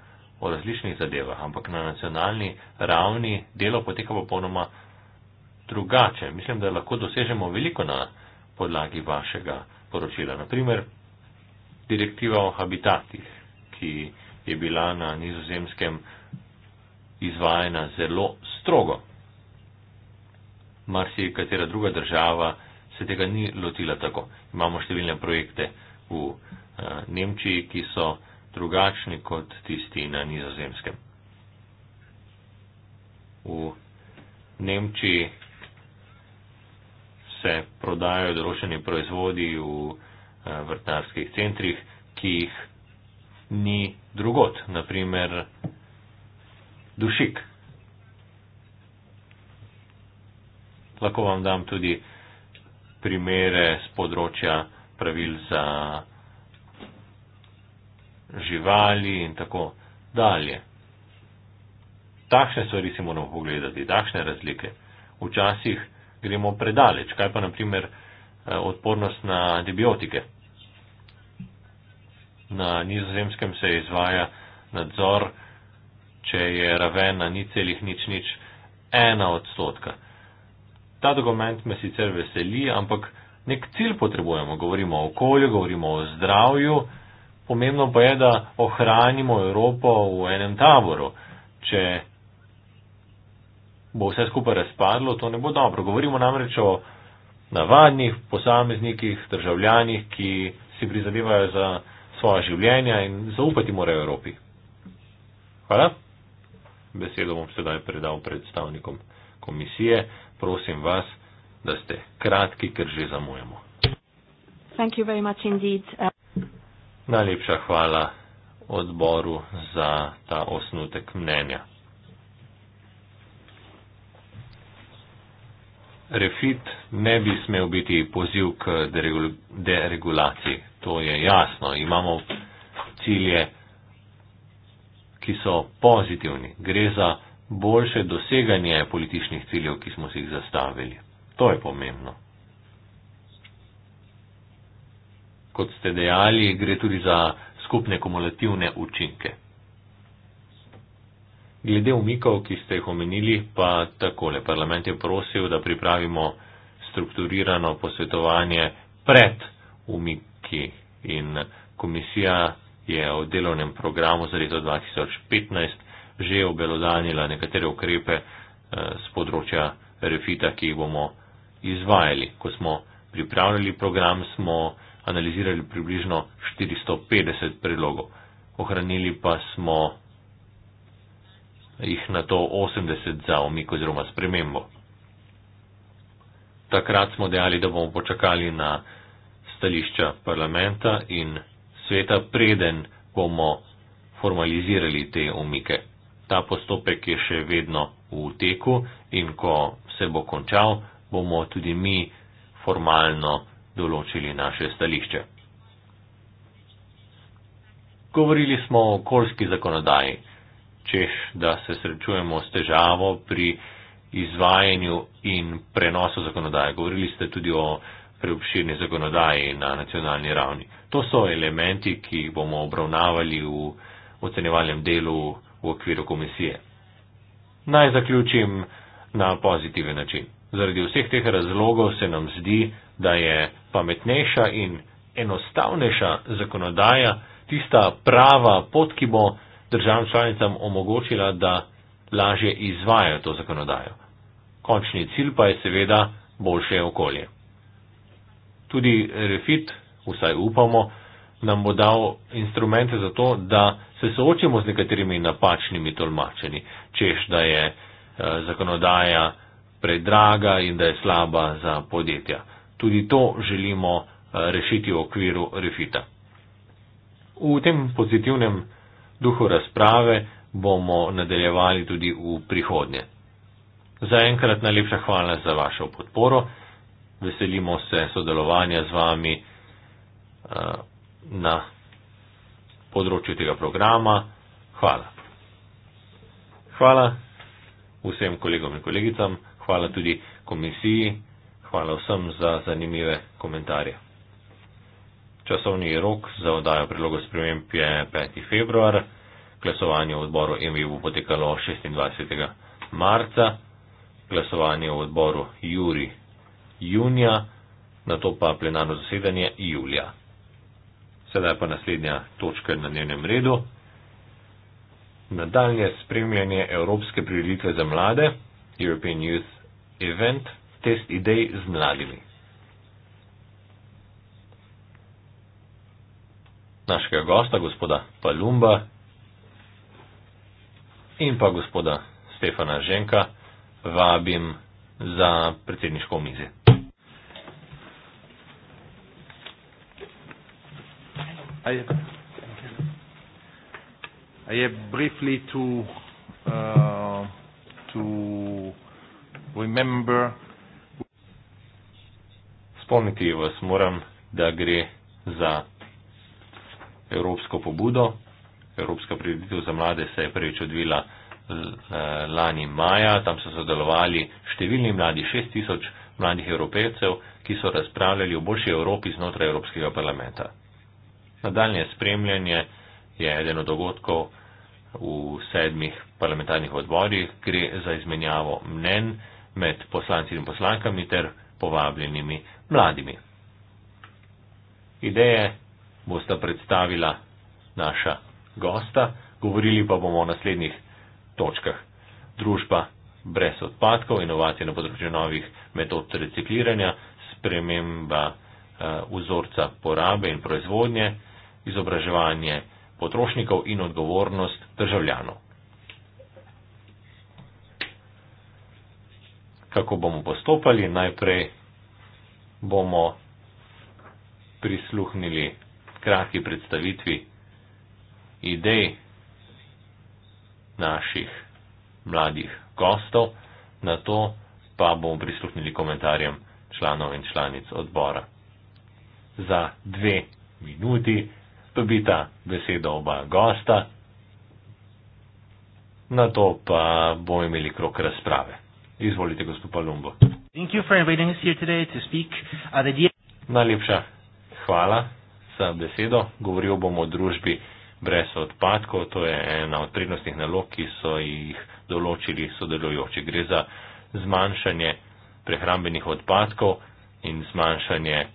o različnih zadevah, ampak na nacionalni ravni delo poteka popolnoma drugače. Mislim, da lahko dosežemo veliko na podlagi vašega poročila. Naprimer, direktiva o habitatih, ki je bila na nizozemskem izvajena zelo strogo marsi katera druga država se tega ni lotila tako. Imamo številne projekte v eh, Nemčiji, ki so drugačni kot tisti na nizozemskem. V Nemčiji se prodajajo določeni proizvodi v eh, vrtnarskih centrih, ki jih ni drugot, naprimer dušik. lahko vam dam tudi primere z področja pravil za živali in tako dalje. Takšne stvari si moramo pogledati, takšne razlike. Včasih gremo predaleč, kaj pa naprimer eh, odpornost na antibiotike. Na nizozemskem se izvaja nadzor, če je raven na ni celih nič nič ena odstotka. Ta dokument me sicer veseli, ampak nek cilj potrebujemo. Govorimo o okolju, govorimo o zdravju. Pomembno pa je, da ohranimo Evropo v enem taboru. Če bo vse skupaj razpadlo, to ne bo dobro. Govorimo namreč o navadnih posameznikih, državljanih, ki si prizadevajo za svoja življenja in zaupati morajo Evropi. Hvala. Besedo bom sedaj predal predstavnikom komisije prosim vas, da ste kratki, ker že zamujamo. Najlepša hvala odboru za ta osnutek mnenja. Refit ne bi smel biti poziv k deregulaciji, to je jasno. Imamo cilje, ki so pozitivni. Gre za boljše doseganje političnih ciljev, ki smo si jih zastavili. To je pomembno. Kot ste dejali, gre tudi za skupne kumulativne učinke. Glede umikov, ki ste jih omenili, pa takole. Parlament je prosil, da pripravimo strukturirano posvetovanje pred umiki in komisija je v delovnem programu za leto 2015 že obelodanila nekatere ukrepe z eh, področja refita, ki jih bomo izvajali. Ko smo pripravljali program, smo analizirali približno 450 predlogov, ohranili pa smo jih na to 80 za omik oziroma spremembo. Takrat smo dejali, da bomo počakali na stališča parlamenta in sveta, preden bomo formalizirali te omike ta postopek je še vedno v teku in ko se bo končal, bomo tudi mi formalno določili naše stališče. Govorili smo o okoljski zakonodaji, češ da se srečujemo s težavo pri izvajanju in prenosu zakonodaje. Govorili ste tudi o preobširni zakonodaji na nacionalni ravni. To so elementi, ki jih bomo obravnavali v ocenjevalnem delu v okviru komisije. Naj zaključim na pozitiven način. Zaradi vseh teh razlogov se nam zdi, da je pametnejša in enostavnejša zakonodaja tista prava pot, ki bo državam članicam omogočila, da lažje izvajajo to zakonodajo. Končni cilj pa je seveda boljše okolje. Tudi refit, vsaj upamo, nam bo dal instrumente za to, da se soočimo z nekaterimi napačnimi tolmačeni, češ da je eh, zakonodaja predraga in da je slaba za podjetja. Tudi to želimo eh, rešiti v okviru refita. V tem pozitivnem duhu razprave bomo nadaljevali tudi v prihodnje. Za enkrat najlepša hvala za vašo podporo. Veselimo se sodelovanja z vami. Eh, na področju tega programa. Hvala. Hvala vsem kolegom in kolegicam, hvala tudi komisiji, hvala vsem za zanimive komentarje. Časovni rok za odajo predlogov sprememb je 5. februar, glasovanje v odboru EMI bo potekalo 26. marca, glasovanje v odboru Juri junija, na to pa plenarno zasedanje julija. Sedaj pa naslednja točka na njenem redu. Nadaljne spremljanje Evropske prireditve za mlade, European Youth Event, test idej z mladimi. Našega gosta, gospoda Palumba in pa gospoda Stefana Ženka, vabim za predsedniško mizo. I, I have briefly to uh, to remember. Spomniti vas moram, da gre za evropsko pobudo. Evropska prireditev za mlade se je prvič odvila uh, lani maja. Tam so sodelovali številni mladi, 6000 mladih evropejcev, ki so razpravljali o boljši Evropi znotraj Evropskega parlamenta. Nadaljne spremljanje je eden od dogodkov v sedmih parlamentarnih odborih, gre za izmenjavo mnen med poslanci in poslankami ter povabljenimi mladimi. Ideje bosta predstavila naša gosta, govorili pa bomo o naslednjih točkah. Družba brez odpadkov, inovacije na področju novih metod recikliranja, sprememba uh, vzorca porabe in proizvodnje, izobraževanje potrošnikov in odgovornost državljanov. Kako bomo postopali? Najprej bomo prisluhnili kratki predstavitvi idej naših mladih gostov, na to pa bomo prisluhnili komentarjem članov in članic odbora. Za dve minuti dobita besedo oba gosta, na to pa bomo imeli krok razprave. Izvolite, gospod Palumbo. Uh, Najlepša hvala za besedo. Govoril bomo o družbi brez odpadkov. To je ena od prednostnih nalog, ki so jih določili sodelujoči. Gre za zmanjšanje prehrambenih odpadkov in zmanjšanje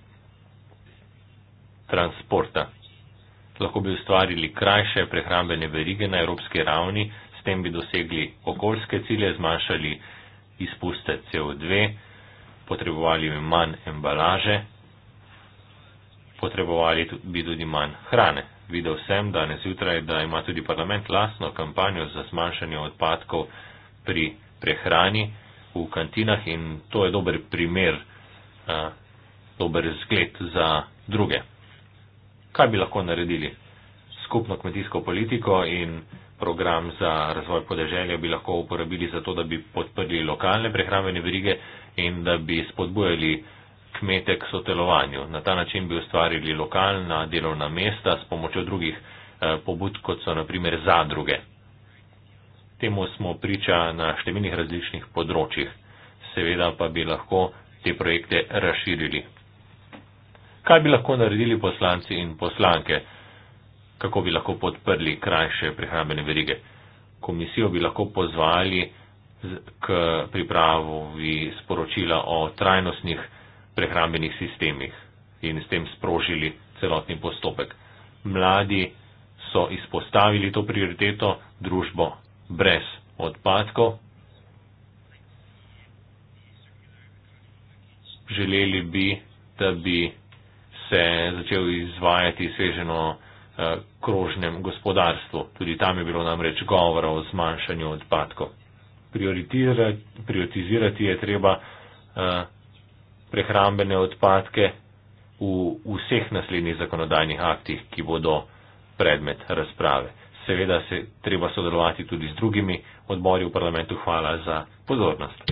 transporta lahko bi ustvarili krajše prehrambene verige na evropski ravni, s tem bi dosegli okoljske cilje, zmanjšali izpuste CO2, potrebovali bi manj embalaže, potrebovali bi tudi manj hrane. Videl sem danes jutraj, da ima tudi parlament lasno kampanjo za zmanjšanje odpadkov pri prehrani v kantinah in to je dober primer, eh, dober zgled za druge kaj bi lahko naredili. Skupno kmetijsko politiko in program za razvoj podeželja bi lahko uporabili za to, da bi podprli lokalne prehrambene verige in da bi spodbujali kmete k sotelovanju. Na ta način bi ustvarili lokalna delovna mesta s pomočjo drugih eh, pobud, kot so naprimer zadruge. Temu smo priča na številnih različnih področjih. Seveda pa bi lahko te projekte razširili kaj bi lahko naredili poslanci in poslanke, kako bi lahko podprli krajše prihrambene verige. Komisijo bi lahko pozvali k pripravi sporočila o trajnostnih prehrambenih sistemih in s tem sprožili celotni postopek. Mladi so izpostavili to prioriteto družbo brez odpadkov. Želeli bi, da bi se je začel izvajati sveženo eh, krožnem gospodarstvu. Tudi tam je bilo namreč govora o zmanjšanju odpadkov. Prioritizirati je treba eh, prehrambene odpadke v vseh naslednjih zakonodajnih aktih, ki bodo predmet razprave. Seveda se treba sodelovati tudi z drugimi odbori v parlamentu. Hvala za pozornost.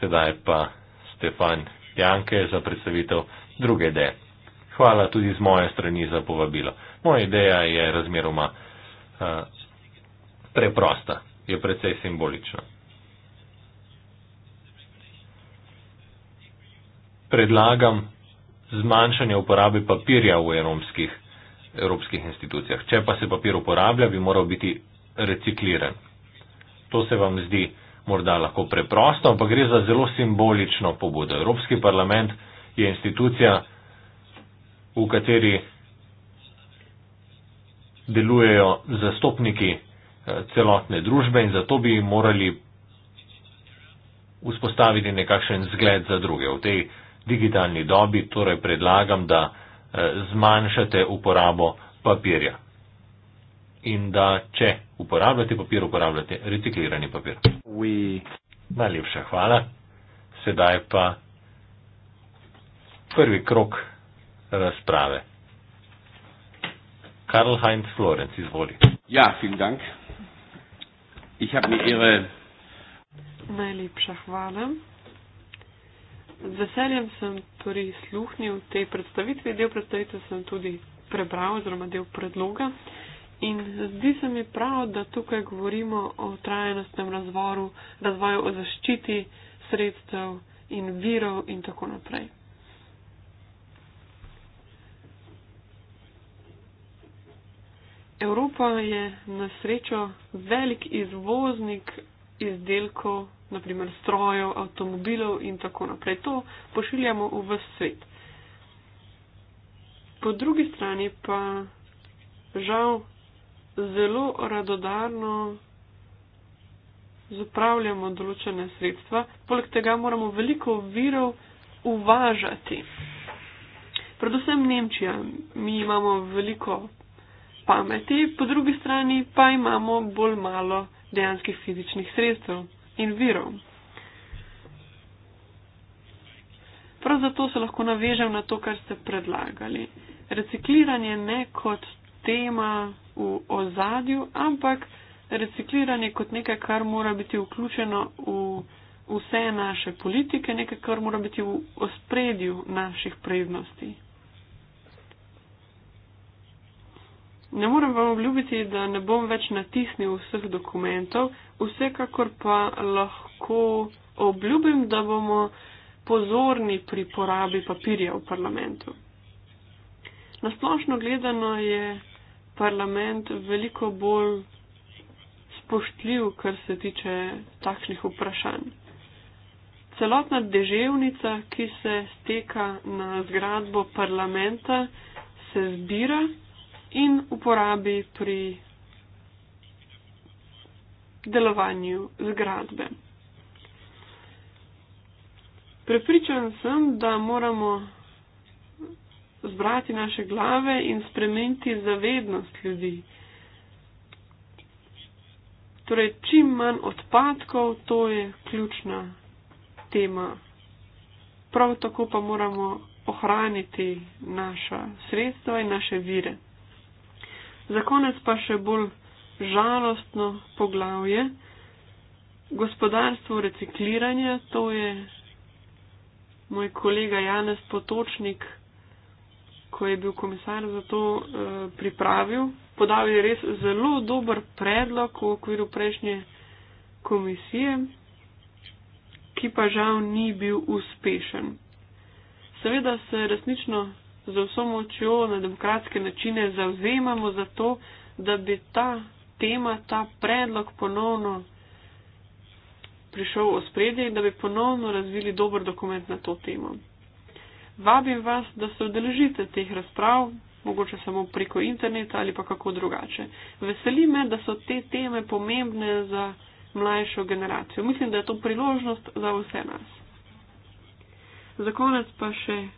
Sedaj pa Stefan Janke za predstavitev druge ideje. Hvala tudi z moje strani za povabilo. Moja ideja je razmeroma uh, preprosta, je precej simbolična. Predlagam zmanjšanje uporabe papirja v evropskih, evropskih institucijah. Če pa se papir uporablja, bi moral biti recikliran. To se vam zdi morda lahko preprosto, ampak gre za zelo simbolično pobudo. Evropski parlament je institucija, v kateri delujejo zastopniki eh, celotne družbe in zato bi morali vzpostaviti nekakšen zgled za druge. V tej digitalni dobi torej predlagam, da eh, zmanjšate uporabo papirja in da če uporabljate papir, uporabljate reciklirani papir. We... Najlepša hvala. Sedaj pa prvi krok razprave. Karl Heinz Florenc, izvoli. Ja, vielen Dank. Ich habe mir Ihre. Najlepša hvala. Z veseljem sem prisluhnil tej predstavitvi. Del predstavitve sem tudi prebral oziroma del predloga. In zdi se mi prav, da tukaj govorimo o trajnostnem razvoru, razvoju, o zaščiti sredstev in virov in tako naprej. Evropa je na srečo velik izvoznik izdelkov, naprimer strojev, avtomobilov in tako naprej. To pošiljamo v vse svet. Po drugi strani pa žal zelo radodarno zapravljamo določene sredstva. Poleg tega moramo veliko virov uvažati. Predvsem Nemčija. Mi imamo veliko pameti, po drugi strani pa imamo bolj malo dejanskih fizičnih sredstev in virov. Prav zato se lahko navežem na to, kar ste predlagali. Recikliranje ne kot tema v ozadju, ampak recikliranje kot nekaj, kar mora biti vključeno v vse naše politike, nekaj, kar mora biti v ospredju naših prednosti. Ne morem vam obljubiti, da ne bom več natisnil vseh dokumentov, vsekakor pa lahko obljubim, da bomo pozorni pri porabi papirja v parlamentu. Nasplošno gledano je parlament veliko bolj spoštljiv, kar se tiče takšnih vprašanj. Celotna deževnica, ki se steka na zgradbo parlamenta, se zbira in uporabi pri delovanju zgradbe. Prepričan sem, da moramo zbrati naše glave in spremeniti zavednost ljudi. Torej, čim manj odpadkov, to je ključna tema. Prav tako pa moramo ohraniti naša sredstva in naše vire. Za konec pa še bolj žalostno poglavje. Gospodarstvo recikliranja, to je moj kolega Janez Potočnik ko je bil komisar za to eh, pripravil. Podal je res zelo dober predlog v okviru prejšnje komisije, ki pa žal ni bil uspešen. Seveda se resnično za vso močjo na demokratske načine zavzemamo za to, da bi ta tema, ta predlog ponovno prišel v spredje in da bi ponovno razvili dober dokument na to temo vabim vas, da se udeležite teh razprav, mogoče samo preko interneta ali pa kako drugače. Veseli me, da so te teme pomembne za mlajšo generacijo. Mislim, da je to priložnost za vse nas. Za konec pa še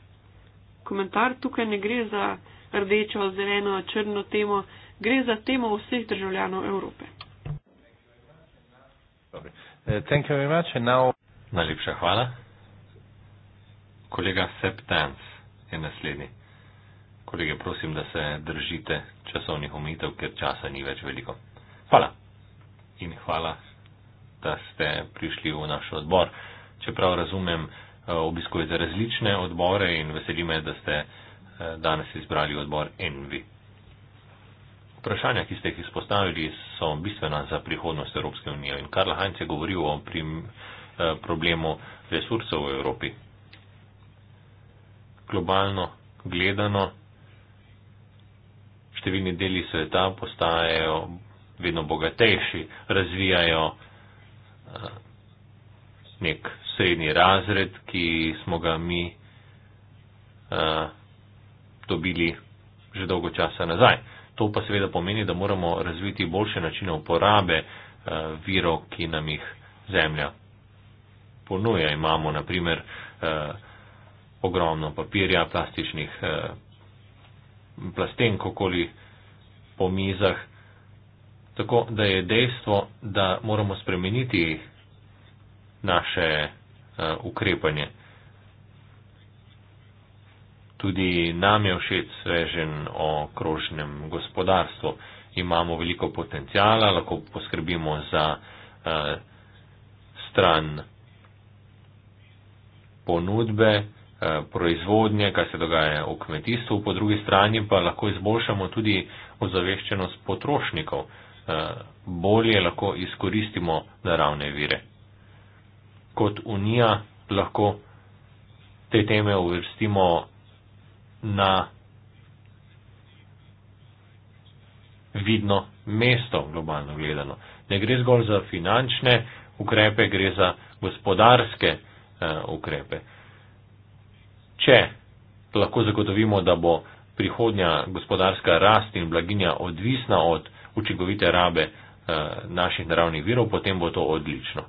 komentar. Tukaj ne gre za rdečo, zeleno, črno temo, gre za temo vseh državljanov Evrope. Eh, Najlepša hvala. Kolega Septans je naslednji. Kolege, prosim, da se držite časovnih omejitev, ker časa ni več veliko. Hvala. In hvala, da ste prišli v naš odbor. Čeprav razumem, eh, obiskujete različne odbore in veseli me, da ste eh, danes izbrali odbor Envi. Vprašanja, ki ste jih izpostavili, so bistvena za prihodnost Evropske unije. In Karl Heinz je govoril o prim, eh, problemu resursov v Evropi globalno gledano, številni deli sveta postajajo vedno bogatejši, razvijajo eh, nek srednji razred, ki smo ga mi eh, dobili že dolgo časa nazaj. To pa seveda pomeni, da moramo razviti boljše načine uporabe eh, virov, ki nam jih zemlja ponuja. Imamo naprimer ogromno papirja, plastičnih eh, plastenk okoli po mizah. Tako da je dejstvo, da moramo spremeniti naše eh, ukrepanje. Tudi nam je všeč svežen o krožnem gospodarstvu. Imamo veliko potencijala, lahko poskrbimo za uh, stran ponudbe, uh, Eh, proizvodnje, kaj se dogaja v kmetijstvu, po drugi strani pa lahko izboljšamo tudi ozaveščenost potrošnikov, eh, bolje lahko izkoristimo naravne vire. Kot unija lahko te teme uvrstimo na vidno mesto, globalno gledano. Ne gre zgolj za finančne ukrepe, gre za gospodarske uh, ukrepe. Uh, če lahko zagotovimo, da bo prihodnja gospodarska rast in blaginja odvisna od učinkovite rabe eh, naših naravnih virov, potem bo to odlično.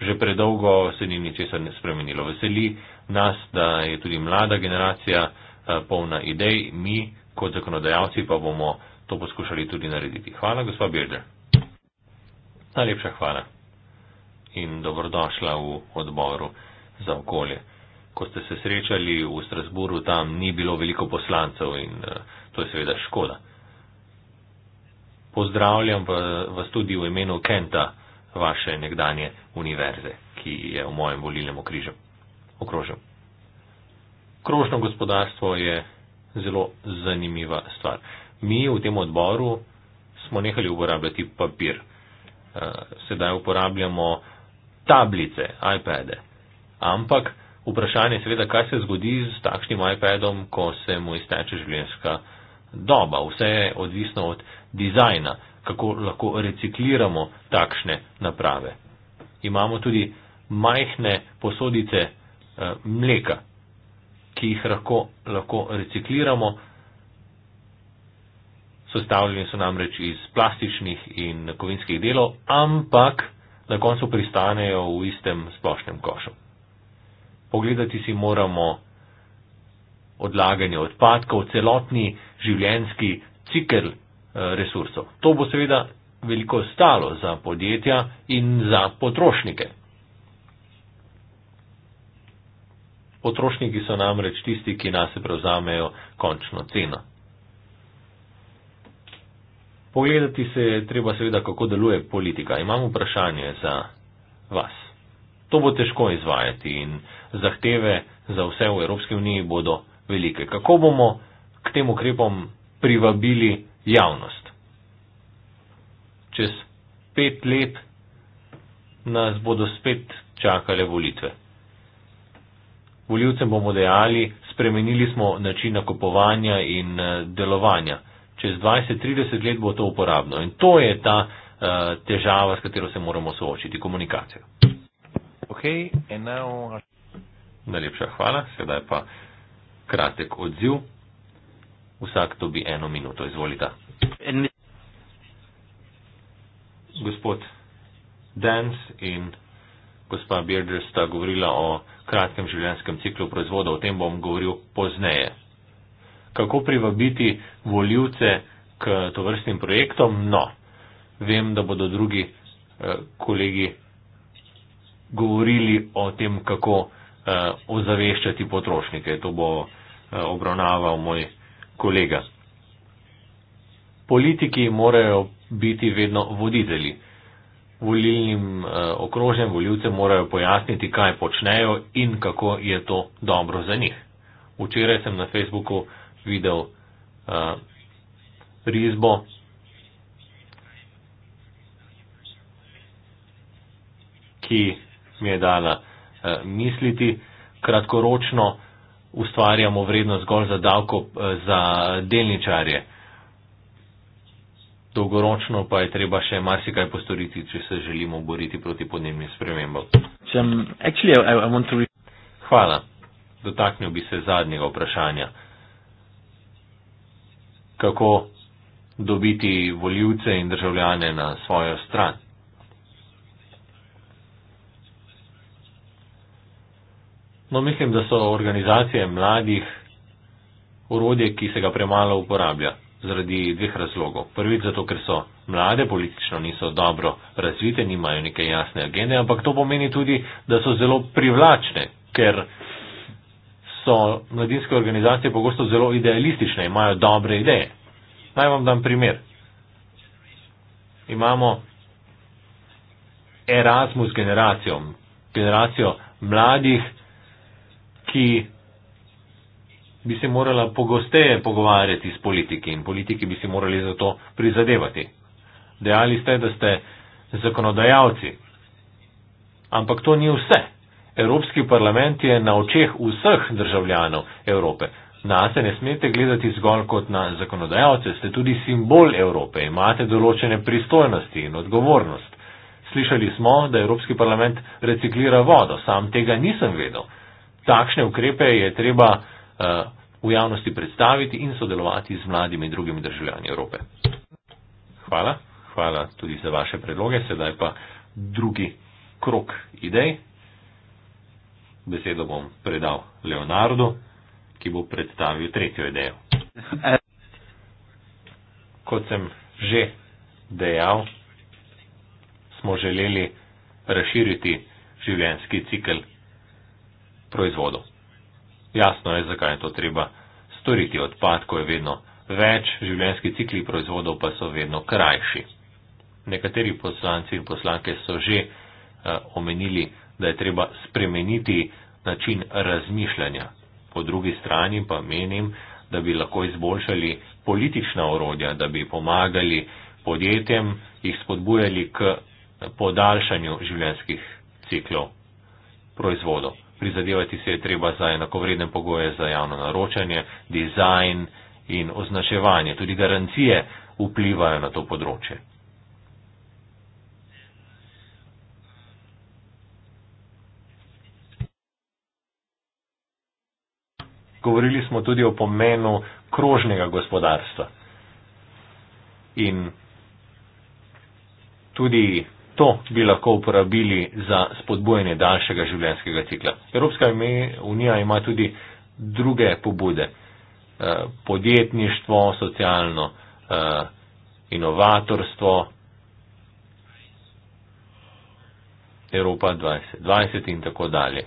Že predolgo se ni ničesar ne spremenilo. Veseli nas, da je tudi mlada generacija eh, polna idej, mi kot zakonodajalci pa bomo to poskušali tudi narediti. Hvala, gospod Birder. Najlepša hvala in dobrodošla v odboru za okolje ko ste se srečali v Strasburu, tam ni bilo veliko poslancev in eh, to je seveda škoda. Pozdravljam vas tudi v imenu Kenta, vaše nekdanje univerze, ki je v mojem volilnem okrožju. Krožno gospodarstvo je zelo zanimiva stvar. Mi v tem odboru smo nehali uporabljati papir. Eh, sedaj uporabljamo tablice, iPade. Ampak Vprašanje je seveda, kaj se zgodi z takšnim iPadom, ko se mu izteče življenjska doba. Vse je odvisno od dizajna, kako lahko recikliramo takšne naprave. Imamo tudi majhne posodice eh, mleka, ki jih lahko, lahko recikliramo. Sestavljeni so namreč iz plastičnih in kovinskih delov, ampak na koncu pristanejo v istem splošnem košu pogledati si moramo odlaganje odpadkov, celotni življenski cikl eh, resursov. To bo seveda veliko stalo za podjetja in za potrošnike. Potrošniki so namreč tisti, ki nas prevzamejo končno ceno. Pogledati se je treba seveda, kako deluje politika. Imam vprašanje za vas. To bo težko izvajati in zahteve za vse v Evropski uniji bodo velike. Kako bomo k tem ukrepom privabili javnost? Čez pet let nas bodo spet čakale volitve. Voljivcem bomo dejali, spremenili smo način nakupovanja in eh, delovanja. Čez 20-30 let bo to uporabno in to je ta uh, težava, s katero se moramo soočiti, komunikacija. Okay, now... Najlepša hvala, sedaj pa kratek odziv. Vsak dobi eno minuto, izvolite. Gospod Dance in gospa Birger sta govorila o kratkem življenjskem ciklu proizvoda, o tem bom govoril pozneje. Kako privabiti voljivce k tovrstnim projektom? No, vem, da bodo drugi eh, kolegi govorili o tem, kako uh, ozaveščati potrošnike. To bo uh, obravnaval moj kolega. Politiki morajo biti vedno voditelji. Volilnim uh, okrožjem voljivce morajo pojasniti, kaj počnejo in kako je to dobro za njih. Včeraj sem na Facebooku videl uh, rizbo. Ki mi je dala eh, misliti. Kratkoročno ustvarjamo vrednost zgolj za davko eh, za delničarje. Dolgoročno pa je treba še marsikaj postoriti, če se želimo boriti proti podnebnim spremembam. Hvala. Dotaknil bi se zadnjega vprašanja. Kako dobiti voljivce in državljane na svojo stran? No, mislim, da so organizacije mladih urodje, ki se ga premalo uporablja zaradi dveh razlogov. Prvič zato, ker so mlade, politično niso dobro razvite, nimajo neke jasne agende, ampak to pomeni tudi, da so zelo privlačne, ker so mladinske organizacije pogosto zelo idealistične, imajo dobre ideje. Naj vam dam primer. Imamo Erasmus generacijo, generacijo mladih, ki bi se morala pogosteje pogovarjati s politiki in politiki bi se morali za to prizadevati. Dejali ste, da ste zakonodajalci. Ampak to ni vse. Evropski parlament je na očeh vseh državljanov Evrope. Na se ne smete gledati zgolj kot na zakonodajalce, ste tudi simbol Evrope, imate določene pristojnosti in odgovornost. Slišali smo, da Evropski parlament reciklira vodo, sam tega nisem vedel takšne ukrepe je treba eh, v javnosti predstaviti in sodelovati z mladimi in drugimi državljani Evrope. Hvala, hvala tudi za vaše predloge, sedaj pa drugi krok idej. Besedo bom predal Leonardo, ki bo predstavil tretjo idejo. Kot sem že dejal, smo želeli razširiti življenjski cikl proizvodov. Jasno je, zakaj je to treba storiti. Odpadkov je vedno več, življenjski cikli proizvodov pa so vedno krajši. Nekateri poslanci in poslanke so že uh, omenili, da je treba spremeniti način razmišljanja. Po drugi strani pa menim, da bi lahko izboljšali politična orodja, da bi pomagali podjetjem, jih spodbujali k podaljšanju življenjskih ciklov proizvodov prizadevati se je treba za enakovreden pogoje za javno naročanje, dizajn in označevanje. Tudi garancije vplivajo na to področje. Govorili smo tudi o pomenu krožnega gospodarstva. In tudi to bi lahko uporabili za spodbojanje daljšega življenjskega cikla. Evropska unija ima tudi druge pobude. Eh, podjetništvo, socialno, eh, inovatorstvo. Evropa 2020 in tako dalje.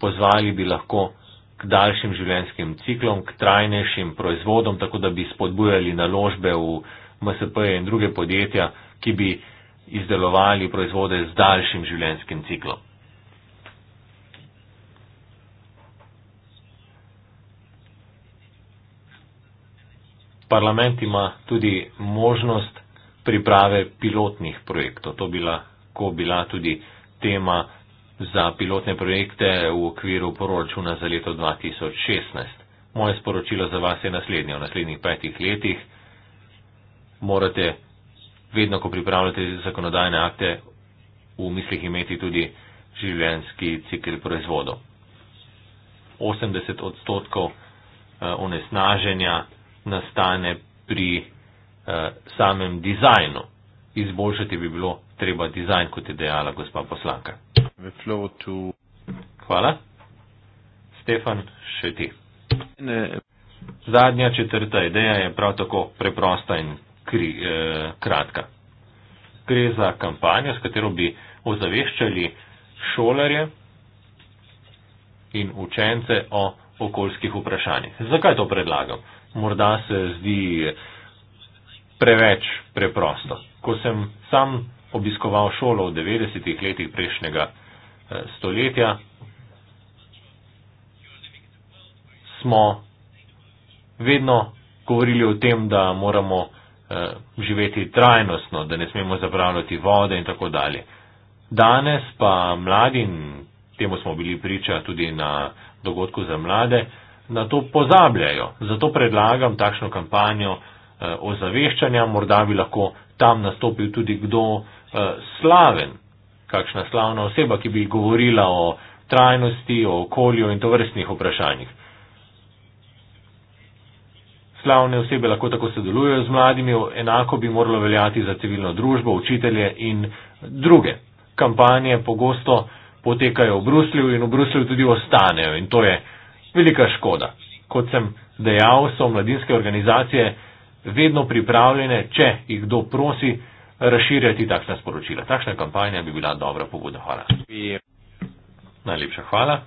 Pozvali bi lahko k daljšim življenjskim ciklom, k trajnejšim proizvodom, tako da bi spodbujali naložbe v MSP in druge podjetja, ki bi uh, izdelovali proizvode z daljšim življenjskim ciklom. Parlament ima tudi možnost priprave pilotnih projektov. To bi lahko bila tudi tema za pilotne projekte v okviru poročuna za leto 2016. Moje sporočilo za vas je naslednje. V naslednjih petih letih morate vedno, ko pripravljate zakonodajne akte, v mislih imeti tudi življenski cikl proizvodov. 80 odstotkov eh, onesnaženja nastane pri eh, samem dizajnu. Izboljšati bi bilo treba dizajn, kot je dejala gospa poslanka. Hvala. Stefan, še ti. Zadnja četrta ideja je prav tako preprosta in kri, eh, kratka. Gre za kampanjo, s katero bi ozaveščali šolarje in učence o okoljskih vprašanjih. Zakaj to predlagam? Morda se zdi preveč preprosto. Ko sem sam obiskoval šolo v 90-ih letih prejšnjega eh, stoletja, smo vedno govorili o tem, da moramo Eh, živeti trajnostno, da ne smemo zapravljati vode in tako dalje. Danes pa mladi, in temu smo bili priča tudi na dogodku za mlade, na to pozabljajo. Zato predlagam takšno kampanjo eh, ozaveščanja, morda bi lahko tam nastopil tudi kdo eh, slaven, kakšna slavna oseba, ki bi govorila o trajnosti, o okolju in to vrstnih vprašanjih. Slavne osebe lahko tako sodelujejo z mladimi, enako bi moralo veljati za civilno družbo, učitelje in druge. Kampanje pogosto potekajo v Bruslju in v Bruslju tudi ostanejo in to je velika škoda. Kot sem dejal, so mladinske organizacije vedno pripravljene, če jih kdo prosi, razširjati takšna sporočila. Takšna kampanja bi bila dobra pobuda. Hvala. Najlepša hvala.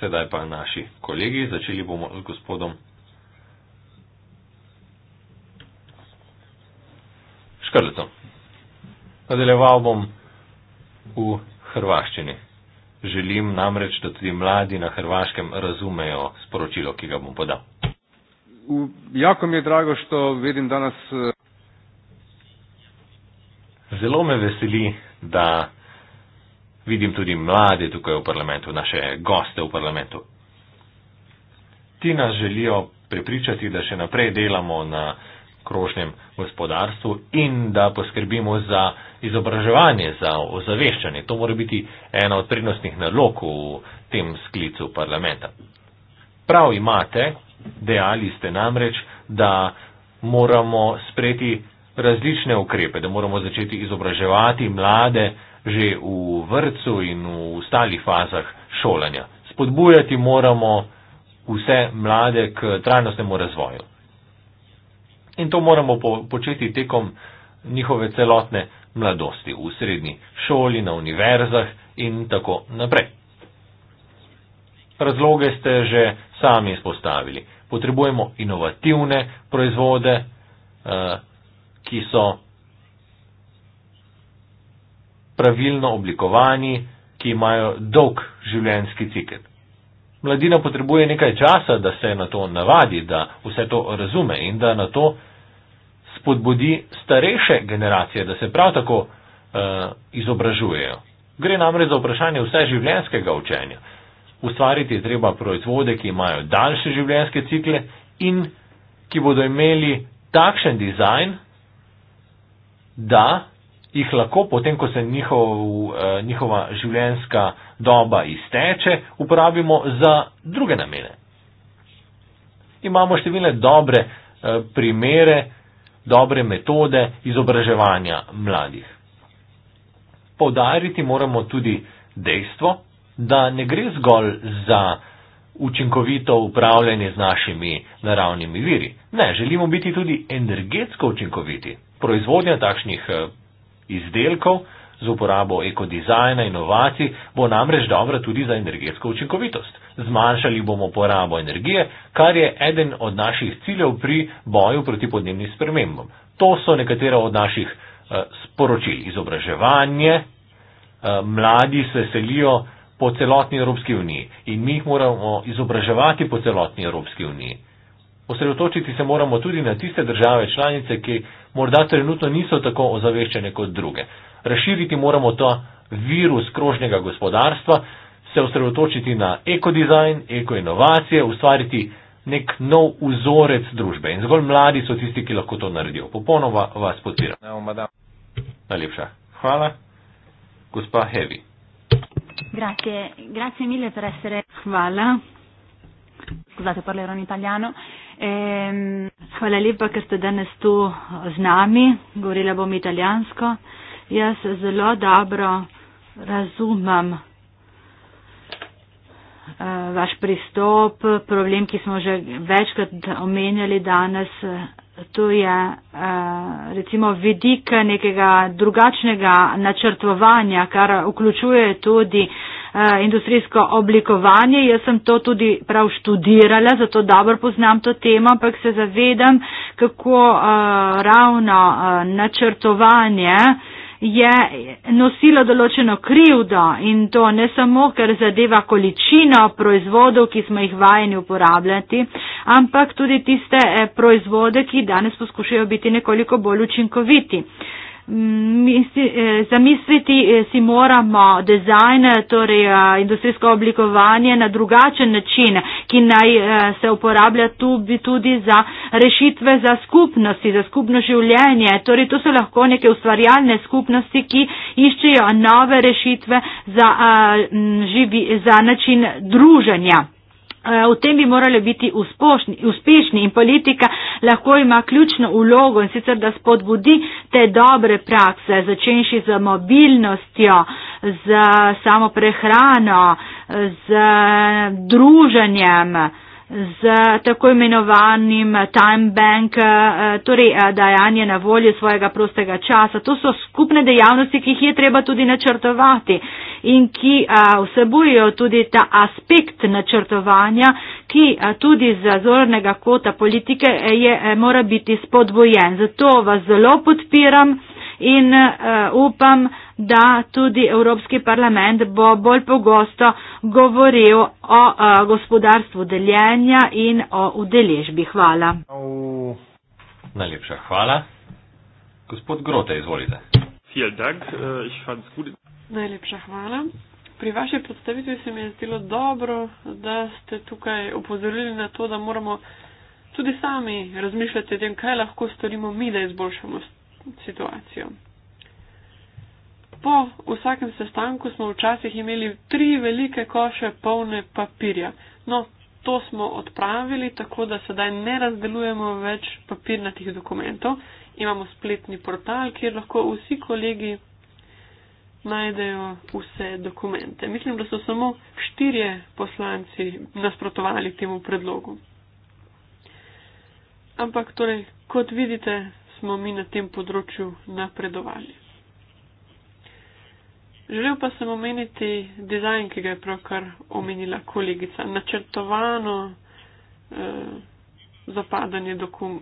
Sedaj pa naši kolegi, začeli bomo z gospodom Škrletom. Nadaljeval bom v hrvaščini. Želim namreč, da tudi mladi na hrvaškem razumejo sporočilo, ki ga bom podal. U, jako mi je drago, što vidim danes. Eh, Zelo me veseli, da Vidim tudi mlade tukaj v parlamentu, naše goste v parlamentu. Ti nas želijo prepričati, da še naprej delamo na krožnem gospodarstvu in da poskrbimo za izobraževanje, za ozaveščanje. To mora biti ena od prednostnih nalog v tem sklicu parlamenta. Prav imate, dejali ste namreč, da moramo sprejeti različne ukrepe, da moramo začeti izobraževati mlade, že v vrtu in v ostalih fazah šolanja. Spodbujati moramo vse mlade k trajnostnemu razvoju. In to moramo po početi tekom njihove celotne mladosti, v srednji šoli, na univerzah in tako naprej. Razloge ste že sami izpostavili. Potrebujemo inovativne proizvode, eh, ki so pravilno oblikovani, ki imajo dolg življenjski cikl. Mladina potrebuje nekaj časa, da se na to navadi, da vse to razume in da na to spodbudi starejše generacije, da se prav tako uh, izobražujejo. Gre namreč za vprašanje vse življenjskega učenja. Ustvariti je treba proizvode, ki imajo daljše življenjske cikle in ki bodo imeli takšen dizajn, da jih lahko, potem ko se njihov, eh, njihova življenjska doba izteče, uporabimo za druge namene. Imamo številne dobre eh, primere, dobre metode izobraževanja mladih. Povdariti moramo tudi dejstvo, da ne gre zgolj za učinkovito upravljanje z našimi naravnimi viri. Ne, želimo biti tudi energetsko učinkoviti. Proizvodnja takšnih eh, izdelkov z uporabo ekodizajna, inovacij bo namreč dobra tudi za energetsko učinkovitost. Zmanjšali bomo porabo energije, kar je eden od naših ciljev pri boju proti podnebnim spremembam. To so nekatera od naših eh, sporočil. Izobraževanje, eh, mladi se selijo po celotni Evropski uniji in mi jih moramo izobraževati po celotni Evropski uniji. Osredotočiti se moramo tudi na tiste države članice, ki morda trenutno niso tako ozaveščene kot druge. Razširiti moramo ta virus krožnega gospodarstva, se osredotočiti na ekodizajn, ekoinovacije, ustvariti nek nov vzorec družbe. In zgolj mladi so tisti, ki lahko to naredijo. Popolnoma vas podpiram. Najlepša hvala. Gospa Hevi. Grazie, grazie mille per essere. Hvala. Scusate, parlerò in italiano. Hvala lepa, ker ste danes tu z nami. Govorila bom italijansko. Jaz zelo dobro razumem eh, vaš pristop, problem, ki smo že večkrat omenjali danes. To je eh, recimo vidik nekega drugačnega načrtovanja, kar vključuje tudi Eh, industrijsko oblikovanje. Jaz sem to tudi prav študirala, zato dobro poznam to temo, ampak se zavedam, kako uh, ravno uh, načrtovanje je nosilo določeno krivdo in to ne samo, ker zadeva količino proizvodov, ki smo jih vajeni uporabljati, ampak tudi tiste proizvode, ki danes poskušajo biti nekoliko bolj učinkoviti. Uh, Eh, zamisliti eh, si moramo dizajn, eh, torej industrijsko oblikovanje na drugačen način, ki naj se uporablja tudi, tudi za rešitve za skupnosti, za skupno življenje. Torej, to so lahko neke ustvarjalne skupnosti, ki iščejo nove rešitve za, živi, za način druženja. Eh, v tem bi morali biti uspošni, uspešni in politika lahko ima ključno ulogo in sicer, da spodbudi te dobre prakse, začenši z mobilnostjo, z samoprehrano, z druženjem z tako imenovanim time bank, eh, torej eh, dajanje na voljo svojega prostega časa. To so skupne dejavnosti, ki jih je treba tudi načrtovati in ki eh, vsebujejo tudi ta aspekt načrtovanja, ki tudi z zornega kota politike je, mora biti spodbojen. Zato vas zelo podpiram in upam, da tudi Evropski parlament bo bolj pogosto govoril o a, gospodarstvu deljenja in o udeležbi. Hvala. Najlepša hvala. Gospod Grote, izvolite. Äh, Najlepša hvala. Pri vaši predstavitvi se mi je zdelo dobro, da ste tukaj upozorili na to, da moramo tudi sami razmišljati o tem, kaj lahko storimo mi, da izboljšamo situacijo po vsakem sestanku smo včasih imeli tri velike koše polne papirja. No, to smo odpravili, tako da sedaj ne razdelujemo več papirnatih dokumentov. Imamo spletni portal, kjer lahko vsi kolegi najdejo vse dokumente. Mislim, da so samo štirje poslanci nasprotovali temu predlogu. Ampak torej, kot vidite, smo mi na tem področju napredovali. Želel pa sem omeniti dizajn, ki ga je pravkar omenila kolegica. Načrtovano eh, zapadanje, dokum,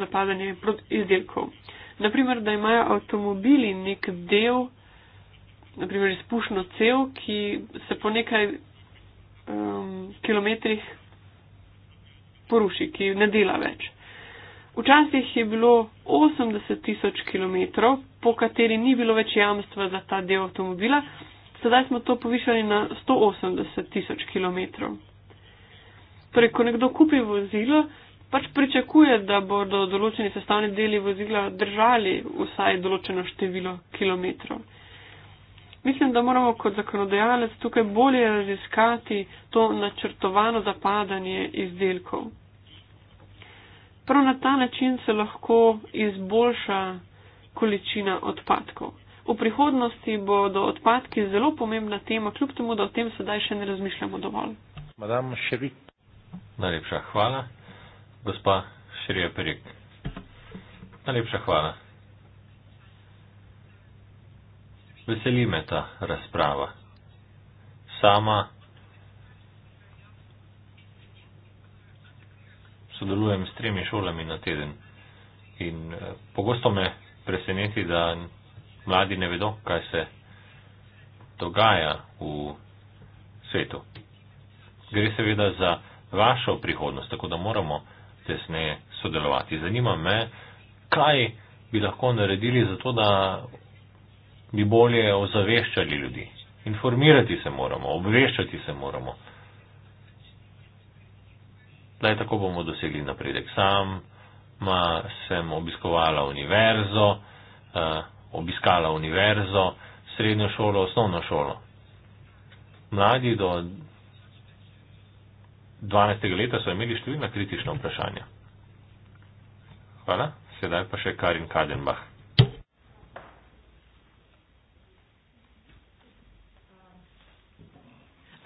zapadanje izdelkov. Naprimer, da imajo avtomobili nek del, naprimer izpušno cel, ki se po nekaj eh, kilometrih poruši, ki ne dela več. Včasih je bilo 80 tisoč km, po kateri ni bilo več jamstva za ta del avtomobila, sedaj smo to povišali na 180 tisoč km. Torej, ko nekdo kupi vozilo, pač pričakuje, da bodo določeni sestavni deli vozila držali vsaj določeno število kilometrov. Mislim, da moramo kot zakonodajalec tukaj bolje raziskati to načrtovano zapadanje izdelkov. Prav na ta način se lahko izboljša količina odpadkov. V prihodnosti bodo odpadki zelo pomembna tema, kljub temu, da o tem sedaj še ne razmišljamo dovolj. Madam Šerik. Najlepša hvala. Gospa Šerija Perik. Najlepša hvala. Veseli me ta razprava. Sama sodelujem s tremi šolami na teden. In eh, pogosto me preseneti, da mladi ne vedo, kaj se dogaja v svetu. Gre seveda za vašo prihodnost, tako da moramo tesneje sodelovati. Zanima me, kaj bi lahko naredili za to, da bi bolje ozaveščali ljudi. Informirati se moramo, obveščati se moramo le tako bomo dosegli napredek. Sam ma, sem obiskovala univerzo, eh, obiskala univerzo, srednjo šolo, osnovno šolo. Mladi do 12. leta so imeli številna kritična vprašanja. Hvala, sedaj pa še Karin Kadenbach.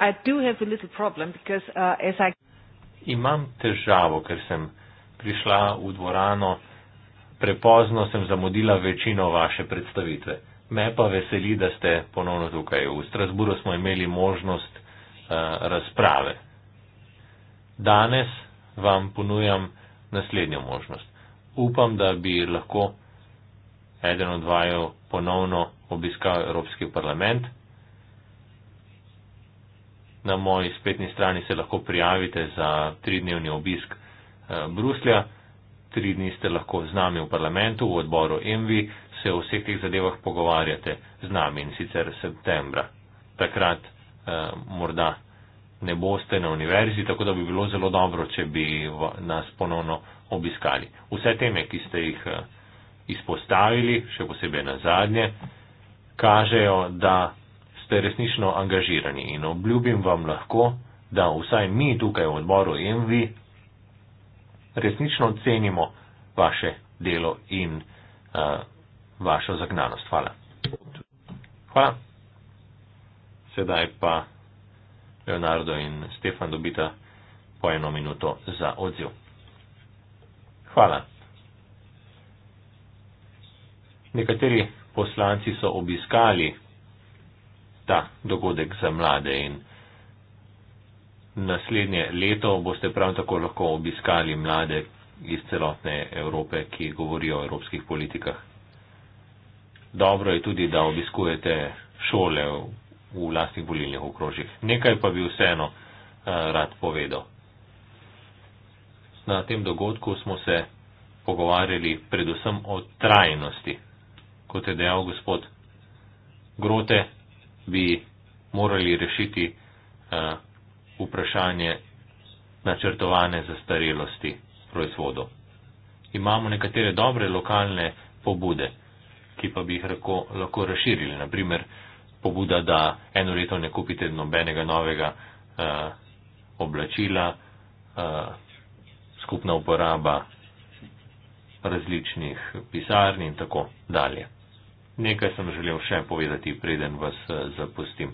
I do have a little problem because uh, as I imam težavo, ker sem prišla v dvorano, prepozno sem zamudila večino vaše predstavitve. Me pa veseli, da ste ponovno tukaj. V Strasburu smo imeli možnost uh, razprave. Danes vam ponujam naslednjo možnost. Upam, da bi lahko eden od vaju ponovno obiskal Evropski parlament na moji spletni strani se lahko prijavite za tridnevni obisk eh, Bruslja. Tri dni ste lahko z nami v parlamentu, v odboru Envi, se o vseh teh zadevah pogovarjate z nami in sicer septembra. Takrat eh, morda ne boste na univerzi, tako da bi bilo zelo dobro, če bi v, nas ponovno obiskali. Vse teme, ki ste jih eh, izpostavili, še posebej na zadnje, kažejo, da ste resnično angažirani in obljubim vam lahko, da vsaj mi tukaj v odboru in vi resnično cenimo vaše delo in uh, vašo zagnanost. Hvala. Hvala. Sedaj pa Leonardo in Stefan dobita po eno minuto za odziv. Hvala. Nekateri poslanci so obiskali ta dogodek za mlade in naslednje leto boste prav tako lahko obiskali mlade iz celotne Evrope, ki govorijo o evropskih politikah. Dobro je tudi, da obiskujete šole v vlastnih volilnih okrožjih. Nekaj pa bi vseeno eh, rad povedal. Na tem dogodku smo se pogovarjali predvsem o trajnosti. Kot je dejal gospod Grote, bi morali rešiti uh, vprašanje načrtovane zastarelosti proizvodov. Imamo nekatere dobre lokalne pobude, ki pa bi jih lahko, lahko razširili. Naprimer, pobuda, da eno leto ne kupite nobenega novega uh, oblačila, uh, skupna uporaba različnih pisarn in tako dalje. Nekaj sem želel še povedati, preden vas eh, zapustim.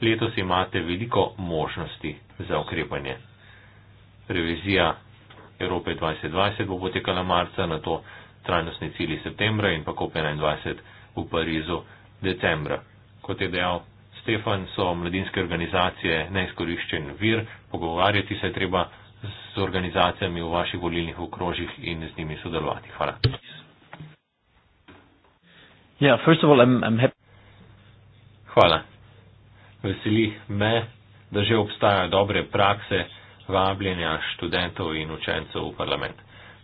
Letos imate veliko možnosti za ukrepanje. Revizija Evrope 2020 bo potekala marca, na to trajnostni cilji septembra in pa COP21 v Parizu decembra. Kot je dejal Stefan, so mladinske organizacije neizkoriščen vir, pogovarjati se je treba z organizacijami v vaših volilnih okrožjih in z njimi sodelovati. Hvala. Ja, first of all, I'm, I'm happy. Hvala. Veseli me, da že obstajajo dobre prakse vabljenja študentov in učencev v parlament.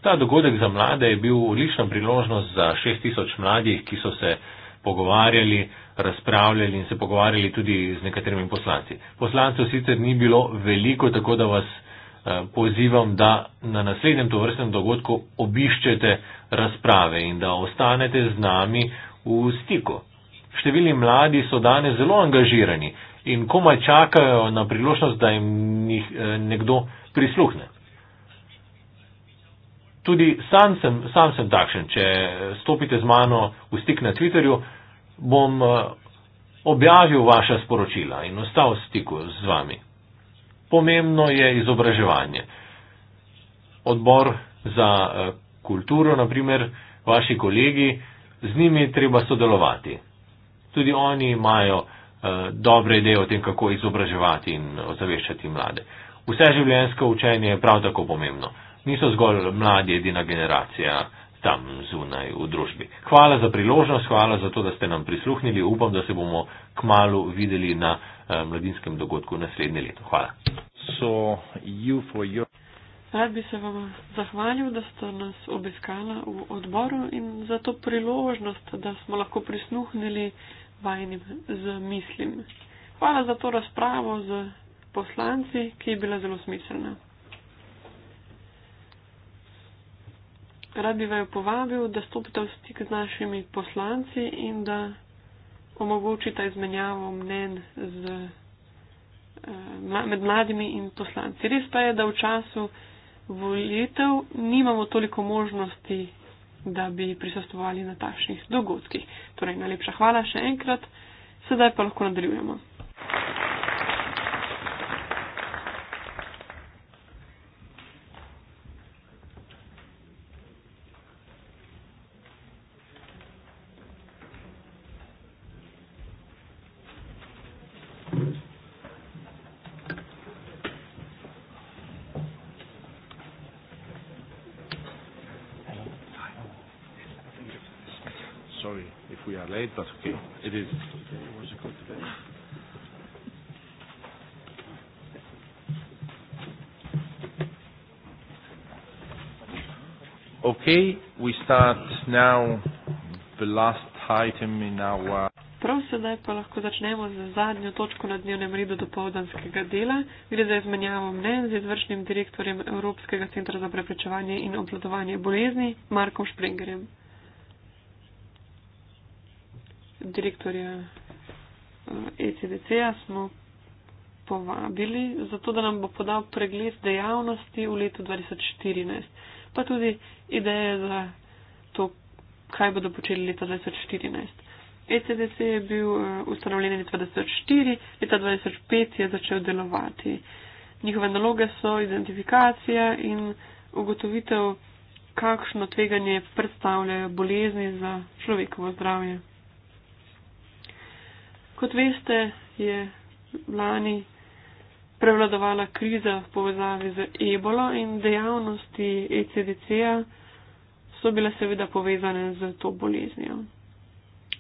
Ta dogodek za mlade je bil odlična priložnost za 6000 mladih, ki so se pogovarjali, razpravljali in se pogovarjali tudi z nekaterimi poslanci. Poslancev sicer ni bilo veliko, tako da vas eh, pozivam, da na naslednjem tovrstnem dogodku obiščete razprave in da ostanete z nami v stiku. Številni mladi so danes zelo angažirani in komaj čakajo na priložnost, da jim njih, eh, nekdo prisluhne. Tudi sam sem, sam sem takšen. Če stopite z mano v stik na Twitterju, bom eh, objavil vaša sporočila in ostal v stiku z vami. Pomembno je izobraževanje. Odbor za eh, kulturo, naprimer, vaši kolegi z njimi je treba sodelovati. Tudi oni imajo uh, dobre ideje o tem, kako izobraževati in ozaveščati mlade. Vse življenjsko učenje je prav tako pomembno. Niso zgolj mladi edina generacija tam zunaj v družbi. Hvala za priložnost, hvala za to, da ste nam prisluhnili. Upam, da se bomo kmalo videli na uh, mladinskem dogodku naslednje leto. Hvala. So, Rad bi se vam zahvalil, da ste nas obiskala v odboru in za to priložnost, da smo lahko prisluhnili vajnim z mislim. Hvala za to razpravo z poslanci, ki je bila zelo smiselna. Rad bi vaju povabil, da stopite v stik z našimi poslanci in da omogočite izmenjavo mnen z, eh, med mladimi in poslanci. Res pa je, da v času, volitev, nimamo toliko možnosti, da bi prisostovali na takšnih dogodkih. Torej, najlepša hvala še enkrat, sedaj pa lahko nadaljujemo. Okay, we start now the last item in our Prav sedaj pa lahko začnemo z zadnjo točko na dnevnem redu dopovdanskega dela. Gre za izmenjavo mnen z izvršnim direktorjem Evropskega centra za preprečevanje in obladovanje bolezni Markom Springerjem. Direktorja ECDC-a eh, e smo povabili, zato da nam bo podal pregled dejavnosti v letu 2014 pa tudi ideje za to, kaj bodo počeli leta 2014. ECDC je bil eh, ustanovljen leta 2004, leta 2005 je začel delovati. Njihove naloge so identifikacija in ugotovitev, kakšno tveganje predstavljajo bolezni za človekovo zdravje. Kot veste, je lani prevladovala kriza v povezavi z ebolo in dejavnosti ECDC-ja so bile seveda povezane z to boleznijo.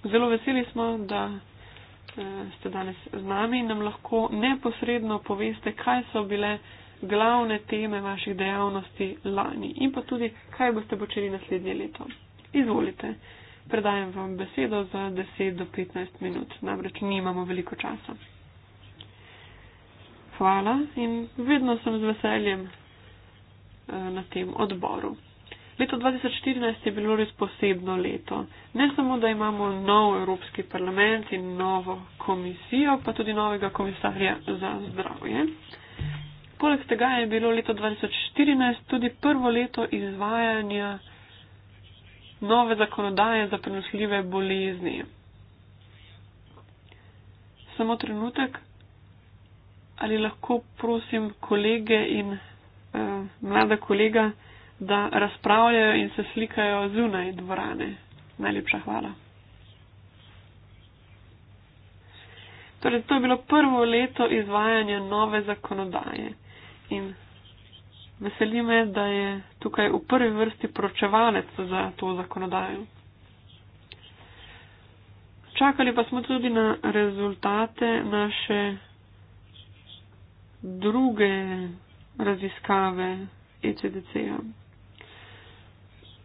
Zelo veseli smo, da eh, ste danes z nami in nam lahko neposredno poveste, kaj so bile glavne teme vaših dejavnosti lani in pa tudi, kaj boste počeli naslednje leto. Izvolite, predajem vam besedo za 10 do 15 minut, namreč nimamo veliko časa hvala in vedno sem z veseljem eh, na tem odboru. Leto 2014 je bilo res posebno leto. Ne samo, da imamo nov Evropski parlament in novo komisijo, pa tudi novega komisarja za zdravje. Poleg tega je bilo leto 2014 tudi prvo leto izvajanja nove zakonodaje za prenosljive bolezni. Samo trenutek, ali lahko prosim kolege in eh, mlada kolega, da razpravljajo in se slikajo zunaj dvorane. Najlepša hvala. Torej, to je bilo prvo leto izvajanja nove zakonodaje in veseli me, da je tukaj v prvi vrsti pročevalec za to zakonodajo. Čakali pa smo tudi na rezultate naše druge raziskave ECDC-ja.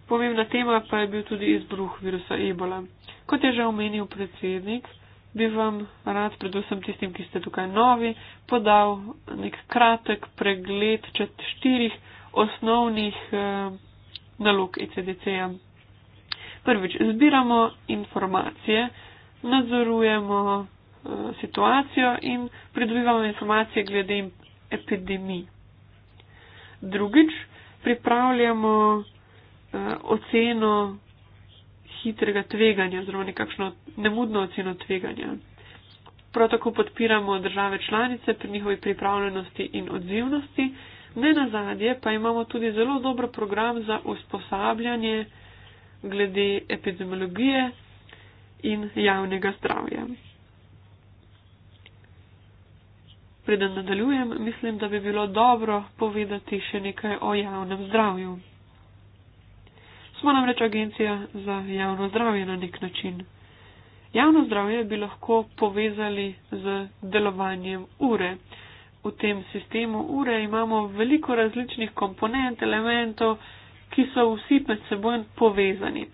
Pomembna tema pa je bil tudi izbruh virusa ebola. Kot je že omenil predsednik, bi vam rad, predvsem tistim, ki ste tukaj novi, podal nek kratek pregled čet štirih osnovnih eh, nalog ECDC-ja. Prvič, zbiramo informacije, nadzorujemo situacijo in pridobivamo informacije glede epidemij. Drugič, pripravljamo eh, oceno hitrega tveganja oziroma nekakšno nemudno oceno tveganja. Prav tako podpiramo države članice pri njihovi pripravljenosti in odzivnosti. Ne na zadnje, pa imamo tudi zelo dober program za usposabljanje glede epidemiologije in javnega zdravja. preden nadaljujem, mislim, da bi bilo dobro povedati še nekaj o javnem zdravju. Smo namreč agencija za javno zdravje na nek način. Javno zdravje bi lahko povezali z delovanjem ure. V tem sistemu ure imamo veliko različnih komponent, elementov, ki so vsi med seboj povezani.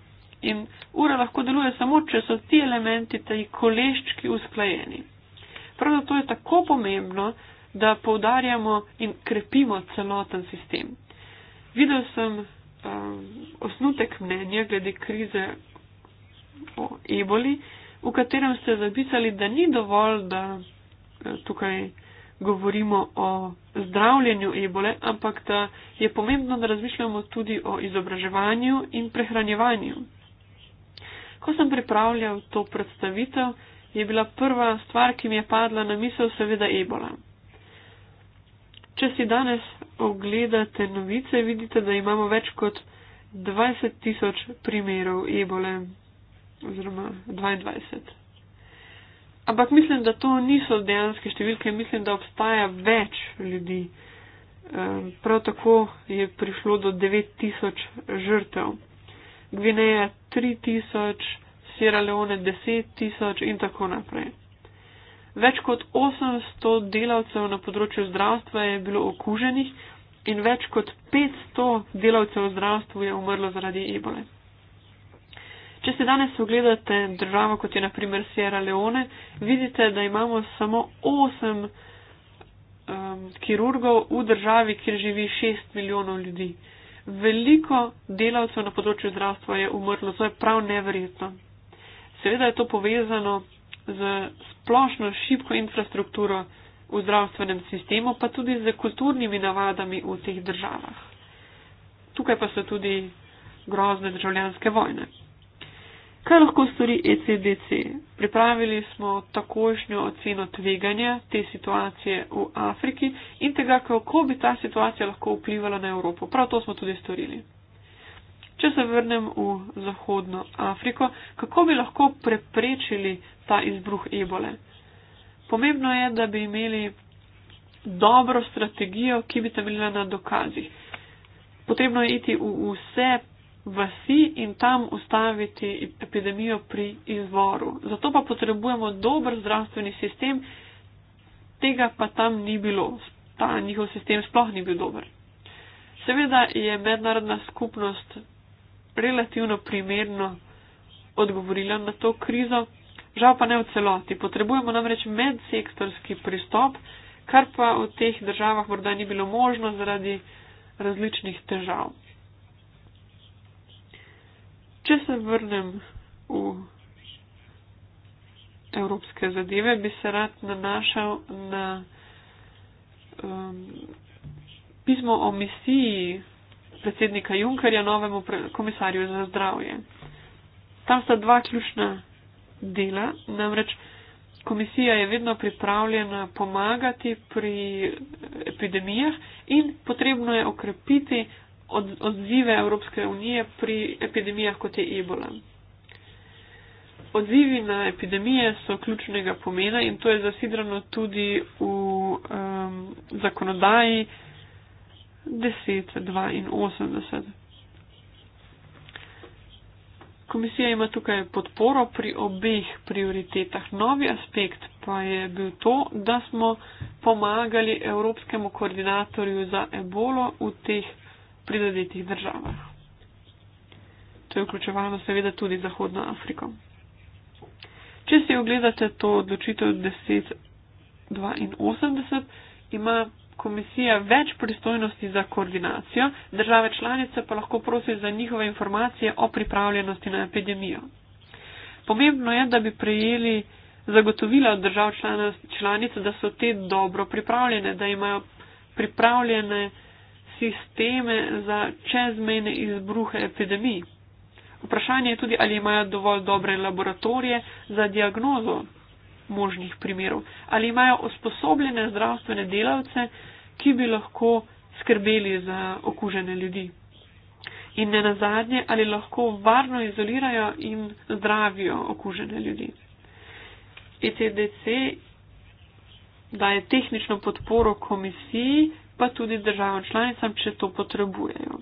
In ura lahko deluje samo, če so ti elementi, ti koleščki usklajeni. Prav zato je tako pomembno, da poudarjamo in krepimo celoten sistem. Videl sem um, osnutek mnenja glede krize o eboli, v katerem ste zapisali, da ni dovolj, da eh, tukaj govorimo o zdravljenju ebole, ampak da je pomembno, da razmišljamo tudi o izobraževanju in prehranjevanju. Ko sem pripravljal to predstavitev, je bila prva stvar, ki mi je padla na misel, seveda ebola. Če si danes ogledate novice, vidite, da imamo več kot 20 tisoč primerov ebole oziroma 22. Ampak mislim, da to niso dejanske številke, mislim, da obstaja več ljudi. Ehm, prav tako je prišlo do 9 tisoč žrtev. Gvineja 3 tisoč. Sierra Leone 10 tisoč in tako naprej. Več kot 800 delavcev na področju zdravstva je bilo okuženih in več kot 500 delavcev v zdravstvu je umrlo zaradi ebole. Če se danes ogledate državo, kot je naprimer Sierra Leone, vidite, da imamo samo 8 um, kirurgov v državi, kjer živi 6 milijonov ljudi. Veliko delavcev na področju zdravstva je umrlo, to je prav neverjetno. Seveda je to povezano z splošno šibko infrastrukturo v zdravstvenem sistemu, pa tudi z kulturnimi navadami v teh državah. Tukaj pa so tudi grozne državljanske vojne. Kaj lahko stori ECDC? Pripravili smo takošnjo oceno tveganja te situacije v Afriki in tega, kako bi ta situacija lahko vplivala na Evropo. Prav to smo tudi storili. Če se vrnem v Zahodno Afriko, kako bi lahko preprečili ta izbruh ebole? Pomembno je, da bi imeli dobro strategijo, ki bi temeljila na dokazih. Potrebno je iti v vse vasi in tam ustaviti epidemijo pri izvoru. Zato pa potrebujemo dober zdravstveni sistem, tega pa tam ni bilo. Ta njihov sistem sploh ni bil dober. Seveda je mednarodna skupnost relativno primerno odgovorila na to krizo, žal pa ne v celoti. Potrebujemo namreč medsektorski pristop, kar pa v teh državah morda ni bilo možno zaradi različnih težav. Če se vrnem v evropske zadeve, bi se rad nanašal na um, pismo o misiji predsednika Junkerja novemu komisarju za zdravje. Tam sta dva ključna dela, namreč komisija je vedno pripravljena pomagati pri epidemijah in potrebno je okrepiti odzive Evropske unije pri epidemijah kot je ebola. Odzivi na epidemije so ključnega pomena in to je zasidrano tudi v um, zakonodaji, 10, 82. Komisija ima tukaj podporo pri obeh prioritetah. Novi aspekt pa je bil to, da smo pomagali Evropskemu koordinatorju za ebolo v teh prizadetih državah. To je vključevalo seveda tudi Zahodno Afriko. Če si ogledate to odločitev 1082, ima komisija več pristojnosti za koordinacijo, države članice pa lahko prosijo za njihove informacije o pripravljenosti na epidemijo. Pomembno je, da bi prejeli zagotovila od držav članice, da so te dobro pripravljene, da imajo pripravljene sisteme za čezmejne izbruhe epidemij. Vprašanje je tudi, ali imajo dovolj dobre laboratorije za diagnozo možnih primerov. Ali imajo usposobljene zdravstvene delavce, ki bi lahko skrbeli za okužene ljudi. In ne nazadnje, ali lahko varno izolirajo in zdravijo okužene ljudi. ECDC daje tehnično podporo komisiji, pa tudi državam članicam, če to potrebujejo.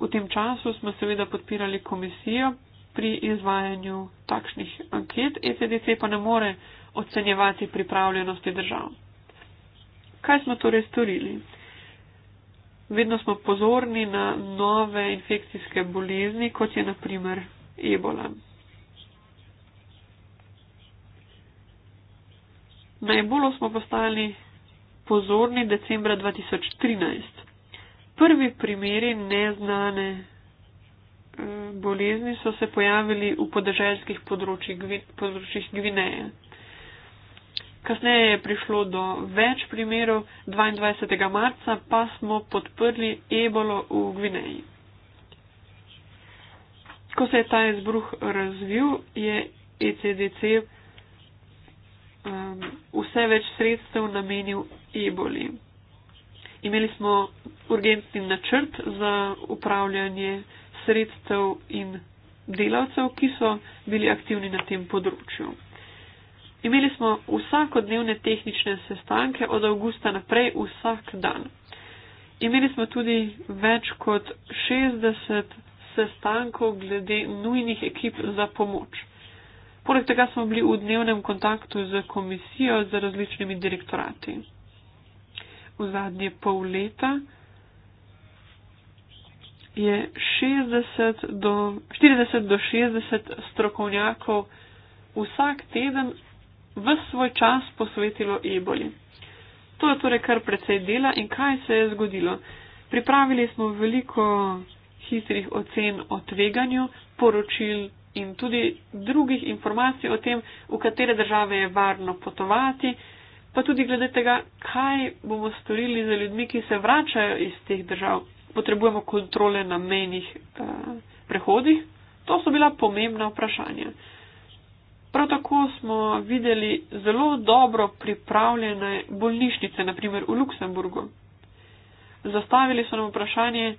V tem času smo seveda podpirali komisijo, pri izvajanju takšnih anket. ECDC pa ne more ocenjevati pripravljenosti držav. Kaj smo torej storili? Vedno smo pozorni na nove infekcijske bolezni, kot je naprimer ebola. Na ebolo smo postali pozorni decembra 2013. Prvi primeri neznane bolezni so se pojavili v podeželskih področjih, področjih Gvineje. Kasneje je prišlo do več primerov, 22. marca pa smo podprli ebolo v Gvineji. Ko se je ta izbruh razvil, je ECDC um, vse več sredstev namenil eboli. Imeli smo urgentni načrt za upravljanje sredstev in delavcev, ki so bili aktivni na tem področju. Imeli smo vsakodnevne tehnične sestanke od avgusta naprej vsak dan. Imeli smo tudi več kot 60 sestankov glede nujnih ekip za pomoč. Poleg tega smo bili v dnevnem kontaktu z komisijo, z različnimi direktorati. V zadnje pol leta je 60 do, 40 do 60 strokovnjakov vsak teden v svoj čas posvetilo eboli. To je torej kar precej dela in kaj se je zgodilo. Pripravili smo veliko hitrih ocen o tveganju, poročil in tudi drugih informacij o tem, v katere države je varno potovati, pa tudi glede tega, kaj bomo storili za ljudmi, ki se vračajo iz teh držav potrebujemo kontrole na menjih eh, prehodih? To so bila pomembna vprašanja. Prav tako smo videli zelo dobro pripravljene bolnišnice, naprimer v Luksemburgu. Zastavili so nam vprašanje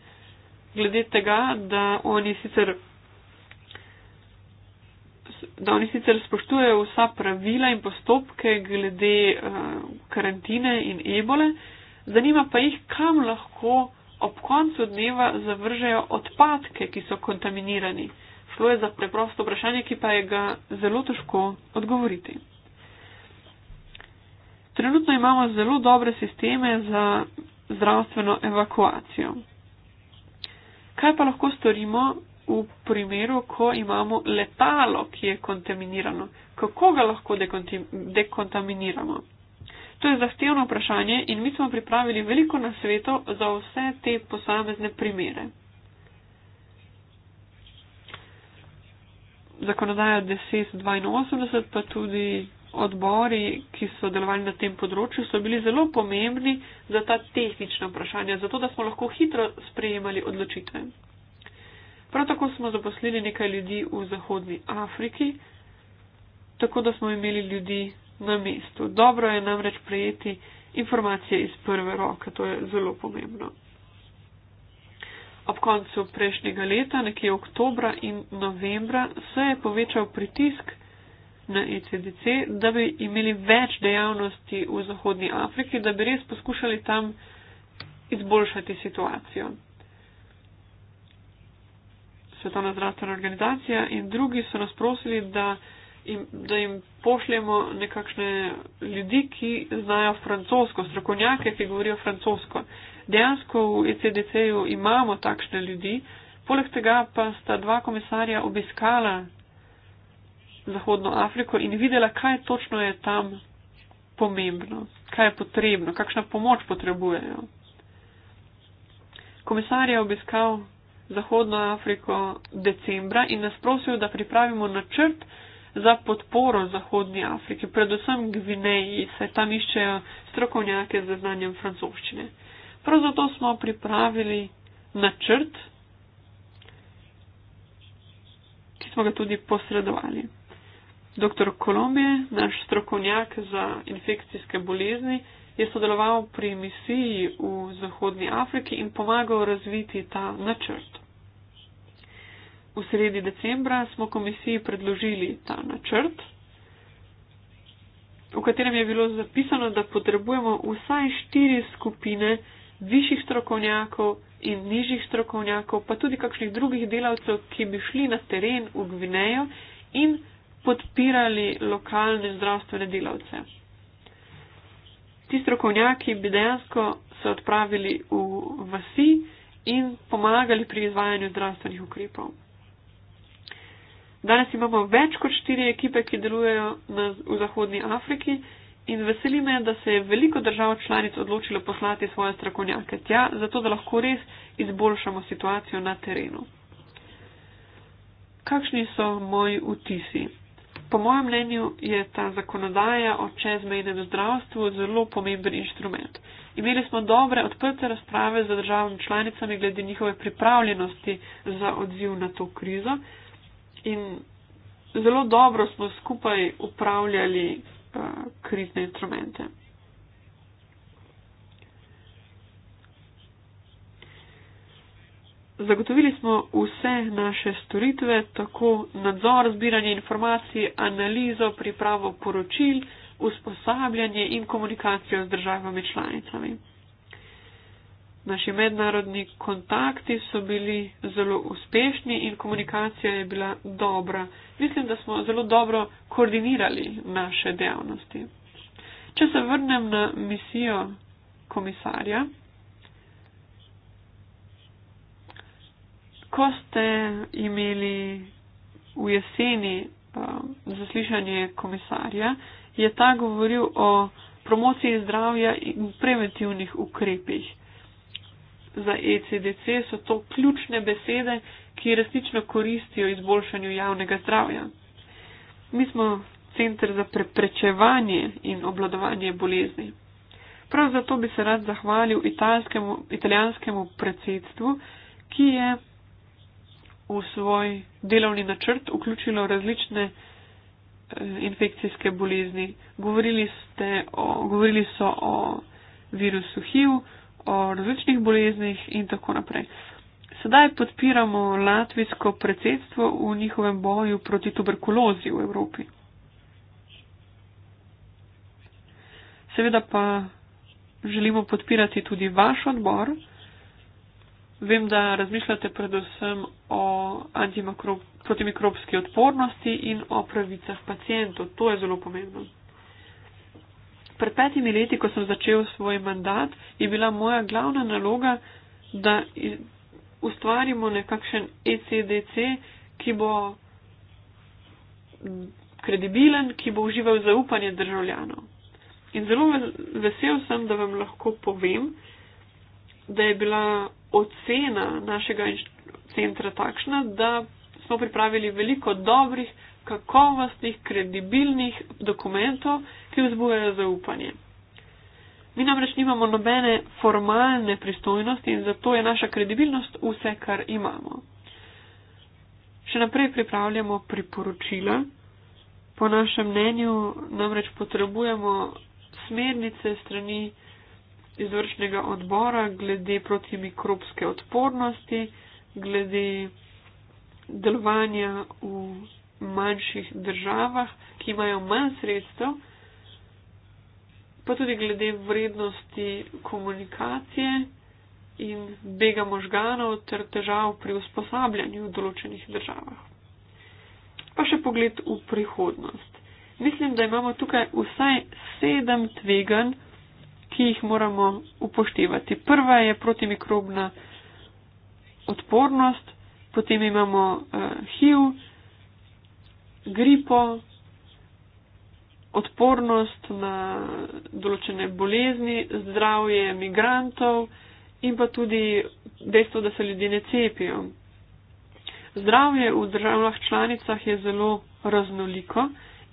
glede tega, da oni sicer, da oni sicer spoštujejo vsa pravila in postopke glede eh, karantene in ebole, zanima pa jih, kam lahko ob koncu dneva zavržejo odpadke, ki so kontaminirani? Šlo je za preprosto vprašanje, ki pa je ga zelo težko odgovoriti. Trenutno imamo zelo dobre sisteme za zdravstveno evakuacijo. Kaj pa lahko storimo v primeru, ko imamo letalo, ki je kontaminirano? Kako ga lahko dekontaminiramo? To je zahtevno vprašanje in mi smo pripravili veliko nasvetov za vse te posamezne primere. Zakonodaja 1082 pa tudi odbori, ki so delovali na tem področju, so bili zelo pomembni za ta tehnična vprašanja, zato da smo lahko hitro sprejemali odločitve. Prav tako smo zaposlili nekaj ljudi v Zahodni Afriki, tako da smo imeli ljudi na mestu. Dobro je namreč prejeti informacije iz prve roke, to je zelo pomembno. Ob koncu prejšnjega leta, nekje oktobra in novembra, se je povečal pritisk na ECDC, da bi imeli več dejavnosti v Zahodnji Afriki, da bi res poskušali tam izboljšati situacijo. Svetovna zdravstvena organizacija in drugi so nas prosili, da jim, da jim pošljemo nekakšne ljudi, ki znajo francosko, strokovnjake, ki govorijo francosko. Dejansko v ECDC-ju imamo takšne ljudi, poleg tega pa sta dva komisarja obiskala Zahodno Afriko in videla, kaj točno je tam pomembno, kaj je potrebno, kakšna pomoč potrebujejo. Komisar je obiskal Zahodno Afriko decembra in nas prosil, da pripravimo načrt, za podporo Zahodnji Afriki, predvsem Gvineji, saj tam iščejo strokovnjake z znanjem francoščine. Prav zato smo pripravili načrt, ki smo ga tudi posredovali. Dr. Kolombije, naš strokovnjak za infekcijske bolezni, je sodeloval pri misiji v Zahodnji Afriki in pomagal razviti ta načrt v sredi decembra smo komisiji predložili ta načrt, v katerem je bilo zapisano, da potrebujemo vsaj štiri skupine višjih strokovnjakov in nižjih strokovnjakov, pa tudi kakšnih drugih delavcev, ki bi šli na teren v Gvinejo in podpirali lokalne zdravstvene delavce. Ti strokovnjaki bi dejansko se odpravili v vasi in pomagali pri izvajanju zdravstvenih ukrepov. Danes imamo več kot štiri ekipe, ki delujejo na, v Zahodnji Afriki in veseli me, da se je veliko držav članic odločilo poslati svoje strokovnjake tja, zato da lahko res izboljšamo situacijo na terenu. Kakšni so moji vtisi? Po mojem mnenju je ta zakonodaja o čezmejnem zdravstvu zelo pomemben inštrument. Imeli smo dobre odprte razprave z državami članicami glede njihove pripravljenosti za odziv na to krizo in zelo dobro smo skupaj upravljali uh, krizne instrumente. Zagotovili smo vse naše storitve, tako nadzor, zbiranje informacij, analizo, pripravo poročil, usposabljanje in komunikacijo z državami članicami. Naši mednarodni kontakti so bili zelo uspešni in komunikacija je bila dobra. Mislim, da smo zelo dobro koordinirali naše dejavnosti. Če se vrnem na misijo komisarja, ko ste imeli v jeseni zaslišanje komisarja, je ta govoril o promociji zdravja in preventivnih ukrepih za ECDC so to ključne besede, ki resnično koristijo izboljšanju javnega zdravja. Mi smo centr za preprečevanje in obladovanje bolezni. Prav zato bi se rad zahvalil italskemu, italijanskemu predsedstvu, ki je v svoj delovni načrt vključilo različne eh, infekcijske bolezni. Govorili, o, govorili so o virusu HIV, o različnih boleznih in tako naprej. Sedaj podpiramo latvijsko predsedstvo v njihovem boju proti tuberkulozi v Evropi. Seveda pa želimo podpirati tudi vaš odbor. Vem, da razmišljate predvsem o protimikrobski odpornosti in o pravicah pacijentov. To je zelo pomembno. Pred petimi leti, ko sem začel svoj mandat, je bila moja glavna naloga, da ustvarimo nekakšen ECDC, ki bo kredibilen, ki bo užival zaupanje državljanov. In zelo vesel sem, da vam lahko povem, da je bila ocena našega centra takšna, da smo pripravili veliko dobrih, kakovostnih, kredibilnih dokumentov, ki vzbujajo zaupanje. Mi namreč nimamo nobene formalne pristojnosti in zato je naša kredibilnost vse, kar imamo. Še naprej pripravljamo priporočila. Po našem mnenju namreč potrebujemo smernice strani izvršnega odbora glede protimikrobske odpornosti, glede delovanja v manjših državah, ki imajo manj sredstev pa tudi glede vrednosti komunikacije in bega možganov ter težav pri usposabljanju v določenih državah. Pa še pogled v prihodnost. Mislim, da imamo tukaj vsaj sedem tvegan, ki jih moramo upoštevati. Prva je protimikrobna odpornost, potem imamo uh, HIV, gripo, odpornost na določene bolezni, zdravje migrantov in pa tudi dejstvo, da se ljudje ne cepijo. Zdravje v državah članicah je zelo raznoliko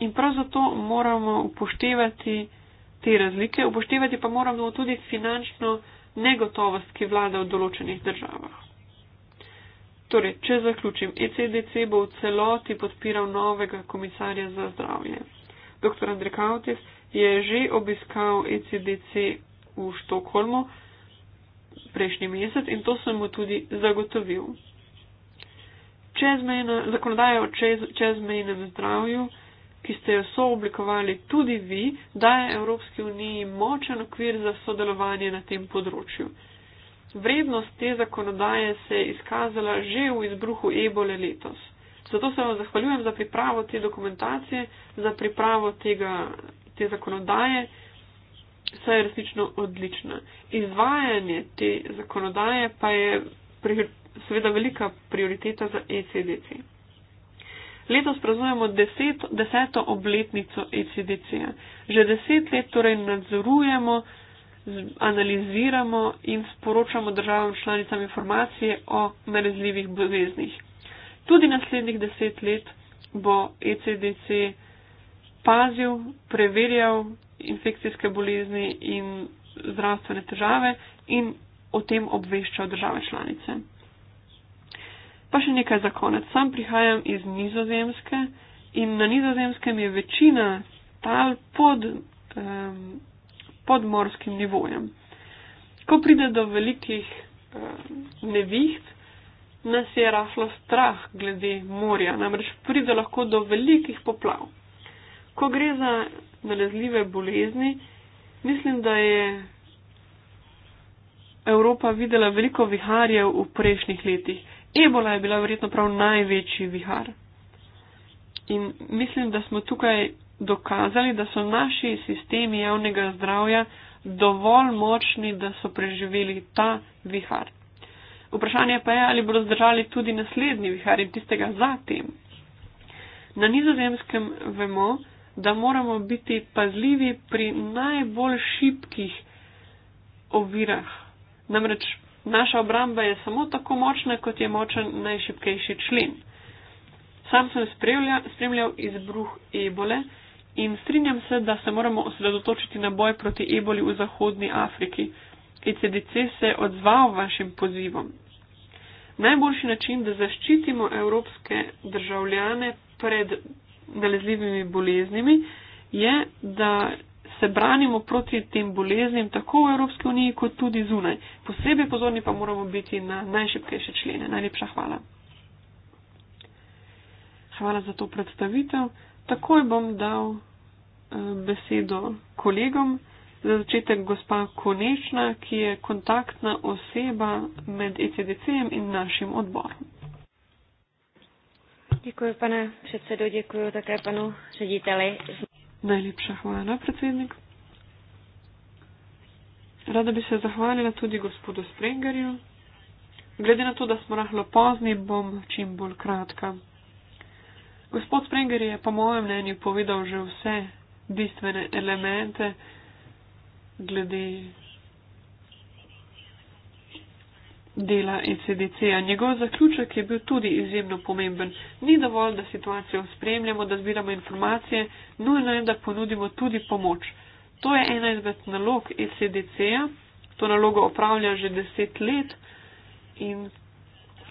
in prav zato moramo upoštevati te razlike, upoštevati pa moramo tudi finančno negotovost, ki vlada v določenih državah. Torej, če zaključim, ECDC bo v celoti podpiral novega komisarja za zdravje. Dr. Andrej Kautis je že obiskal ECDC v Štokholmu prejšnji mesec in to sem mu tudi zagotovil. Čezmejna, zakonodaja o čez, čezmejnem zdravju, ki ste jo sooblikovali tudi vi, daje Evropski uniji močen okvir za sodelovanje na tem področju. Vrednost te zakonodaje se je izkazala že v izbruhu ebole letos. Zato se vam zahvaljujem za pripravo te dokumentacije, za pripravo tega, te zakonodaje. Vse je resnično odlično. Izvajanje te zakonodaje pa je pri, seveda velika prioriteta za ECDC. Letos praznujemo deset, deseto obletnico ECDC-ja. Že deset let torej nadzorujemo, analiziramo in sporočamo državam članicam informacije o nalezljivih boleznih tudi naslednjih deset let bo ECDC pazil, preverjal infekcijske bolezni in zdravstvene težave in o tem obveščal države članice. Pa še nekaj za konec. Sam prihajam iz Nizozemske in na Nizozemskem je večina tal pod, um, pod morskim nivojem. Ko pride do velikih um, neviht, nas je rahlo strah glede morja, namreč pride lahko do velikih poplav. Ko gre za nalezljive bolezni, mislim, da je Evropa videla veliko viharjev v prejšnjih letih. Ebola je bila verjetno prav največji vihar. In mislim, da smo tukaj dokazali, da so naši sistemi javnega zdravja dovolj močni, da so preživeli ta vihar. Vprašanje pa je, ali bodo zdržali tudi naslednji vihar in tistega zatem. Na nizozemskem vemo, da moramo biti pazljivi pri najbolj šibkih ovirah. Namreč naša obramba je samo tako močna, kot je močen najšipkejši člen. Sam sem spremlja, spremljal izbruh ebole in strinjam se, da se moramo osredotočiti na boj proti eboli v Zahodni Afriki. ECDC se je odzval vašim pozivom najboljši način, da zaščitimo evropske državljane pred nalezljivimi boleznimi, je, da se branimo proti tem boleznim tako v Evropski uniji, kot tudi zunaj. Posebej pozorni pa moramo biti na najšipkejše člene. Najlepša hvala. Hvala za to predstavitev. Takoj bom dal eh, besedo kolegom za začetek gospa Konečna, ki je kontaktna oseba med ECDC-jem in našim odborom. Děkuji, pane předsedo, děkuji také panu řediteli. Najlepša hvala, predsednik. Rada bi se zahvalila tudi gospodu Sprengerju. Glede na to, da smo rahlo pozni, bom čim bolj kratka. Gospod Sprenger je po mojem mnenju povedal že vse bistvene elemente glede dela ECDC-ja. Njegov zaključek je bil tudi izjemno pomemben. Ni dovolj, da situacijo spremljamo, da zbiramo informacije, nujno je, da ponudimo tudi pomoč. To je ena izmed nalog ECDC-ja. To nalogo opravlja že deset let in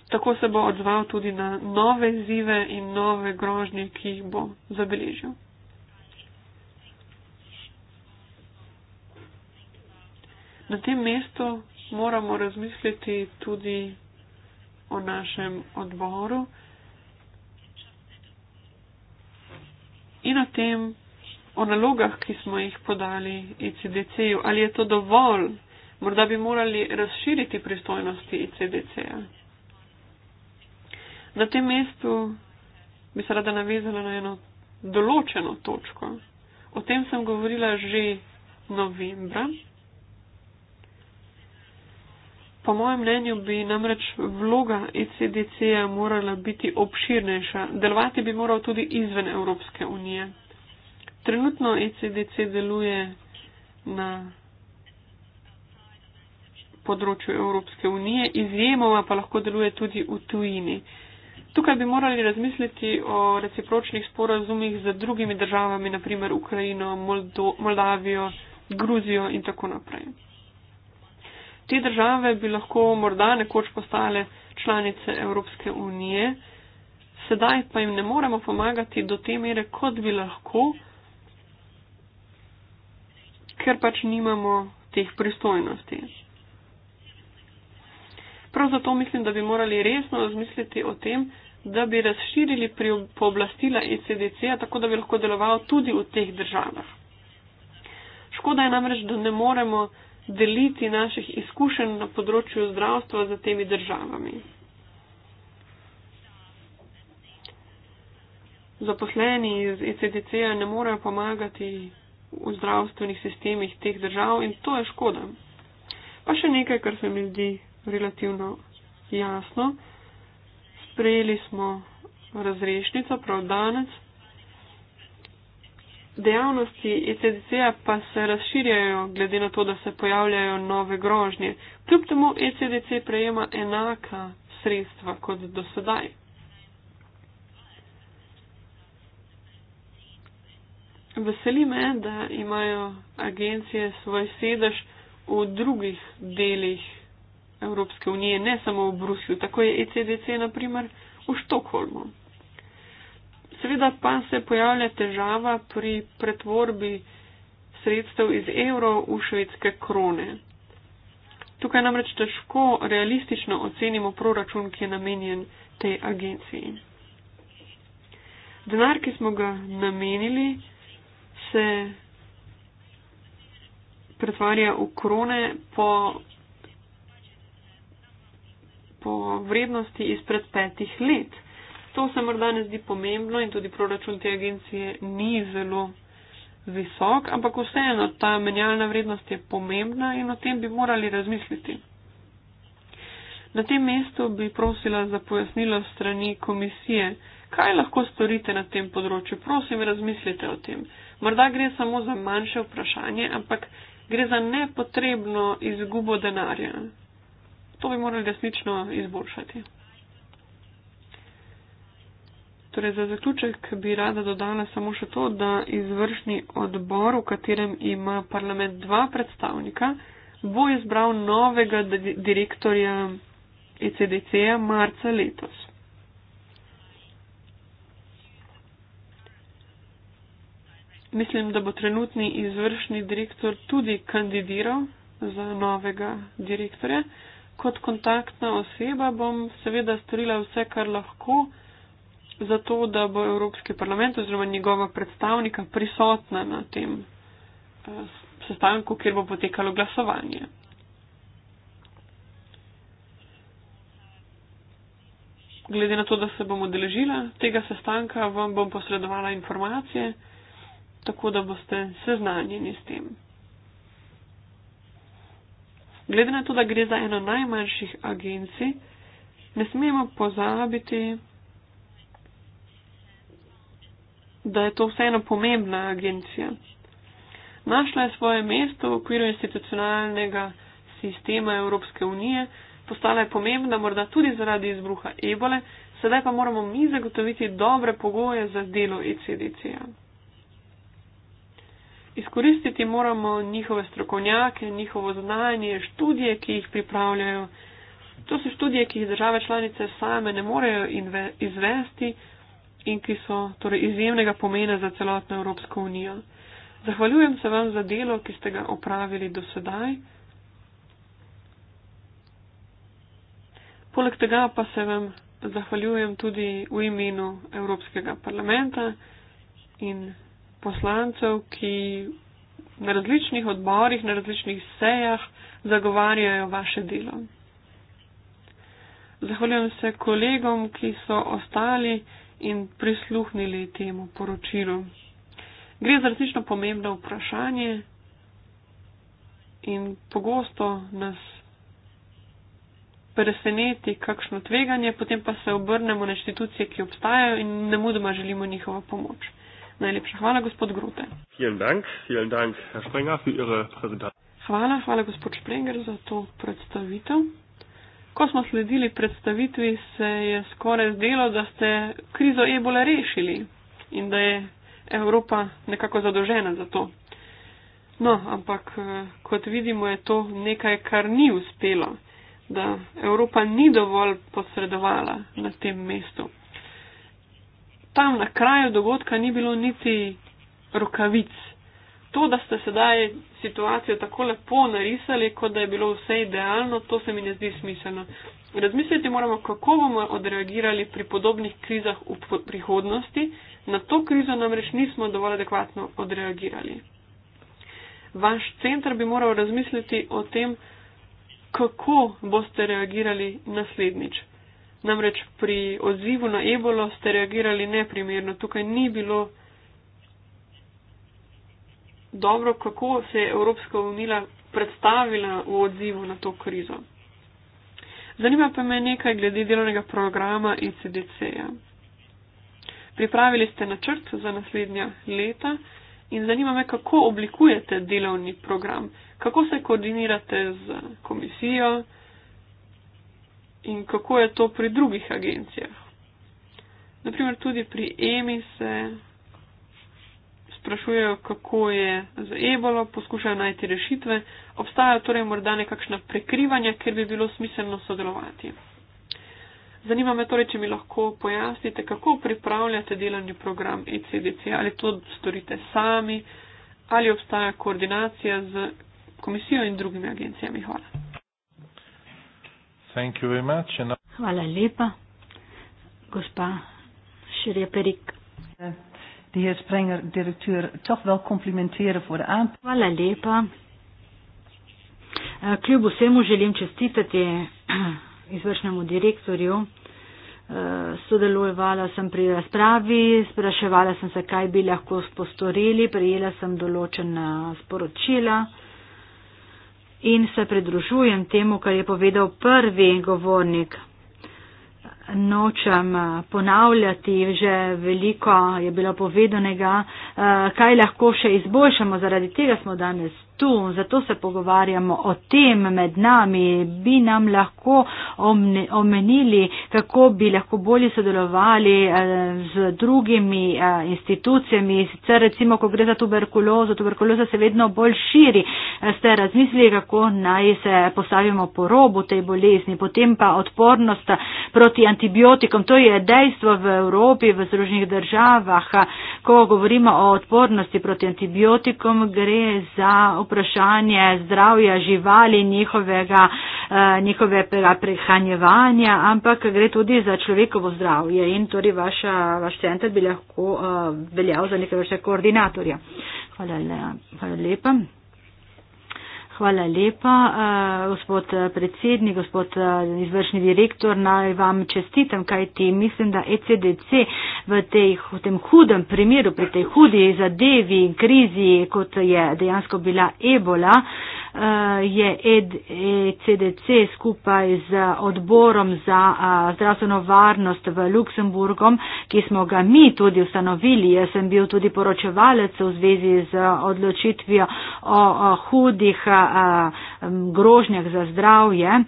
tako se bo odzval tudi na nove zive in nove grožnje, ki jih bo zabeležil. na tem mestu moramo razmisliti tudi o našem odboru in o tem, o nalogah, ki smo jih podali ICDC-ju. E Ali je to dovolj? Morda bi morali razširiti pristojnosti ICDC-ja. E na tem mestu bi se rada navezala na eno določeno točko. O tem sem govorila že novembra. Po mojem mnenju bi namreč vloga ECDC-ja morala biti obširnejša, delovati bi moral tudi izven Evropske unije. Trenutno ECDC deluje na področju Evropske unije, izjemoma pa lahko deluje tudi v tujini. Tukaj bi morali razmisliti o recipročnih sporazumih z drugimi državami, naprimer Ukrajino, Moldo Moldavijo, Gruzijo in tako naprej te države bi lahko morda nekoč postale članice Evropske unije, sedaj pa jim ne moremo pomagati do te mere, kot bi lahko, ker pač nimamo teh pristojnosti. Prav zato mislim, da bi morali resno razmisliti o tem, da bi razširili pooblastila ECDC-a, tako da bi lahko deloval tudi v teh državah. Škoda je namreč, da ne moremo deliti naših izkušenj na področju zdravstva z temi državami. Zaposleni iz ECDC-ja ne morejo pomagati v zdravstvenih sistemih teh držav in to je škoda. Pa še nekaj, kar se mi zdi relativno jasno. Sprejeli smo razrešnico prav danes Dejavnosti ECDC-ja pa se razširjajo glede na to, da se pojavljajo nove grožnje. Kljub temu ECDC prejema enaka sredstva kot do sedaj. Veseli me, da imajo agencije svoj sedež v drugih delih Evropske unije, ne samo v Bruslju. Tako je ECDC naprimer v Štokholmu. Seveda pa se pojavlja težava pri pretvorbi sredstev iz evro v švedske krone. Tukaj namreč težko realistično ocenimo proračun, ki je namenjen tej agenciji. Denar, ki smo ga namenili, se pretvarja v krone po, po vrednosti izpred petih let. To se morda ne zdi pomembno in tudi proračun te agencije ni zelo visok, ampak vseeno ta menjalna vrednost je pomembna in o tem bi morali razmisliti. Na tem mestu bi prosila za pojasnilo strani komisije, kaj lahko storite na tem področju. Prosim, razmislite o tem. Morda gre samo za manjše vprašanje, ampak gre za nepotrebno izgubo denarja. To bi morali resnično izboljšati. Torej, za zaključek bi rada dodala samo še to, da izvršni odbor, v katerem ima parlament dva predstavnika, bo izbral novega direktorja ECDC-ja marca letos. Mislim, da bo trenutni izvršni direktor tudi kandidiral za novega direktorja. Kot kontaktna oseba bom seveda storila vse, kar lahko zato, da bo Evropski parlament oziroma njegova predstavnika prisotna na tem eh, sestanku, kjer bo potekalo glasovanje. Glede na to, da se bom odeležila tega sestanka, vam bom posredovala informacije, tako da boste seznanjeni s tem. Glede na to, da gre za eno najmanjših agencij, ne smemo pozabiti, da je to vseeno pomembna agencija. Našla je svoje mesto v okviru institucionalnega sistema Evropske unije, postala je pomembna morda tudi zaradi izbruha ebole, sedaj pa moramo mi zagotoviti dobre pogoje za delo ECDC-ja. Izkoristiti moramo njihove strokovnjake, njihovo znanje, študije, ki jih pripravljajo. To so študije, ki jih države članice same ne morejo izvesti, in ki so torej izjemnega pomena za celotno Evropsko unijo. Zahvaljujem se vam za delo, ki ste ga opravili do sedaj. Poleg tega pa se vam zahvaljujem tudi v imenu Evropskega parlamenta in poslancev, ki na različnih odborih, na različnih sejah zagovarjajo vaše delo. Zahvaljujem se kolegom, ki so ostali in prisluhnili temu poročilu. Gre za resnično pomembno vprašanje in pogosto nas preseneti kakšno tveganje, potem pa se obrnemo na inštitucije, ki obstajajo in ne mudoma želimo njihovo pomoč. Najlepša hvala, gospod Grute. Hvala, hvala, gospod Sprenger, za to predstavitev. Ko smo sledili predstavitvi, se je skoraj zdelo, da ste krizo ebole rešili in da je Evropa nekako zadolžena za to. No, ampak eh, kot vidimo, je to nekaj, kar ni uspelo, da Evropa ni dovolj posredovala na tem mestu. Tam na kraju dogodka ni bilo niti rokavic, to, da ste sedaj situacijo tako lepo narisali, kot da je bilo vse idealno, to se mi ne zdi smiselno. Razmisliti moramo, kako bomo odreagirali pri podobnih krizah v prihodnosti. Na to krizo namreč nismo dovolj adekvatno odreagirali. Vaš centr bi moral razmisliti o tem, kako boste reagirali naslednjič. Namreč pri odzivu na ebolo ste reagirali neprimerno. Tukaj ni bilo dobro, kako se je Evropska unija predstavila v odzivu na to krizo. Zanima pa me nekaj glede delovnega programa ECDC-ja. Pripravili ste načrt za naslednja leta in zanima me, kako oblikujete delovni program, kako se koordinirate z komisijo in kako je to pri drugih agencijah. Naprimer, tudi pri EMI se sprašujejo, kako je z ebolo, poskušajo najti rešitve, obstajajo torej morda nekakšna prekrivanja, ker bi bilo smiselno sodelovati. Zanima me torej, če mi lahko pojasnite, kako pripravljate delovni program ECDC, ali to storite sami, ali obstaja koordinacija z komisijo in drugimi agencijami. Hvala. Hvala lepa, gospa Širja Perik de heer Sprenger, directeur, toch wel complimenteren voor de aanpak. Hvala lepa. Eh, kljub vsemu želim čestitati eh, izvršnemu direktorju. Eh, sodelovala sem pri razpravi, spraševala sem se, kaj bi lahko postorili, prijela sem določena sporočila in se pridružujem temu, kar je povedal prvi govornik nočem eh, ponavljati, že veliko je bilo povedanega, eh, kaj lahko še izboljšamo, zaradi tega smo danes tu, zato se pogovarjamo o tem med nami, bi nam lahko omenili, kako bi lahko bolje sodelovali eh, z drugimi eh, institucijami, sicer recimo, ko gre za tuberkulozo, tuberkuloza se vedno bolj širi, eh, ste razmislili, kako naj se postavimo po robu tej bolezni, potem pa odpornost proti antibiotikom, to je dejstvo v Evropi, v združnih državah, ko govorimo o odpornosti proti antibiotikom, gre za vprašanje zdravja živali, njihovega, eh, njihovega prehranjevanja, ampak gre tudi za človekovo zdravje in torej vaša, vaš center bi lahko uh, veljal za nekaj vrste koordinatorja. Hvala, le, hvala lepa. Hvala lepa, eh, gospod predsednik, gospod eh, izvršni direktor. Naj vam čestitam, kaj ti mislim, da ECDC v, tej, v tem hudem primeru, pri tej hudi zadevi, krizi, kot je dejansko bila ebola, Eh, je EDCDC e skupaj z odborom za eh, zdravstveno varnost v Luksemburgom, ki smo ga mi tudi ustanovili. Jaz sem bil tudi poročevalec v zvezi z odločitvijo o hudih. A, eh, grožnjah za zdravje. E,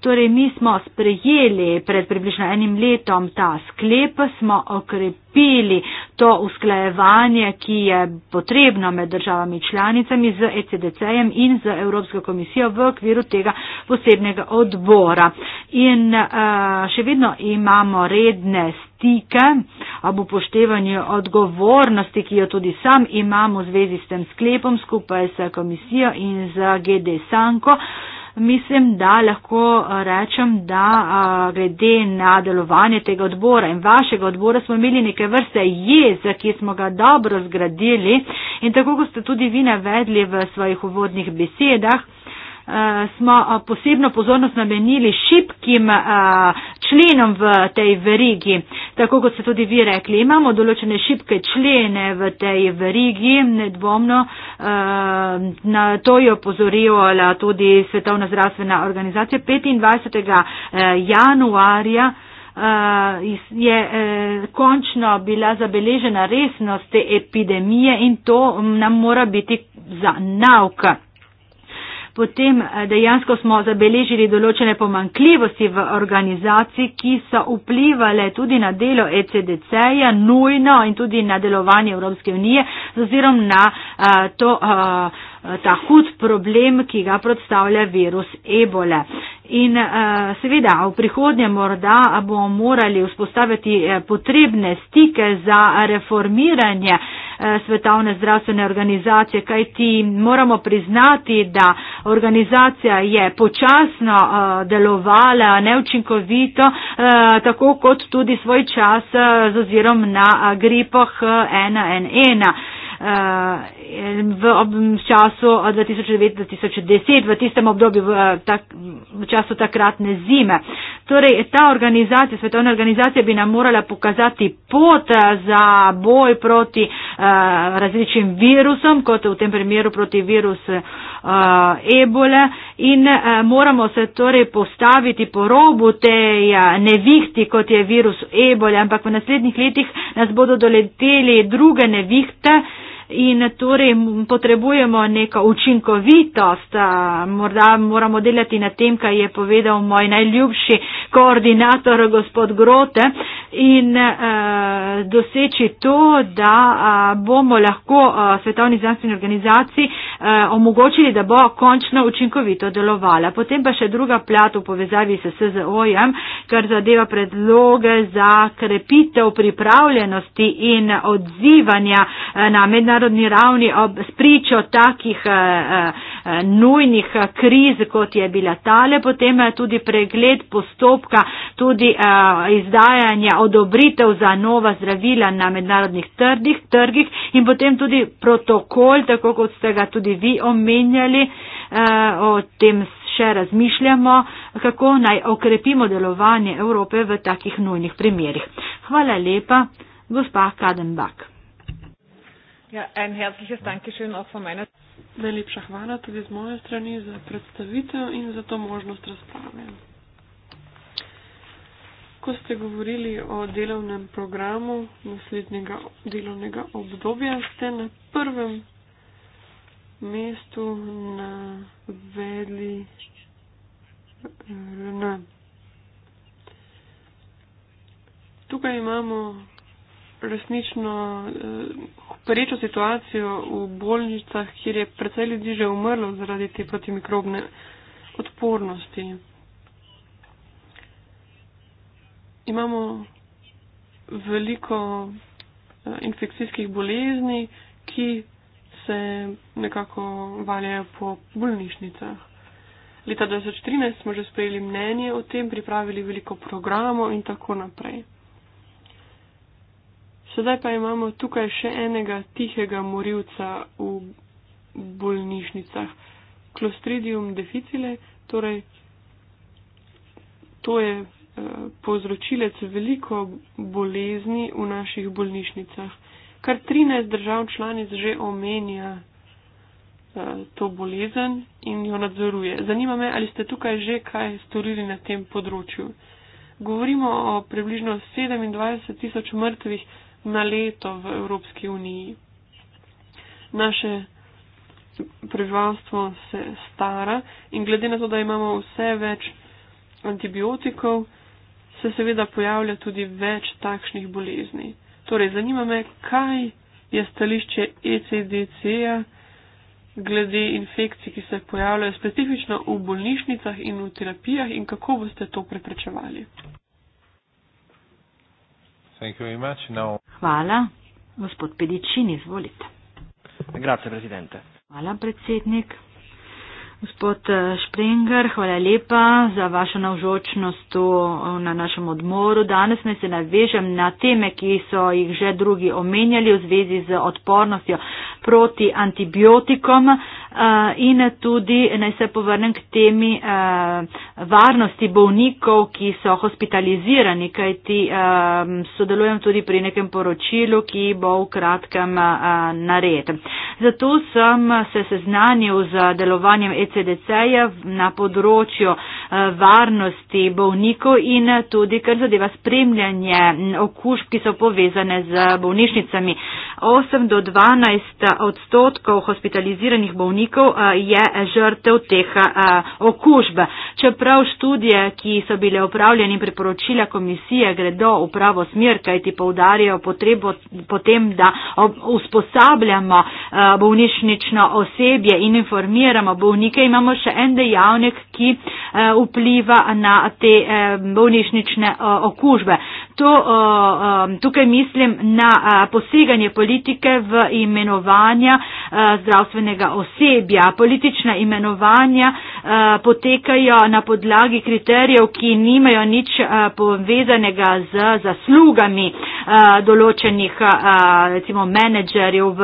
torej, mi smo sprejeli pred približno enim letom ta sklep, smo okrepili to usklajevanje, ki je potrebno med državami članicami z ECDC-jem in z Evropsko komisijo v okviru tega posebnega odbora. In e, še vedno imamo redne stvari etike, ob upoštevanju odgovornosti, ki jo tudi sam imam v zvezi s tem sklepom skupaj s komisijo in z GD Sanko. Mislim, da lahko eh, rečem, da eh, glede na delovanje tega odbora in vašega odbora smo imeli neke vrste jez, ki smo ga dobro zgradili in tako, kot ste tudi vi navedli v svojih uvodnih besedah, Eh, smo eh, posebno pozornost namenili šipkim eh, členom v tej verigi. Tako kot ste tudi vi rekli, imamo določene šipke člene v tej verigi, nedvomno. Na to je opozorila tudi Svetovna zdravstvena organizacija 25. januarja. Je končno bila zabeležena resnost te epidemije in to mm, nam mora biti za nauka potem eh, dejansko smo zabeležili določene pomankljivosti v organizaciji, ki so vplivale tudi na delo ECDC-ja, nujno in tudi na delovanje Evropske unije, oziroma na a, eh, to. A, eh, Eh, ta hud problem, ki ga predstavlja virus ebole. In eh, seveda v prihodnje morda bomo morali vzpostaviti eh, potrebne stike za reformiranje svetovne zdravstvene organizacije, kajti moramo priznati, da organizacija je počasno delovala neučinkovito, tako kot tudi svoj čas z ozirom na gripoh 1N1 v času 2009-2010, eh, v tistem obdobju, v, eh, tak, v času takratne zime. Torej, ta organizacija, svetovna organizacija bi nam morala pokazati pot eh, za boj proti uh, različnim virusom, kot v tem primeru proti virus uh, ebole in uh, moramo se torej postaviti po robu tej nevihti, kot je virus ebole, ampak v naslednjih letih nas bodo doleteli druge nevihte in torej potrebujemo neko učinkovitost. Morda moramo delati na tem, kaj je povedal moj najljubši koordinator gospod Grote in uh, doseči to, da uh, bomo lahko uh, svetovni znanstveni organizaciji uh, omogočili, da bo končno učinkovito delovala. Potem pa še druga plat v povezavi s SZO-jem, kar zadeva predloge za krepitev pripravljenosti in odzivanja uh, na mednarodne mednarodni ravni ob spričo takih eh, eh, nujnih eh, kriz, kot je bila tale, potem tudi pregled postopka, tudi izdajanja odobritev za nova zdravila na mednarodnih trgih in potem tudi protokol, tako kot ste ga tudi vi omenjali, o tem še razmišljamo, kako naj okrepimo delovanje Evrope v takih nujnih primerjih. Hvala lepa, gospa Kadenbach. Ja, Najlepša hvala tudi z moje strani za predstavitev in za to možnost razprave. Ko ste govorili o delovnem programu naslednjega delovnega obdobja, ste na prvem mestu navedli RN. Eh, tukaj imamo resnično eh, perečo situacijo v bolnicah, kjer je precej ljudi že umrlo zaradi te protimikrobne odpornosti. Imamo veliko eh, infekcijskih bolezni, ki se nekako valjajo po bolnišnicah. Leta 2013 smo že sprejeli mnenje o tem, pripravili veliko programov in tako naprej. Sedaj pa imamo tukaj še enega tihega morilca v bolnišnicah. Klostridium deficile, torej to je eh, povzročilec veliko bolezni v naših bolnišnicah. Kar 13 držav članic že omenja eh, to bolezen in jo nadzoruje. Zanima me, ali ste tukaj že kaj storili na tem področju. Govorimo o približno 27 tisoč mrtvih na leto v Evropski uniji. Naše prebivalstvo se stara in glede na to, da imamo vse več antibiotikov, se seveda pojavlja tudi več takšnih bolezni. Torej, zanima me, kaj je stališče ECDC-ja glede infekcij, ki se pojavljajo specifično v bolnišnicah in v terapijah in kako boste to preprečevali. Hvala. Gospod Pedičin, izvolite. Grazie, predsednik. Hvala, predsednik. Gospod eh, Šprenger, hvala lepa za vašo navžočnost na našem odmoru. Danes naj se navežem na teme, ki so jih že drugi omenjali v zvezi z odpornostjo proti antibiotikom in tudi naj se povrnem k temi varnosti bolnikov, ki so hospitalizirani, kajti sodelujem tudi pri nekem poročilu, ki bo v kratkem nared. Zato sem se seznanil z delovanjem ECDC-ja na področju varnosti bolnikov in tudi kar zadeva spremljanje okužb, ki so povezane z bolnišnicami. 8 do 12 odstotkov hospitaliziranih bolnikov bolnikov je žrtev teh okužb. Čeprav študije, ki so bile upravljene in priporočila komisije, gredo v pravo smer, kaj ti poudarjajo potrebo potem, da usposabljamo bolnišnično osebje in informiramo bolnike, imamo še en dejavnik, ki vpliva na te bolnišnične okužbe to, eh, eh, tukaj mislim na eh, poseganje politike v imenovanja zdravstvenega osebja. Politična imenovanja potekajo na podlagi kriterijev, ki nimajo nič povezanega z zaslugami določenih, recimo, menedžerjev v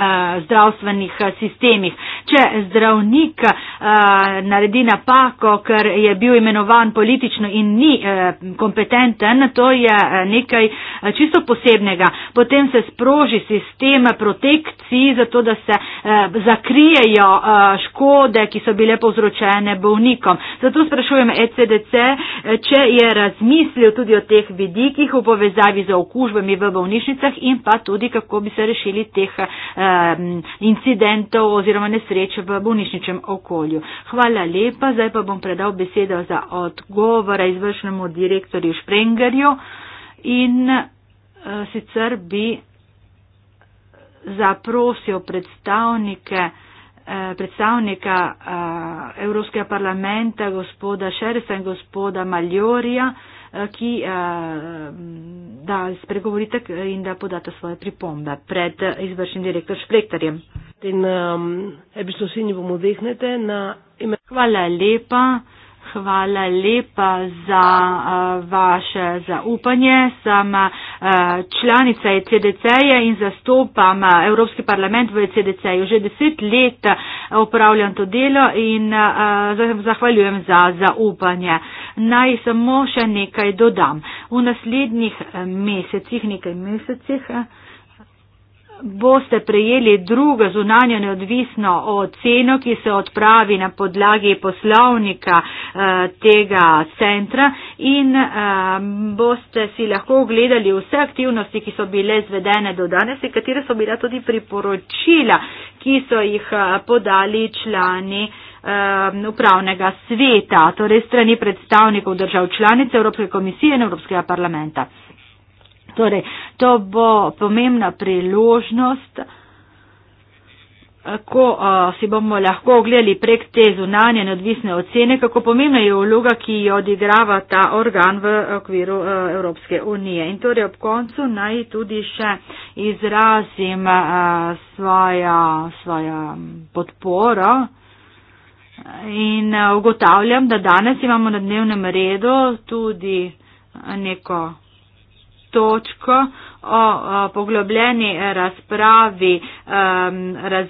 Eh, zdravstvenih eh, sistemih. Če zdravnik a, eh, naredi napako, ker je bil imenovan politično in ni a, kompetenten, to je nekaj čisto posebnega. Potem se sproži sistem protekcij, zato da se a, zakrijejo a, škode, ki so bile povzročene bovnikom. Zato sprašujem ECDC, če je razmislil tudi o teh vidikih v povezavi z okužbami v bolnišnicah in pa tudi, kako bi se rešili teh a, incidentov oziroma nesreč v bolnišničnem okolju. Hvala lepa, zdaj pa bom predal besedo za odgovora izvršnemu direktorju Šprengerju in eh, sicer bi zaprosil predstavnike eh, predstavnika eh, Evropskega parlamenta, gospoda Šeresa in gospoda Maljorija, Eh, ki eh, da spregovorite in da podate svoje pripombe pred eh, izvršnim direktor Šplektarjem. In, um, na Hvala lepa hvala lepa za uh, vaše zaupanje. Sem uh, članica ECDC-ja in zastopam uh, Evropski parlament v ECDC-ju. Že deset let upravljam to delo in uh, zahvaljujem za zaupanje. Naj samo še nekaj dodam. V naslednjih mesecih, nekaj mesecih, uh, boste prejeli drugo zunanjo neodvisno oceno, ki se odpravi na podlagi poslovnika eh, tega centra in eh, boste si lahko ogledali vse aktivnosti, ki so bile izvedene do danes in katere so bila tudi priporočila, ki so jih eh, podali člani eh, upravnega sveta, torej strani predstavnikov držav članic Evropske komisije in Evropskega parlamenta. Torej, to bo pomembna priložnost, ko uh, si bomo lahko ogledali prek te zunanje neodvisne ocene, kako pomembna je vloga, ki jo odigrava ta organ v okviru uh, Evropske unije. In torej ob koncu naj tudi še izrazim uh, svojo, svojo podporo. In ugotavljam, da danes imamo na dnevnem redu tudi neko točko o, o poglobljeni razpravi um, raz,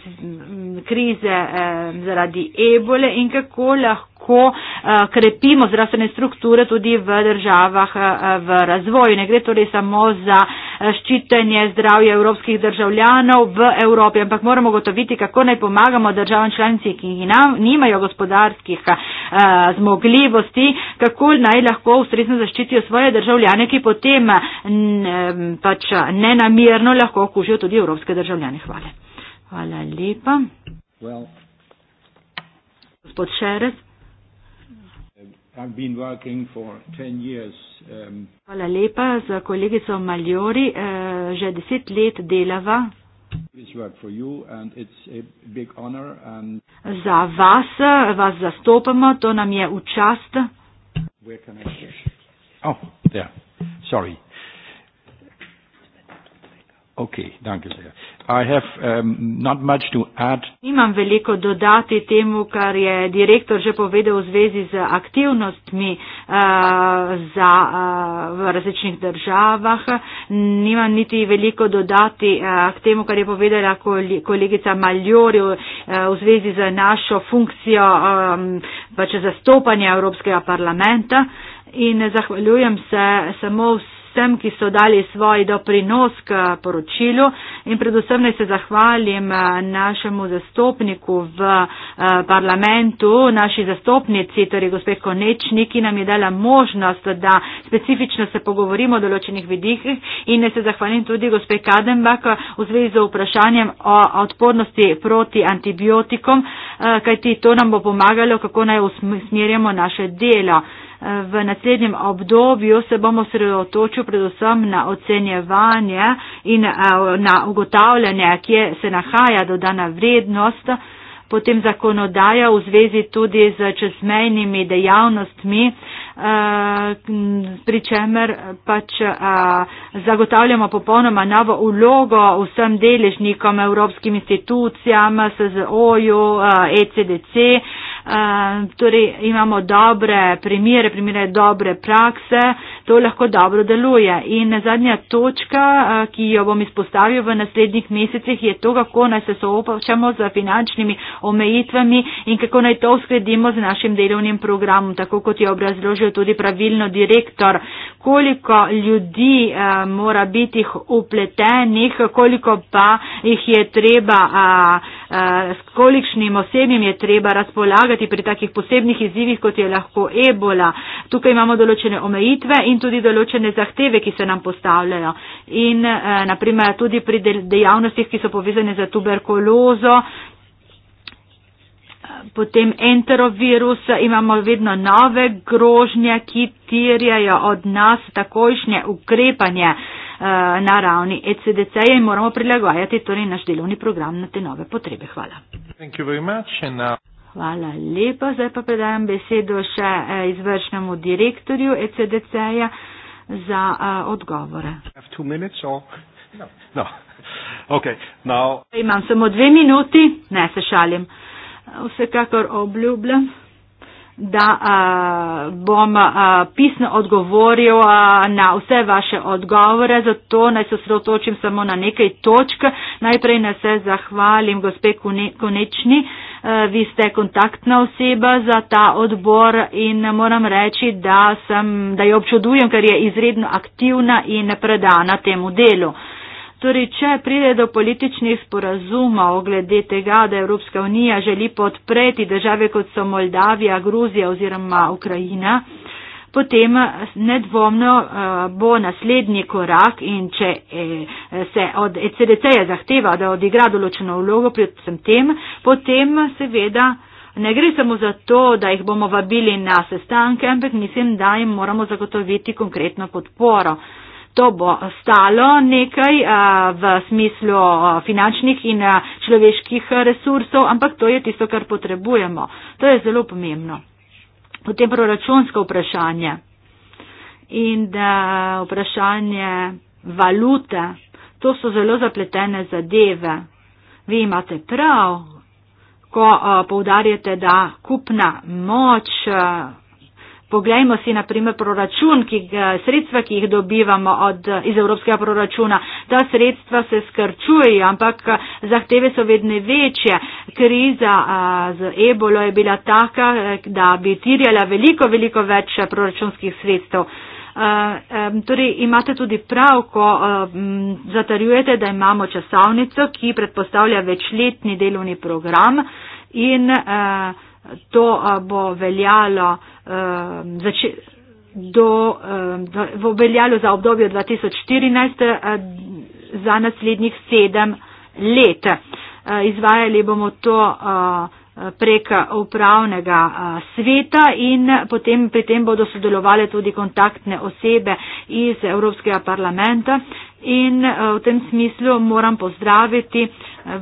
krize um, zaradi ebole in kako lahko kako eh, krepimo zdravstvene strukture tudi v državah eh, v razvoju. Ne gre torej samo za eh, ščitenje zdravja evropskih državljanov v Evropi, ampak moramo gotoviti, kako naj pomagamo državam članici, ki nam, nimajo gospodarskih zmogljivosti, kako naj lahko ustrezno zaščitijo svoje državljane, ki potem pač nenamirno lahko okužijo tudi evropske državljane. Hvala. Hvala lepa. Well. Gospod Šerec. Um, Hvala lepa za kolegico Maljori, eh, že deset let delava. Za vas, vas zastopamo, to nam je v čast. Oh, there. Sorry. Okay, danke sehr. I have, um, not much to add. Nimam veliko dodati temu, kar je direktor že povedal v zvezi z aktivnostmi uh, za, uh, v različnih državah. Nimam niti veliko dodati uh, k temu, kar je povedala koli, kolegica Maljori uh, v zvezi z našo funkcijo um, pač zastopanja Evropskega parlamenta. In zahvaljujem se samo vsem vsem, ki so dali svoj doprinos k poročilu, in predvsem naj se zahvalim eh, našemu zastopniku v eh, parlamentu, naši zastopnici, torej gospod Konečnik, ki nam je dala možnost, da specifično se pogovorimo o določenih vidikih in naj se zahvalim tudi gospod Kadenbak eh, v zvezi z vprašanjem o odpornosti proti antibiotikom, kajti to nam bo pomagalo, kako naj usmerjamo naše delo. V naslednjem obdobju se bomo sredotočili predvsem na ocenjevanje in na ugotavljanje, kje se nahaja dodana vrednost, potem zakonodaja v zvezi tudi z čezmejnimi dejavnostmi, eh, pri čemer pač eh, zagotavljamo popolnoma novo ulogo vsem deležnikom, evropskim institucijam, SZO-ju, ECDC. Eh, e torej imamo dobre primere, primere dobre prakse, to lahko dobro deluje. In zadnja točka, ki jo bom izpostavil v naslednjih mesecih, je to, kako naj se soopočamo z finančnimi omejitvami in kako naj to uskladimo z našim delovnim programom, tako kot je obrazložil tudi pravilno direktor. Koliko ljudi mora biti upletenih, koliko pa jih je treba. A, s kolikšnim osebjem je treba razpolagati pri takih posebnih izzivih, kot je lahko ebola. Tukaj imamo določene omejitve in tudi določene zahteve, ki se nam postavljajo. In e, naprimer tudi pri dejavnostih, ki so povezane za tuberkulozo. E, potem enterovirus, imamo vedno nove grožnje, ki tirjajo od nas takojšnje ukrepanje. Uh, Eh, na ravni ECDC-ja in moramo prilagojati torej naš delovni program na te nove potrebe. Hvala. Hvala lepa. Zdaj pa predajam besedo še eh, izvršnemu direktorju ECDC-ja za eh, odgovore. No. No. Okay, now... Imam samo dve minuti, ne se šalim. Vsekakor obljubljam da a, bom a, pisno odgovoril a, na vse vaše odgovore, zato naj se sredotočim samo na nekaj točk. Najprej naj se zahvalim gospe Konečni, a, vi ste kontaktna oseba za ta odbor in moram reči, da, sem, da jo občudujem, ker je izredno aktivna in predana temu delu. A, Torej, če pride do političnih sporazuma o glede tega, da Evropska unija želi podpreti države kot so Moldavija, Gruzija oziroma Ukrajina, potem eh, nedvomno eh, bo naslednji korak in če eh, se od ECDC-ja zahteva, da odigra določeno vlogo pri vsem tem, potem seveda ne gre samo za to, da jih bomo vabili na sestanke, ampak mislim, da jim moramo zagotoviti konkretno podporo to bo stalo nekaj eh, v smislu eh, finančnih in eh, človeških resursov, ampak to je tisto, kar potrebujemo. To je zelo pomembno. Potem proračunsko vprašanje in vprašanje valute. To so zelo zapletene zadeve. Vi imate prav, ko poudarjate, da kupna moč. A, Poglejmo si, na primer, proračun, ki ga, sredstva, ki jih dobivamo od, iz evropskega proračuna. Ta sredstva se skrčujejo, ampak zahteve so vedno večje. Kriza a, z ebolo je bila taka, da bi tirjala veliko, veliko več proračunskih sredstev. Uh, um, torej imate tudi prav, ko um, zatarjujete, da imamo časovnico, ki predpostavlja večletni delovni program in uh, to bo veljalo, zače, do, bo veljalo za obdobje 2014 za naslednjih sedem let. Izvajali bomo to prek upravnega sveta in potem pri tem bodo sodelovali tudi kontaktne osebe iz Evropskega parlamenta in eh, v tem smislu moram pozdraviti eh,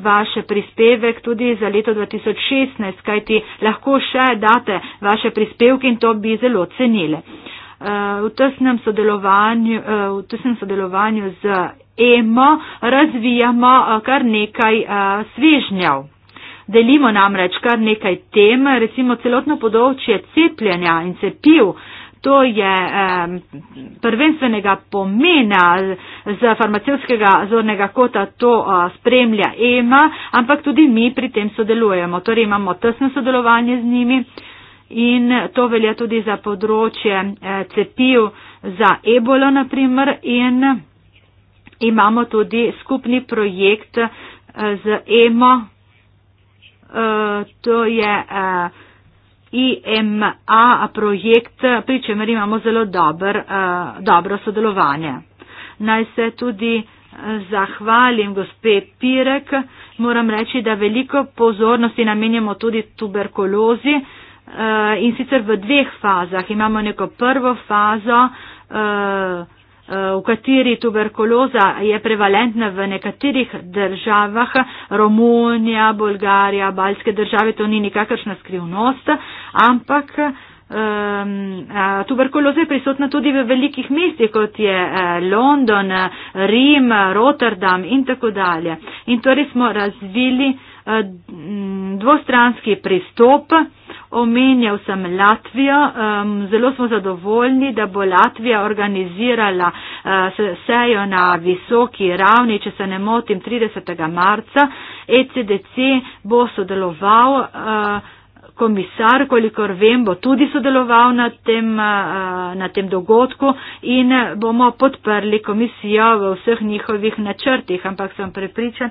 vaš prispevek tudi za leto 2016, kajti lahko še date vaše prispevke in to bi zelo cenile. Eh, v tesnem sodelovanju, v tesnem sodelovanju z EMO razvijamo kar nekaj svežnjav. Delimo namreč kar nekaj tem, recimo celotno področje cepljenja in cepiv to je um, prvenstvenega pomena z farmacevskega zornega kota, to uh, spremlja EMA, ampak tudi mi pri tem sodelujemo. Torej imamo tesno sodelovanje z njimi in to velja tudi za področje eh, cepiv za ebolo naprimer in imamo tudi skupni projekt eh, z EMO. Uh, to je uh, IMA projekt, pri čemer imamo zelo dober, eh, dobro sodelovanje. Naj se tudi eh, zahvalim gospe Pirek. Moram reči, da veliko pozornosti namenjamo tudi tuberkulozi eh, in sicer v dveh fazah. Imamo neko prvo fazo v kateri tuberkuloza je prevalentna v nekaterih državah, Romunija, Bolgarija, Balske države, to ni nikakršna skrivnost, ampak um, tuberkuloza je prisotna tudi v velikih mestih, kot je e, London, Rim, Rotterdam in tako dalje. In torej smo razvili Eh, dvostranski pristop. Omenjal sem Latvijo. Zelo smo zadovoljni, da bo Latvija organizirala eh, sejo na visoki ravni, če se ne motim, 30. marca. ECDC bo sodeloval. Eh, komisar, kolikor vem, bo tudi sodeloval na tem, na tem dogodku in bomo podprli komisijo v vseh njihovih načrtih, ampak sem prepričan,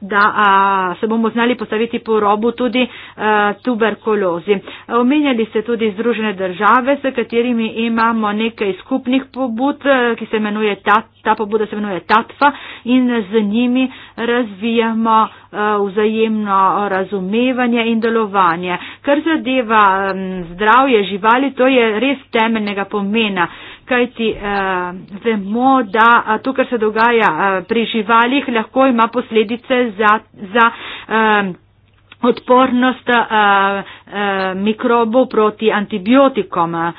da a, se bomo znali postaviti po robu tudi a, eh, tuberkulozi. Omenjali ste tudi Združene države, s katerimi imamo nekaj skupnih pobud, eh, ki se imenuje TAT, ta pobuda se imenuje TATFA in z njimi razvijamo a, eh, vzajemno razumevanje in delovanje. Kar zadeva a, mm, zdravje živali, to je res temeljnega pomena kajti uh, vemo, da uh, to, kar se dogaja uh, pri živalih, lahko ima posledice za, za uh, odpornost uh, uh, mikrobov proti antibiotikom. Uh,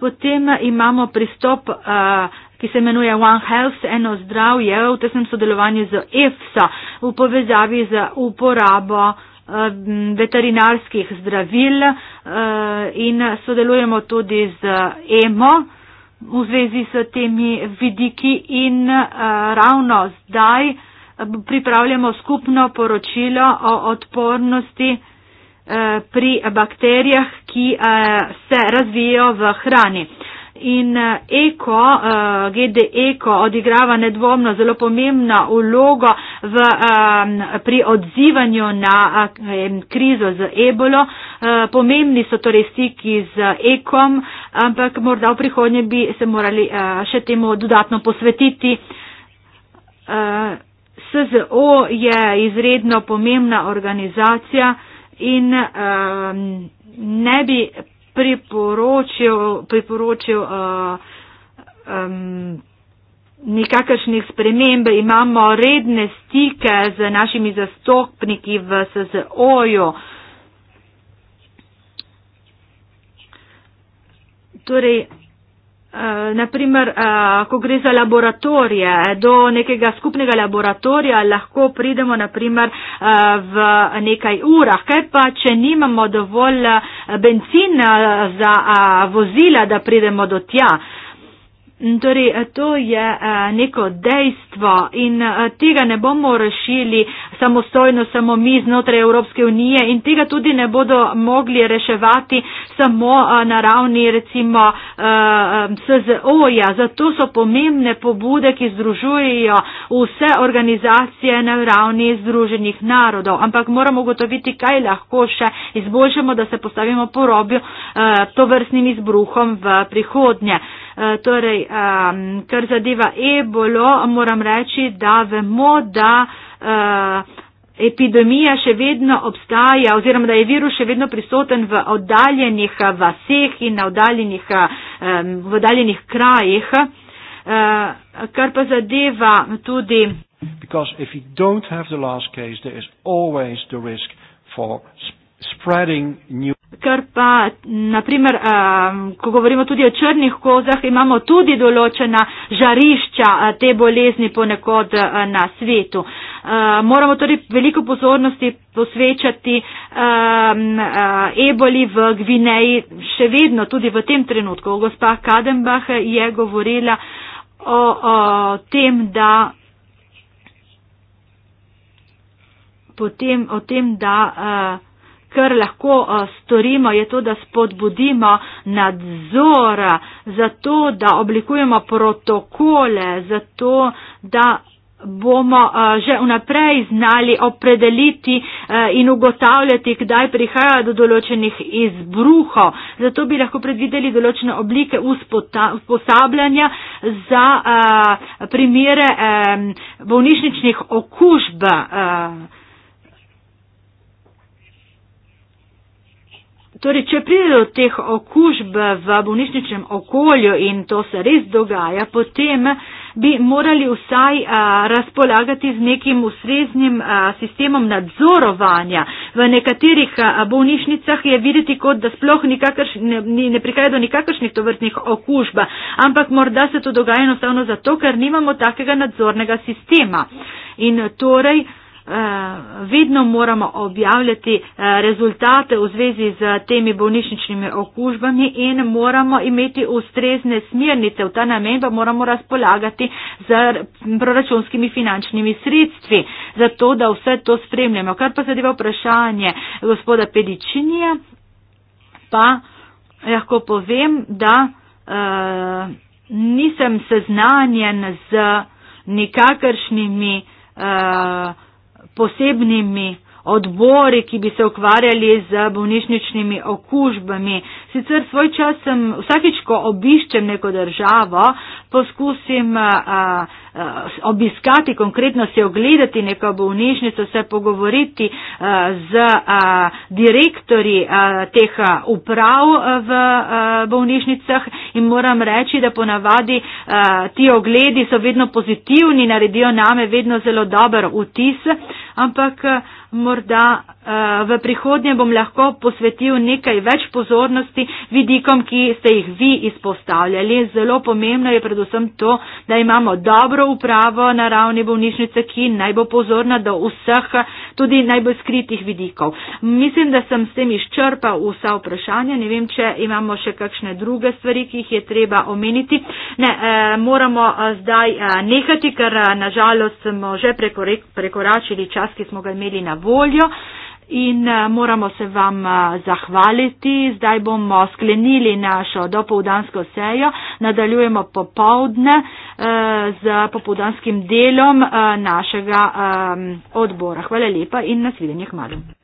potem imamo pristop. Uh, ki se imenuje One Health, eno zdravje, v tesnem sodelovanju z EFSA v povezavi z uporabo eh, veterinarskih zdravil eh, in sodelujemo tudi z EMO, eh, v zvezi s temi vidiki in eh, ravno zdaj eh, pripravljamo skupno poročilo o odpornosti eh, pri bakterijah, ki se razvijajo v hrani in eh, eko, eh, GD eko odigrava nedvomno zelo pomembno ulogo v, pri odzivanju na eh, krizo z ebolo. Pomembni so torej stiki z ekom, ampak morda v prihodnje bi se morali še temu dodatno posvetiti. SZO je izredno pomembna organizacija in ne bi priporočil, priporočil uh, um, nekakršnih sprememb. Imamo redne stike z našimi zastopniki v SZO-ju. Torej, Eh, naprimer, uh, eh, ko gre za laboratorije, do nekega skupnega laboratorija lahko pridemo naprimer uh, eh, v nekaj urah. Kaj pa, če nimamo dovolj uh, benzina za uh, vozila, da pridemo do tja? Uh, Torej, to je eh, neko dejstvo in eh, tega ne bomo rešili samostojno, samo mi znotraj Evropske unije in tega tudi ne bodo mogli reševati samo eh, na ravni recimo SZO-ja. Zato so pomembne pobude, ki združujejo vse organizacije na ravni Združenih narodov. Ampak moramo gotoviti, kaj lahko še izboljšamo, da se postavimo po robju tovrstnim izbruhom v prihodnje. Eh, torej, ehm, kar zadeva ebolo, moram reči, da vemo, da eh, epidemija še vedno obstaja oziroma da je virus še vedno prisoten v oddaljenih eh, vaseh in na oddaljenih, ehm, v oddaljenih krajih. Kar pa zadeva tudi. Because if you don't have the last case, there is always the risk for spread. Ker pa, naprimer, um, ko govorimo tudi o črnih kozah, imamo tudi določena žarišča eh, te bolezni ponekod eh, na svetu. Uh, moramo torej veliko pozornosti posvečati um, uh, eboli v Gvineji, še vedno tudi v tem trenutku. Gospa Kadenbach je govorila o, o tem, da. Potem o tem, da uh, kar lahko eh, storimo, je to, da spodbudimo nadzor, eh, zato da oblikujemo protokole, zato da bomo eh, že vnaprej znali opredeliti in ugotavljati, kdaj prihaja do določenih izbruhov. Zato bi lahko predvideli določene oblike usposabljanja za primere bolnišničnih okužb. Torej, če pride do teh okužb v bolnišničnem okolju in to se res dogaja, potem bi morali vsaj a, razpolagati z nekim ustreznim sistemom nadzorovanja. V nekaterih a, bolnišnicah je videti, kot da sploh nikakrš, ne, ne, ne prihaja do nikakršnih tovrstnih okužb, ampak morda se to dogaja enostavno zato, ker nimamo takega nadzornega sistema. In torej, Eh, vedno moramo objavljati eh, rezultate v zvezi z temi bolnišničnimi okužbami in moramo imeti ustrezne smernice. V ta namen pa moramo razpolagati z proračunskimi finančnimi sredstvi, zato da vse to spremljamo. Kar pa zadeva vprašanje gospoda Pedičinija, pa lahko povem, da eh, nisem seznanjen z nikakršnimi uh, posebnimi odbori, ki bi se ukvarjali z bolnišničnimi okužbami. Sicer svoj čas sem vsakeč, ko obiščem neko državo, poskusim a, a, obiskati, konkretno si ogledati neko bolnišnico, se pogovoriti a, z a, direktori a, teh uprav v a, bolnišnicah in moram reči, da ponavadi a, ti ogledi so vedno pozitivni, naredijo name vedno zelo dober vtis ampak eh, morda eh, v prihodnje bom lahko posvetil nekaj več pozornosti vidikom, ki ste jih vi izpostavljali. Zelo pomembno je predvsem to, da imamo dobro upravo na ravni bolnišnice, ki naj bo pozorna do vseh tudi najbolj skritih vidikov. Mislim, da sem s tem izčrpal vsa vprašanja. Ne vem, če imamo še kakšne druge stvari, ki jih je treba omeniti. Ne, eh, moramo eh, zdaj eh, nehati, ker nažalost smo že prekoračili čas, ki smo ga imeli na voljo. In eh, moramo se vam eh, zahvaliti. Zdaj bomo sklenili našo dopoldansko sejo. Nadaljujemo popovdne eh, z popovdanskim delom našega odbora. Hvala lepa in naslednjih malo.